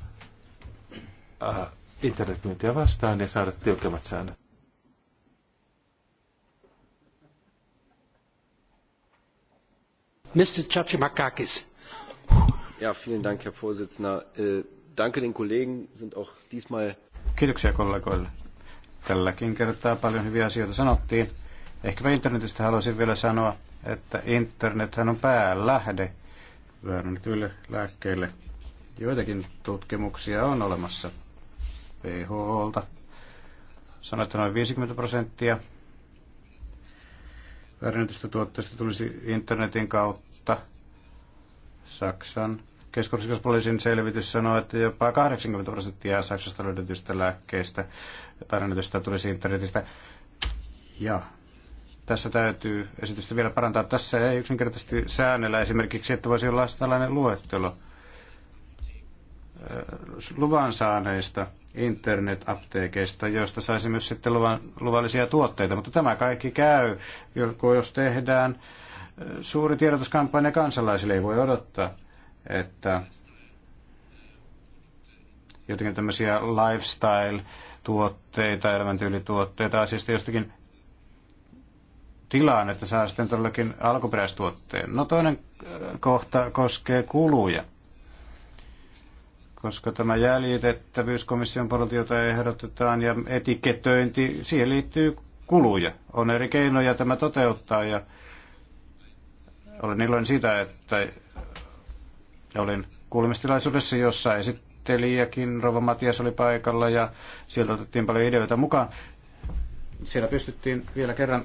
äh, internetmyyntiä vastaan ja saada tiukemmat säännöt. Mr. Chachimakakis. Ja, vielen Dank, Herr Vorsitzender. Äh, danke den Kollegen, sind auch diesmal... Kiitoksia kollegoille. Tälläkin kertaa paljon hyviä asioita sanottiin. mä internetistä haluaisin vielä sanoa, että internethän on päälähde Vähän väärännettyille lääkkeille Joitakin tutkimuksia on olemassa WHOlta. Sanoit, että noin 50 prosenttia väärennetystä tuotteista tulisi internetin kautta. Saksan keskusrikospoliisin selvitys sanoo, että jopa 80 prosenttia Saksasta löydetystä lääkkeistä väärennetystä tulisi internetistä. Ja tässä täytyy esitystä vielä parantaa. Tässä ei yksinkertaisesti säännellä esimerkiksi, että voisi olla tällainen luettelo – luvan saaneista internet-apteekeista, joista saisi myös sitten luvan, luvallisia tuotteita. Mutta tämä kaikki käy, jos tehdään suuri tiedotuskampanja kansalaisille, ei voi odottaa, että jotenkin tämmöisiä lifestyle-tuotteita, elämäntyylituotteita, asiasta jostakin tilaan, että saa sitten todellakin alkuperäistuotteen. No toinen kohta koskee kuluja koska tämä jäljitettävyys komission puolelta, jota ehdotetaan, ja etikettöinti, siihen liittyy kuluja. On eri keinoja tämä toteuttaa, ja olen iloinen sitä että olin kuulemistilaisuudessa, jossa esittelijäkin Rova Matias oli paikalla, ja sieltä otettiin paljon ideoita mukaan. Siellä pystyttiin vielä kerran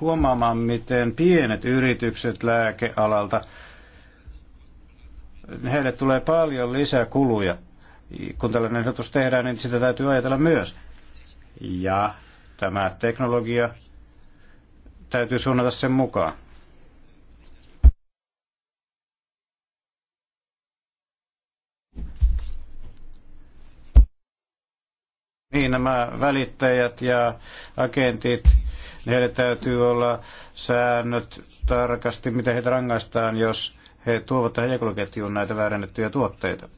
huomaamaan, miten pienet yritykset lääkealalta heille tulee paljon lisää kuluja, Kun tällainen ehdotus tehdään, niin sitä täytyy ajatella myös. Ja tämä teknologia täytyy suunnata sen mukaan. Niin, nämä välittäjät ja agentit, heille täytyy olla säännöt tarkasti, miten heitä rangaistaan, jos he tuovat tähän jakeluketjuun näitä väärennettyjä tuotteita.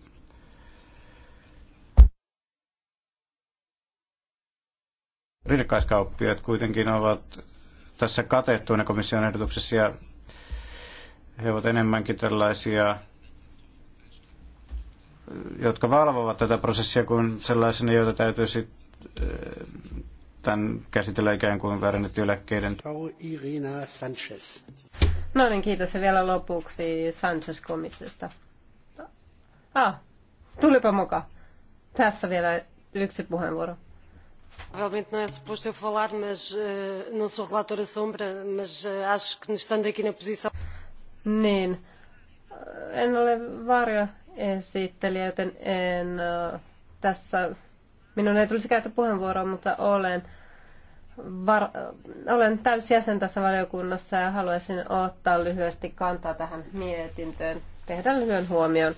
Rinnakkaiskauppiaat kuitenkin ovat tässä katettuina komission ehdotuksessa ja he ovat enemmänkin tällaisia, jotka valvovat tätä prosessia kuin sellaisena, joita täytyisi eh, tämän käsitellä ikään kuin väärennettyjen eläkkeiden. Irina Sanchez. No niin, kiitos. Ja vielä lopuksi Sanchez-komissiosta. Ah, tulipa mukaan. Tässä vielä yksi puheenvuoro. Provavelmente não é suposto eu falar, mas uh, não sou relatora sombra, mas uh, acho que estando aqui na posição... Niin. Eh, en ole varjo esittelijä, joten en uh, tässä... Minun ei tulisi käyttää puheenvuoroa, mutta olen var- olen täysjäsen tässä valiokunnassa ja haluaisin ottaa lyhyesti kantaa tähän mietintöön, tehdä lyhyen huomion.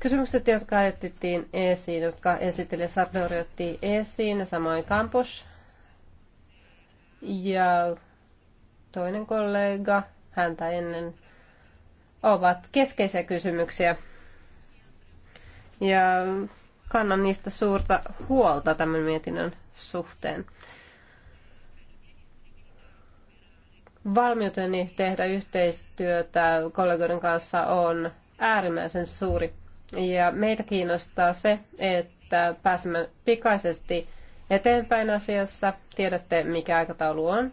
Kysymykset, jotka ajettiin esiin, jotka esitteli Sartori otti esiin, samoin Kampos ja toinen kollega häntä ennen, ovat keskeisiä kysymyksiä. Ja kannan niistä suurta huolta tämän mietinnön suhteen. Valmiuteni tehdä yhteistyötä kollegoiden kanssa on äärimmäisen suuri. Ja meitä kiinnostaa se, että pääsemme pikaisesti eteenpäin asiassa. Tiedätte, mikä aikataulu on.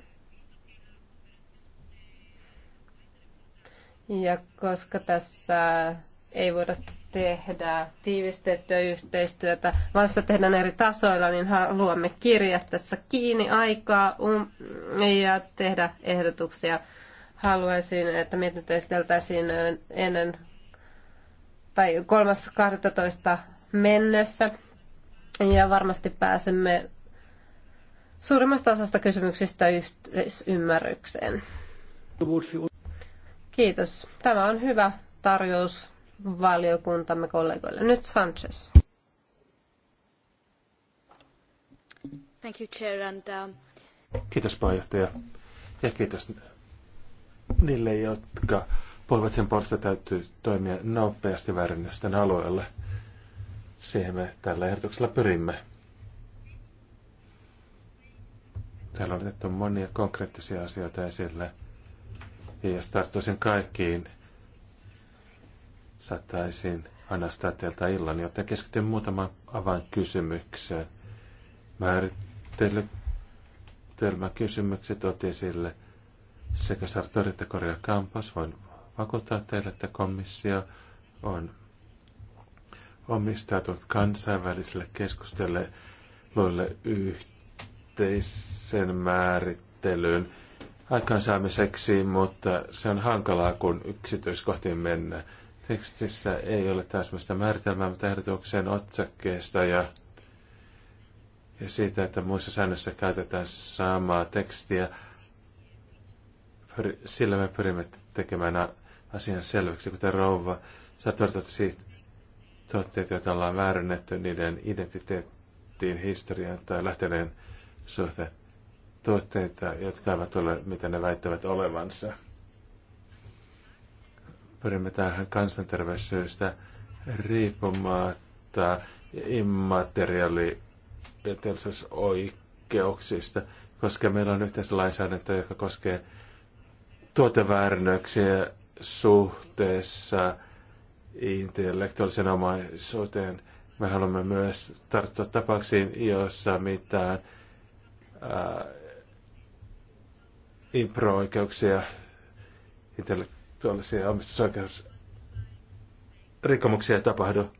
Ja koska tässä ei voida tehdä tiivistettyä yhteistyötä, vaan sitä tehdään eri tasoilla, niin luomme kirjat tässä kiinni aikaa um, ja tehdä ehdotuksia. Haluaisin, että mietintö esiteltäisiin ennen tai 3.12. mennessä. Ja varmasti pääsemme suurimmasta osasta kysymyksistä yhteisymmärrykseen. Kiitos. Tämä on hyvä tarjous valiokuntamme kollegoille. Nyt Sanchez. Thank you, Chair, and, um... Kiitos puheenjohtaja ja kiitos niille, jotka puhuvat sen puolesta täytyy toimia nopeasti väärennösten alueelle. Siihen me tällä ehdotuksella pyrimme. Täällä on otettu monia konkreettisia asioita esille. Ja jos tarttuisin kaikkiin, saattaisin anastaa teiltä illan, joten keskityn muutamaan Määrittelytelmä kysymykset otin sille sekä Sartori että Korea Kampas. Voin vakuuttaa teille, että komissio on omistautunut kansainväliselle luille yhteisen määrittelyyn aikaansaamiseksi, mutta se on hankalaa, kun yksityiskohtiin mennään. Tekstissä ei ole täsmästä määritelmää, mutta ehdotuksen otsakkeesta ja, ja siitä, että muissa säännöissä käytetään samaa tekstiä. Sillä me pyrimme tekemään asian selväksi, kuten rouva. Sä siitä tuotteet, joita ollaan väärännetty niiden identiteettiin, historiaan tai lähteneen suhteen tuotteita, jotka eivät ole, mitä ne väittävät olevansa. Pyrimme tähän kansanterveyssyistä riippumatta immateriaalioikeuksista, koska meillä on lainsäädäntöä, joka koskee tuoteväärennöksiä suhteessa intellektuaalisen omaisuuteen. Me haluamme myös tarttua tapauksiin, joissa mitään impro-oikeuksia, tuollaisia omistusoikeusrikkomuksia ei tapahdu,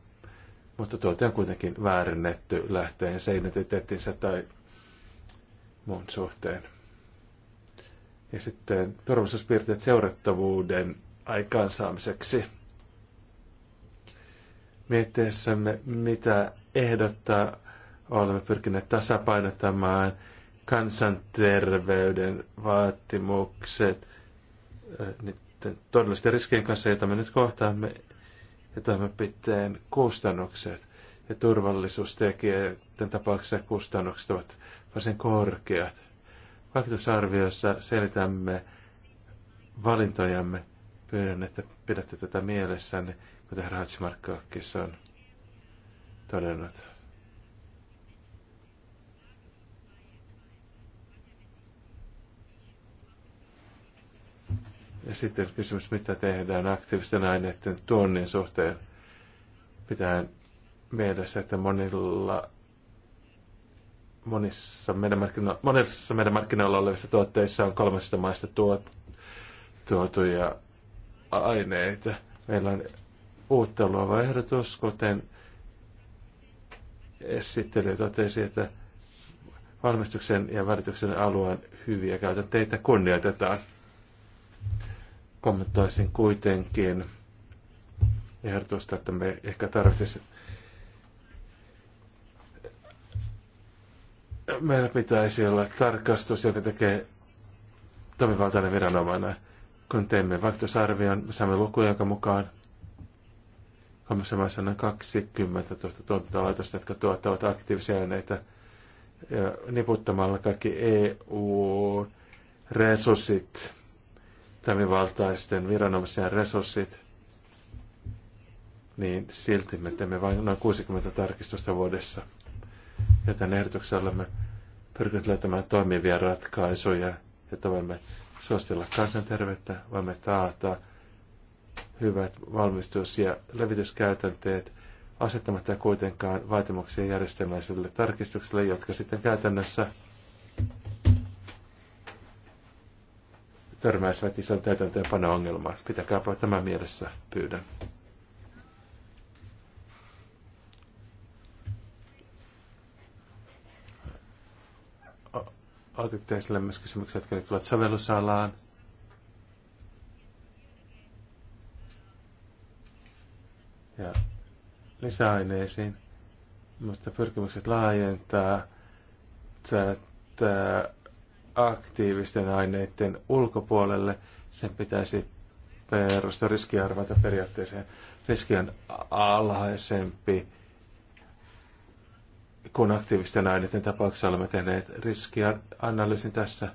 mutta tuote on kuitenkin väärennetty lähteen seinätetettinsä tai muun suhteen. Ja sitten turvallisuuspiirteet seurattavuuden aikaansaamiseksi. Mietteessämme, mitä ehdottaa, olemme pyrkineet tasapainottamaan kansanterveyden vaatimukset, niin näiden todellisten riskien kanssa, joita me nyt kohtaamme, ja toimenpiteen kustannukset ja turvallisuustekijöiden tapauksessa kustannukset ovat varsin korkeat. Vaikutusarviossa selitämme valintojamme. Pyydän, että pidätte tätä mielessänne, kuten Rajmarkkakis on todennut. Ja sitten kysymys, mitä tehdään aktiivisten aineiden tuonnin suhteen. Pitää mielessä, että monilla monissa meidän, markkino- monissa meidän markkinoilla olevissa tuotteissa on kolmesta maista tuot- tuotuja aineita. Meillä on uutta luova ehdotus, kuten esittely totesi, että valmistuksen ja välityksen alueen hyviä käytänteitä kunnioitetaan. Kommentoisin kuitenkin ehdotusta, että me ehkä tarvitsisi meillä pitäisi olla tarkastus, joka tekee toimivaltainen viranomainen. Kun teemme vaikutusarvion, saamme lukuja, jonka mukaan Hommassa on noin 20 000 tuotantolaitosta, jotka tuottavat aktiivisia aineita. Ja niputtamalla kaikki EU-resurssit toimivaltaisten viranomaisen resurssit, niin silti me teemme vain noin 60 tarkistusta vuodessa. tämän ehdotuksen olemme pyrkineet löytämään toimivia ratkaisuja, jotta voimme suostella kansanterveyttä, voimme taata hyvät valmistus- ja levityskäytänteet, asettamatta kuitenkaan vaatimuksia järjestelmällisille tarkistuksille, jotka sitten käytännössä törmäisivät ison täytäntöönpano ongelmaa. Pitäkääpä tämä mielessä, pyydän. Otitte esille myös kysymyksiä, jotka liittyvät sovellusalaan. Ja lisäaineisiin, mutta pyrkimykset laajentaa tätä aktiivisten aineiden ulkopuolelle. Sen pitäisi perustua riskiarvata periaatteeseen. Riski on alhaisempi kuin aktiivisten aineiden tapauksessa olemme tehneet riskianalyysin tässä.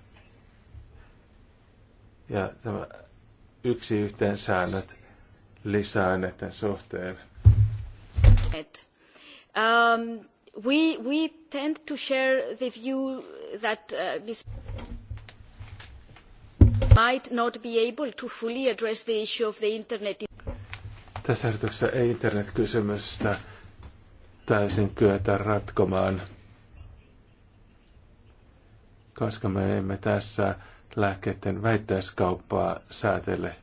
Ja tämä yksi yhteen säännöt lisäaineiden suhteen. Um, we, we tend to share the view that uh, Ms. might not be able to fully address the issue of the internet. Tässä ehdotuksessa ei internetkysymystä täysin kyetä ratkomaan, koska me emme tässä lääkkeiden väittäiskauppaa säätele.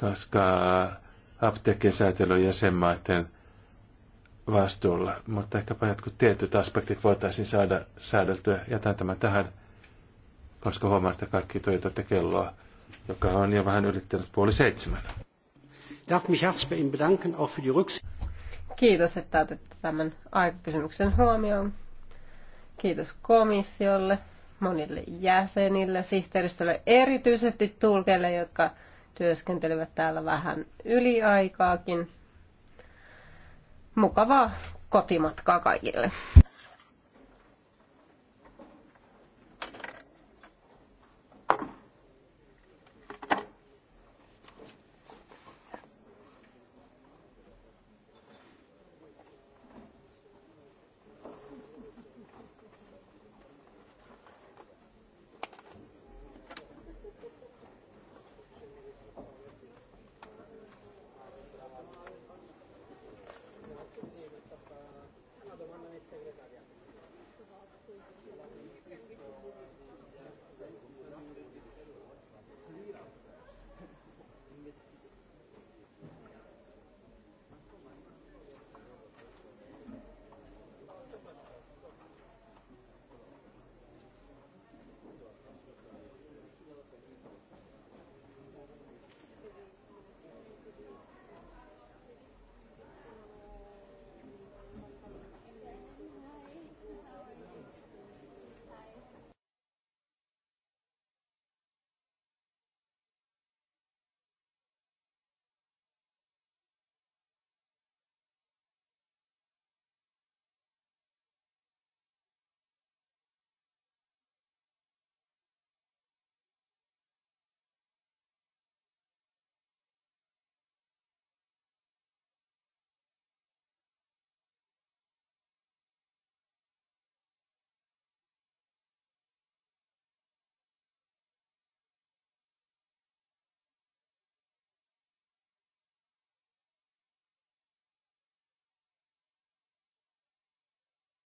Koska apteekin säätely jäsenmaiden vastuulla, mutta ehkäpä jotkut tietyt aspektit voitaisiin saada säädeltyä. Jätän tämän tähän, koska huomaan, että kaikki tuijotatte kelloa, joka on jo vähän ylittänyt puoli seitsemän. Darf mich herzlich bedanken, auch für die Kiitos, että otette tämän aikakysymyksen huomioon. Kiitos komissiolle, monille jäsenille, sihteeristölle, erityisesti tulkeille, jotka työskentelevät täällä vähän yliaikaakin. Mukavaa kotimatkaa kaikille.